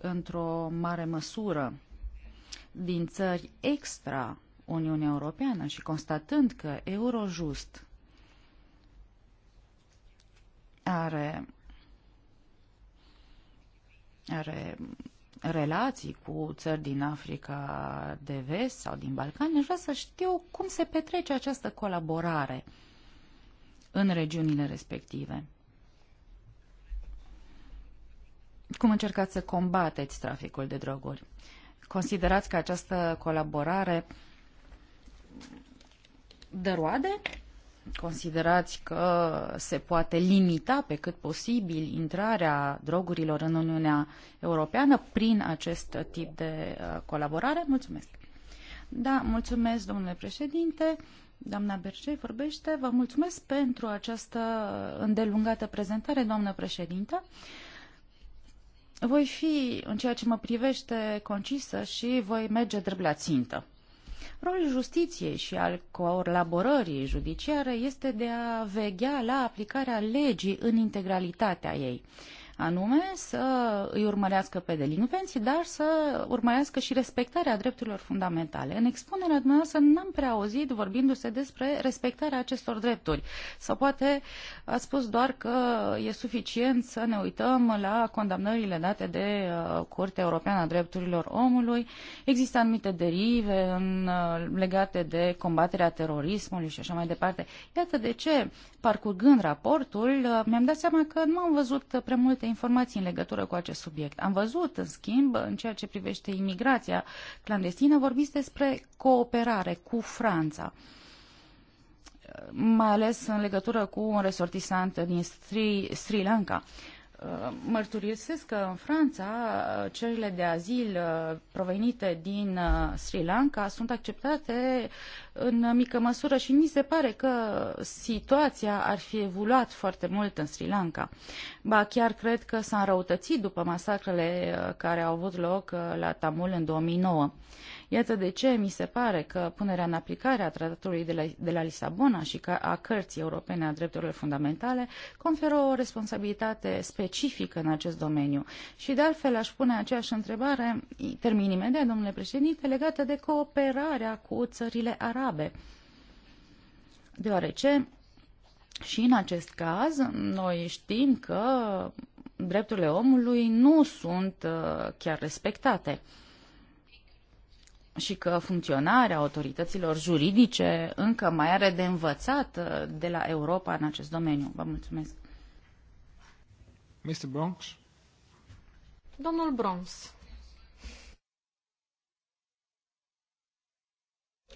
într-o mare măsură din țări extra Uniunea Europeană și constatând că Eurojust are, are relații cu țări din Africa de vest sau din Balcani, aș vrea să știu cum se petrece această colaborare în regiunile respective. cum încercați să combateți traficul de droguri? Considerați că această colaborare dă roade? Considerați că se poate limita pe cât posibil intrarea drogurilor în Uniunea Europeană prin acest tip de uh, colaborare? Mulțumesc! Da, mulțumesc, domnule președinte. Doamna Bercei vorbește. Vă mulțumesc pentru această îndelungată prezentare, doamnă președintă. Uh, voi fi, în ceea ce mă privește, concisă și voi merge drept la țintă. Rolul justiției și al colaborării judiciare este de a veghea la aplicarea legii în integralitatea ei anume să îi urmărească pe delinvenții, dar să urmărească și respectarea drepturilor fundamentale. În expunerea dumneavoastră n-am prea auzit vorbindu-se despre respectarea acestor drepturi. Sau poate a spus doar că e suficient să ne uităm la condamnările date de uh, Curtea Europeană a Drepturilor Omului. Există anumite derive în, uh, legate de combaterea terorismului și așa mai departe. Iată de ce, parcurgând raportul, uh, mi-am dat seama că nu am văzut prea multe informații în legătură cu acest subiect. Am văzut, în schimb, în ceea ce privește imigrația clandestină, vorbiți despre cooperare cu Franța mai ales în legătură cu un resortisant din Sri, Sri Lanka. Uh, Mărturisesc că în Franța cererile de azil uh, provenite din uh, Sri Lanka sunt acceptate în mică măsură și mi se pare că situația ar fi evoluat foarte mult în Sri Lanka. Ba chiar cred că s-a înrăutățit după masacrele uh, care au avut loc la Tamul în 2009. Iată de ce mi se pare că punerea în aplicare a tratatului de la, de la Lisabona și ca a Cărții Europene a Drepturilor Fundamentale conferă o responsabilitate specifică în acest domeniu. Și de altfel aș pune aceeași întrebare, termin imediat, domnule președinte, legată de cooperarea cu țările arabe. Deoarece și în acest caz, noi știm că drepturile omului nu sunt uh, chiar respectate și că funcționarea autorităților juridice încă mai are de învățat uh, de la Europa în acest domeniu. Vă mulțumesc. Mr. Bronx? Domnul Bronx.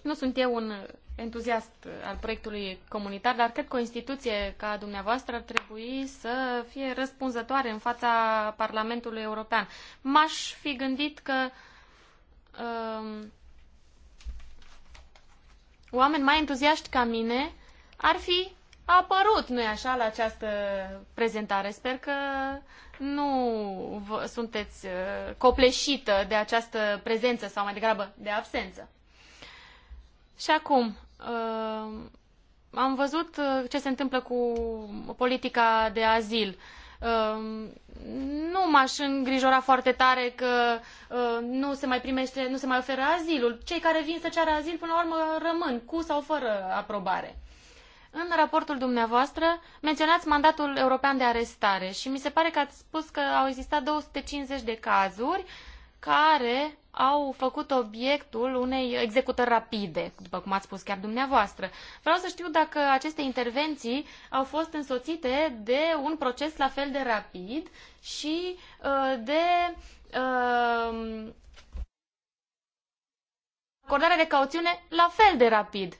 Nu sunt eu un entuziast al proiectului comunitar, dar cred că o instituție ca dumneavoastră ar trebui să fie răspunzătoare în fața Parlamentului European. M-aș fi gândit că uh, uh, oameni mai entuziaști ca mine ar fi apărut, nu-i așa, la această prezentare. Sper că nu vă sunteți uh, copleșită de această prezență sau mai degrabă de absență. Și acum, uh, am văzut uh, ce se întâmplă cu politica de azil. Ehm, nu m-aș îngrijora foarte tare că ehm, nu se mai primește, nu se mai oferă azilul. Cei care vin să ceară azil, până la urmă, rămân, cu sau fără aprobare. În raportul dumneavoastră menționați mandatul european de arestare și mi se pare că ați spus că au existat 250 de cazuri care au făcut obiectul unei executări rapide, după cum ați spus chiar dumneavoastră. Vreau să știu dacă aceste intervenții au fost însoțite de un proces la fel de rapid și uh, de uh, acordarea de cauțiune la fel de rapid.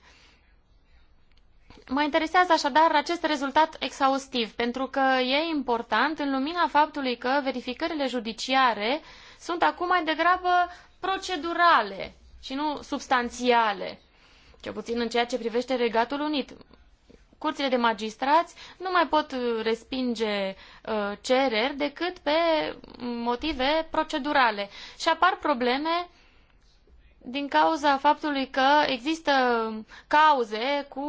Mă interesează așadar acest rezultat exhaustiv, pentru că e important în lumina faptului că verificările judiciare uh, sunt acum mai degrabă procedurale și nu substanțiale, cel puțin în ceea ce privește Regatul Unit. Curțile de magistrați nu mai pot respinge uh, cereri decât pe motive procedurale și apar probleme din cauza faptului că există cauze cu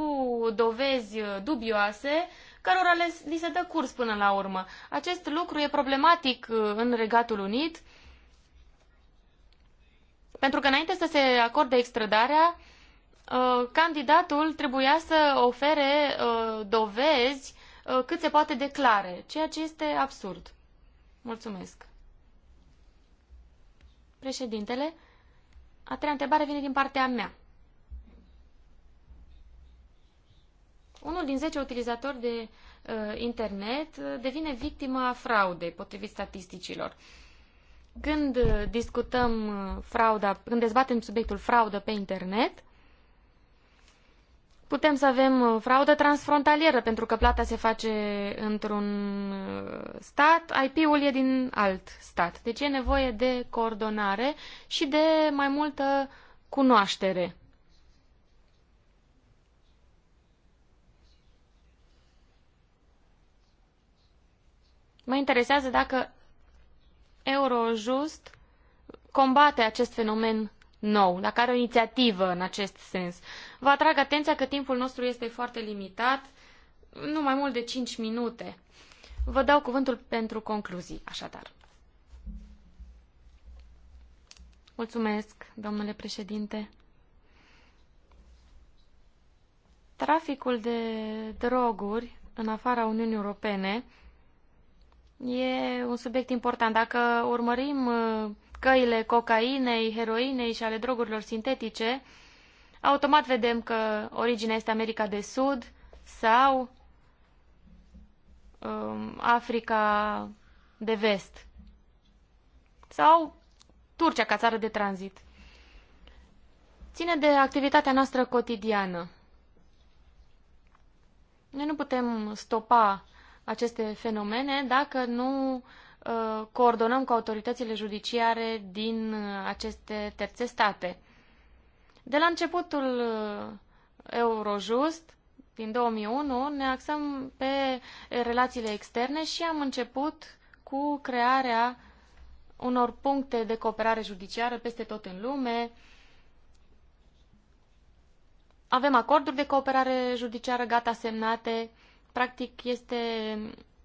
dovezi dubioase cărora le, li se dă curs până la urmă. Acest lucru e problematic uh, în Regatul Unit pentru că înainte să se acorde extradarea, uh, candidatul trebuia să ofere uh, dovezi uh, cât se poate declare, ceea ce este absurd. Mulțumesc. Președintele, a treia întrebare vine din partea mea. Unul din 10 utilizatori de uh, internet devine victima fraudei, potrivit statisticilor. Uh, când uh, discutăm uh, frauda, când dezbatem subiectul fraudă pe internet, putem să avem uh, fraudă transfrontalieră, pentru că plata se face într-un stat, IP-ul e din alt stat. Deci e nevoie de coordonare și de mai multă cunoaștere. Mă interesează dacă Eurojust combate acest fenomen nou, dacă are o inițiativă în acest sens. Vă atrag atenția că timpul nostru este foarte limitat, nu mai mult de 5 minute. Vă dau cuvântul pentru concluzii, așadar. Mulțumesc, domnule președinte. Traficul de droguri în afara Uniunii Europene E un subiect important. Dacă urmărim uh, căile cocainei, heroinei și ale drogurilor sintetice, automat vedem că originea este America de Sud sau um, Africa de Vest sau Turcia ca țară de tranzit. Ține de activitatea noastră cotidiană. Noi nu putem stopa aceste fenomene dacă nu uh, coordonăm cu autoritățile judiciare din uh, aceste terțe state. De la începutul uh, Eurojust, din 2001, ne axăm pe relațiile externe și am început cu crearea unor puncte de cooperare judiciară peste tot în lume. Avem acorduri de cooperare judiciară gata semnate Practic, este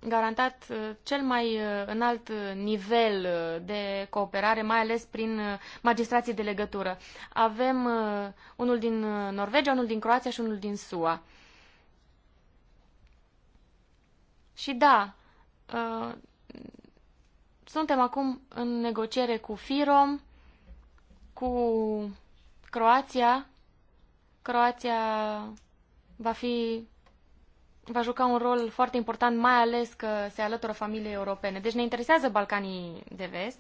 garantat uh, cel mai uh, înalt uh, nivel de cooperare, mai ales prin magistrații de legătură. Avem unul din Norvegia, unul din Croația și unul din SUA. Și da, suntem acum în negociere cu FIROM, cu Croația. Croația va fi va juca un rol foarte important, mai ales că se alătură familiei europene. Deci ne interesează Balcanii de Vest.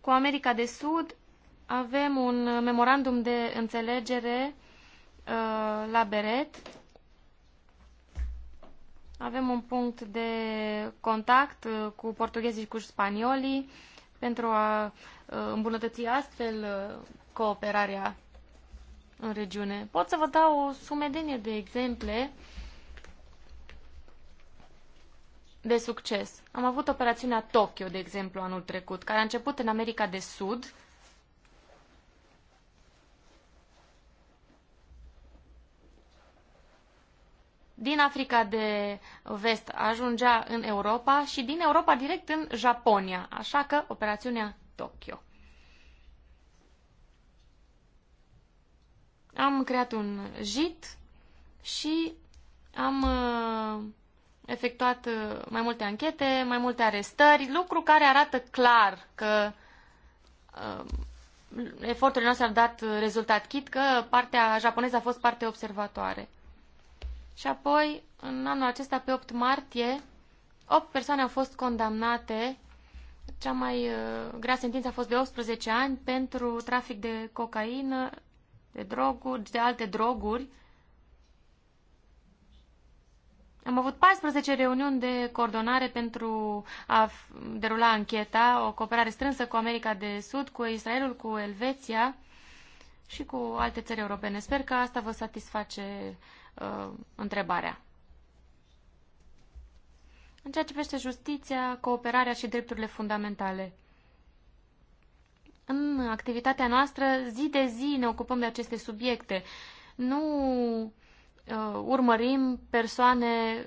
Cu America de Sud avem un memorandum de înțelegere uh, la Beret. Avem un punct de contact uh, cu portughezii și cu spaniolii pentru a uh, îmbunătăți astfel uh, cooperarea în regiune. Pot să vă dau o sumedenie de exemple de succes. Am avut operațiunea Tokyo, de exemplu, anul trecut, care a început în America de Sud. Din Africa de Vest ajungea în Europa și din Europa direct în Japonia, așa că operațiunea Tokyo. Am creat un JIT și am uh, efectuat uh, mai multe anchete, mai multe arestări, lucru care arată clar că uh, eforturile noastre au dat rezultat, chit că partea japoneză a fost parte observatoare. Și apoi, în anul acesta, pe 8 martie, 8 persoane au fost condamnate. Cea mai uh, grea sentință a fost de 18 ani pentru trafic de cocaină, de droguri, de alte droguri. Am avut 14 reuniuni de coordonare pentru a derula ancheta, o cooperare strânsă cu America de Sud, cu Israelul, cu Elveția și cu alte țări europene. Sper că asta vă satisface uh, întrebarea. În ceea ce privește justiția, cooperarea și drepturile fundamentale în activitatea noastră zi de zi ne ocupăm de aceste subiecte. Nu uh, urmărim persoane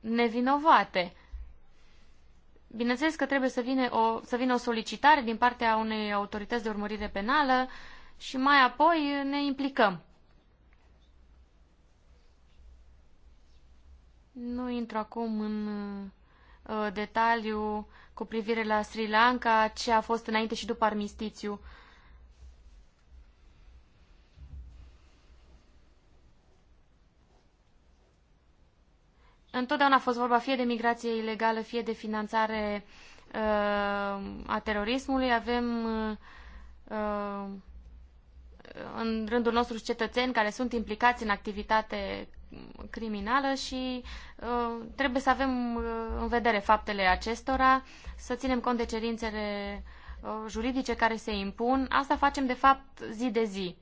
nevinovate. Bineînțeles că trebuie să, vine o, să vină o solicitare din partea unei autorități de urmărire penală și mai apoi ne implicăm. Nu intru acum în uh, detaliu cu privire la Sri Lanka, ce a fost înainte și după armistițiu. Întotdeauna a fost vorba fie de migrație ilegală, fie de finanțare uh, a terorismului. Avem uh, în rândul nostru cetățeni care sunt implicați în activitate criminală și uh, trebuie să avem uh, în vedere faptele acestora, să ținem cont de cerințele uh, juridice care se impun. Asta facem, de fapt, zi de zi.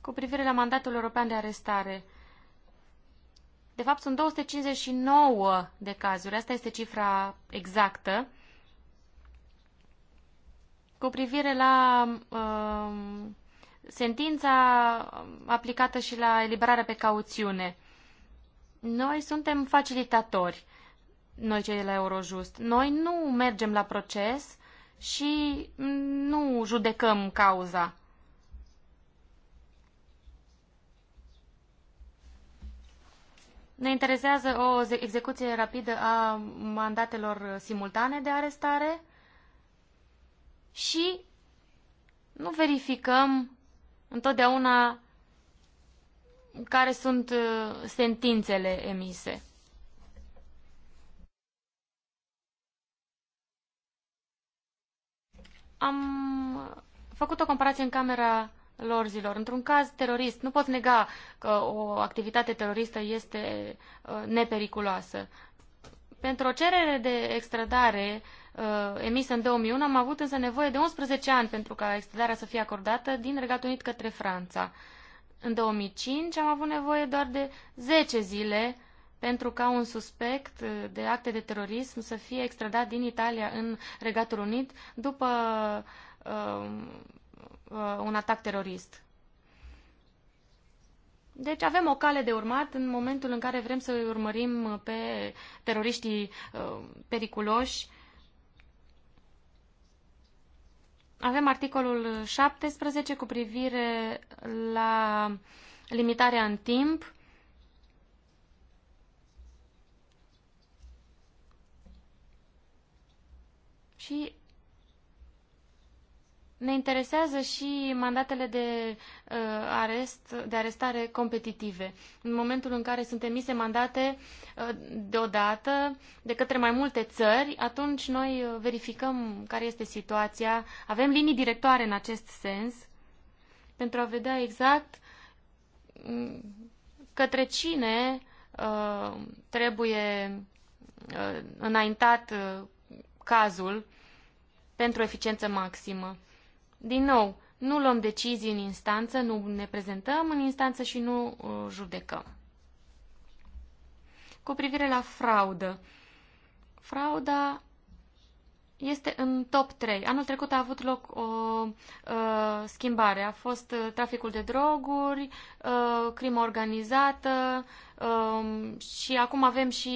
Cu privire la mandatul european de arestare, de fapt sunt 259 de cazuri, asta este cifra exactă, cu privire la uh, sentința aplicată și la eliberarea pe cauțiune. Noi suntem facilitatori, noi cei de la Eurojust. Noi nu mergem la proces și nu judecăm cauza. Ne interesează o execuție rapidă a mandatelor simultane de arestare și nu verificăm întotdeauna care sunt uh, sentințele emise. Am făcut o comparație în camera lorzilor. Într-un caz terorist, nu pot nega că o activitate teroristă este uh, nepericuloasă. Pentru o cerere de extradare uh, emisă în 2001, am avut însă nevoie de 11 ani pentru ca extradarea să fie acordată din Regatul Unit către Franța. În 2005 am avut nevoie doar de 10 zile pentru ca un suspect uh, de acte de terorism să fie extradat din Italia în Regatul Unit după uh, uh, un atac terorist. Deci avem o cale de urmat în momentul în care vrem să îi urmărim pe teroriștii uh, periculoși Avem articolul 17 cu privire la limitarea în timp. Și ne interesează și mandatele de, uh, arest, de arestare competitive. În momentul în care sunt emise mandate uh, deodată de către mai multe țări, atunci noi uh, verificăm care este situația. Avem linii directoare în acest sens pentru a vedea exact mm, către cine uh, trebuie uh, înaintat uh, cazul pentru eficiență maximă. Din nou, nu luăm decizii în instanță, nu ne prezentăm în instanță și nu uh, judecăm. Cu privire la fraudă, frauda este în top 3. Anul trecut a avut loc o uh, schimbare. A fost uh, traficul de droguri, uh, crimă organizată uh, și acum avem și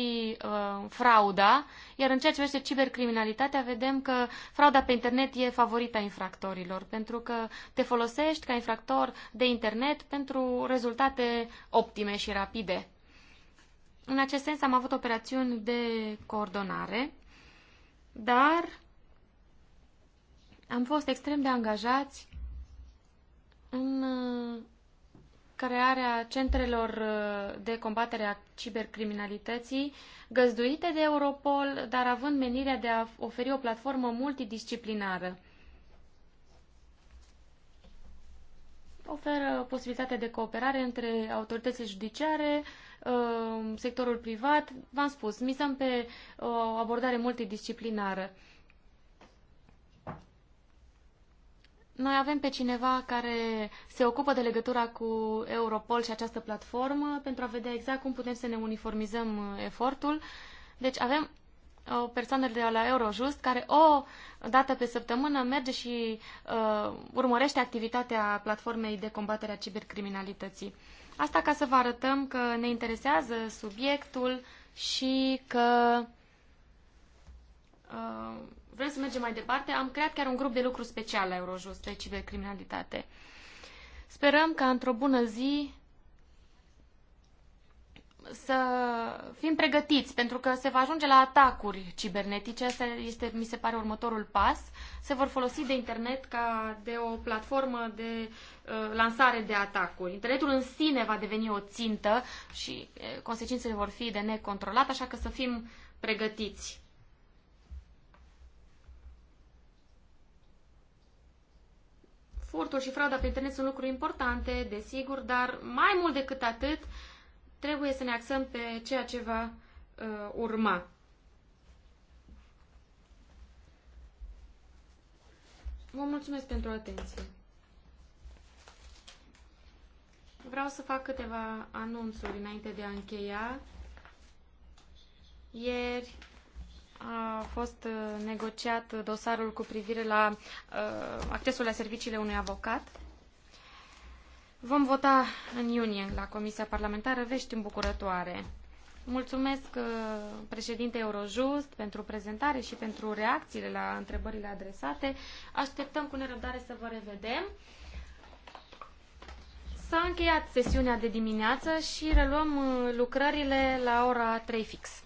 uh, frauda. Iar în ceea ce privește cibercriminalitatea, vedem că frauda pe internet e favorita infractorilor, pentru că te folosești ca infractor de internet pentru rezultate optime și rapide. În acest sens am avut operațiuni de coordonare dar am fost extrem de angajați în uh, crearea centrelor uh, de combatere a cibercriminalității, găzduite de Europol, dar având menirea de a oferi o platformă multidisciplinară. Oferă posibilitatea de cooperare între autoritățile judiciare, Uh, sectorul privat. V-am spus, mizăm pe uh, o abordare multidisciplinară. Noi avem pe cineva care se ocupă de legătura cu Europol și această platformă pentru a vedea exact cum putem să ne uniformizăm uh, efortul. Deci avem o persoană de la Eurojust care o dată pe săptămână merge și uh, urmărește activitatea platformei de combatere a cibercriminalității. Asta ca să vă arătăm că ne interesează subiectul și că uh, vrem să mergem mai departe. Am creat chiar un grup de lucru special la Eurojust de cibercriminalitate. Sperăm ca într-o bună zi să fim pregătiți, pentru că se va ajunge la atacuri cibernetice. Asta este, mi se pare, următorul pas. Se vor folosi de internet ca de o platformă de uh, lansare de atacuri. Internetul în sine va deveni o țintă și uh, consecințele vor fi de necontrolat, așa că să fim pregătiți. Furtul și frauda pe internet sunt lucruri importante, desigur, dar mai mult decât atât, uh, trebuie să ne axăm pe ceea ce va uh, urma. Vă mulțumesc pentru atenție. Vreau să fac câteva anunțuri înainte de a încheia. Ieri a fost uh, negociat dosarul cu privire la uh, accesul la serviciile unui avocat. Vom vota în iunie la Comisia Parlamentară vești îmbucurătoare. Mulțumesc uh, președinte Eurojust pentru prezentare și pentru reacțiile la întrebările adresate. Așteptăm cu nerăbdare să vă revedem. S-a încheiat sesiunea de dimineață și reluăm uh, lucrările la ora 3 fix.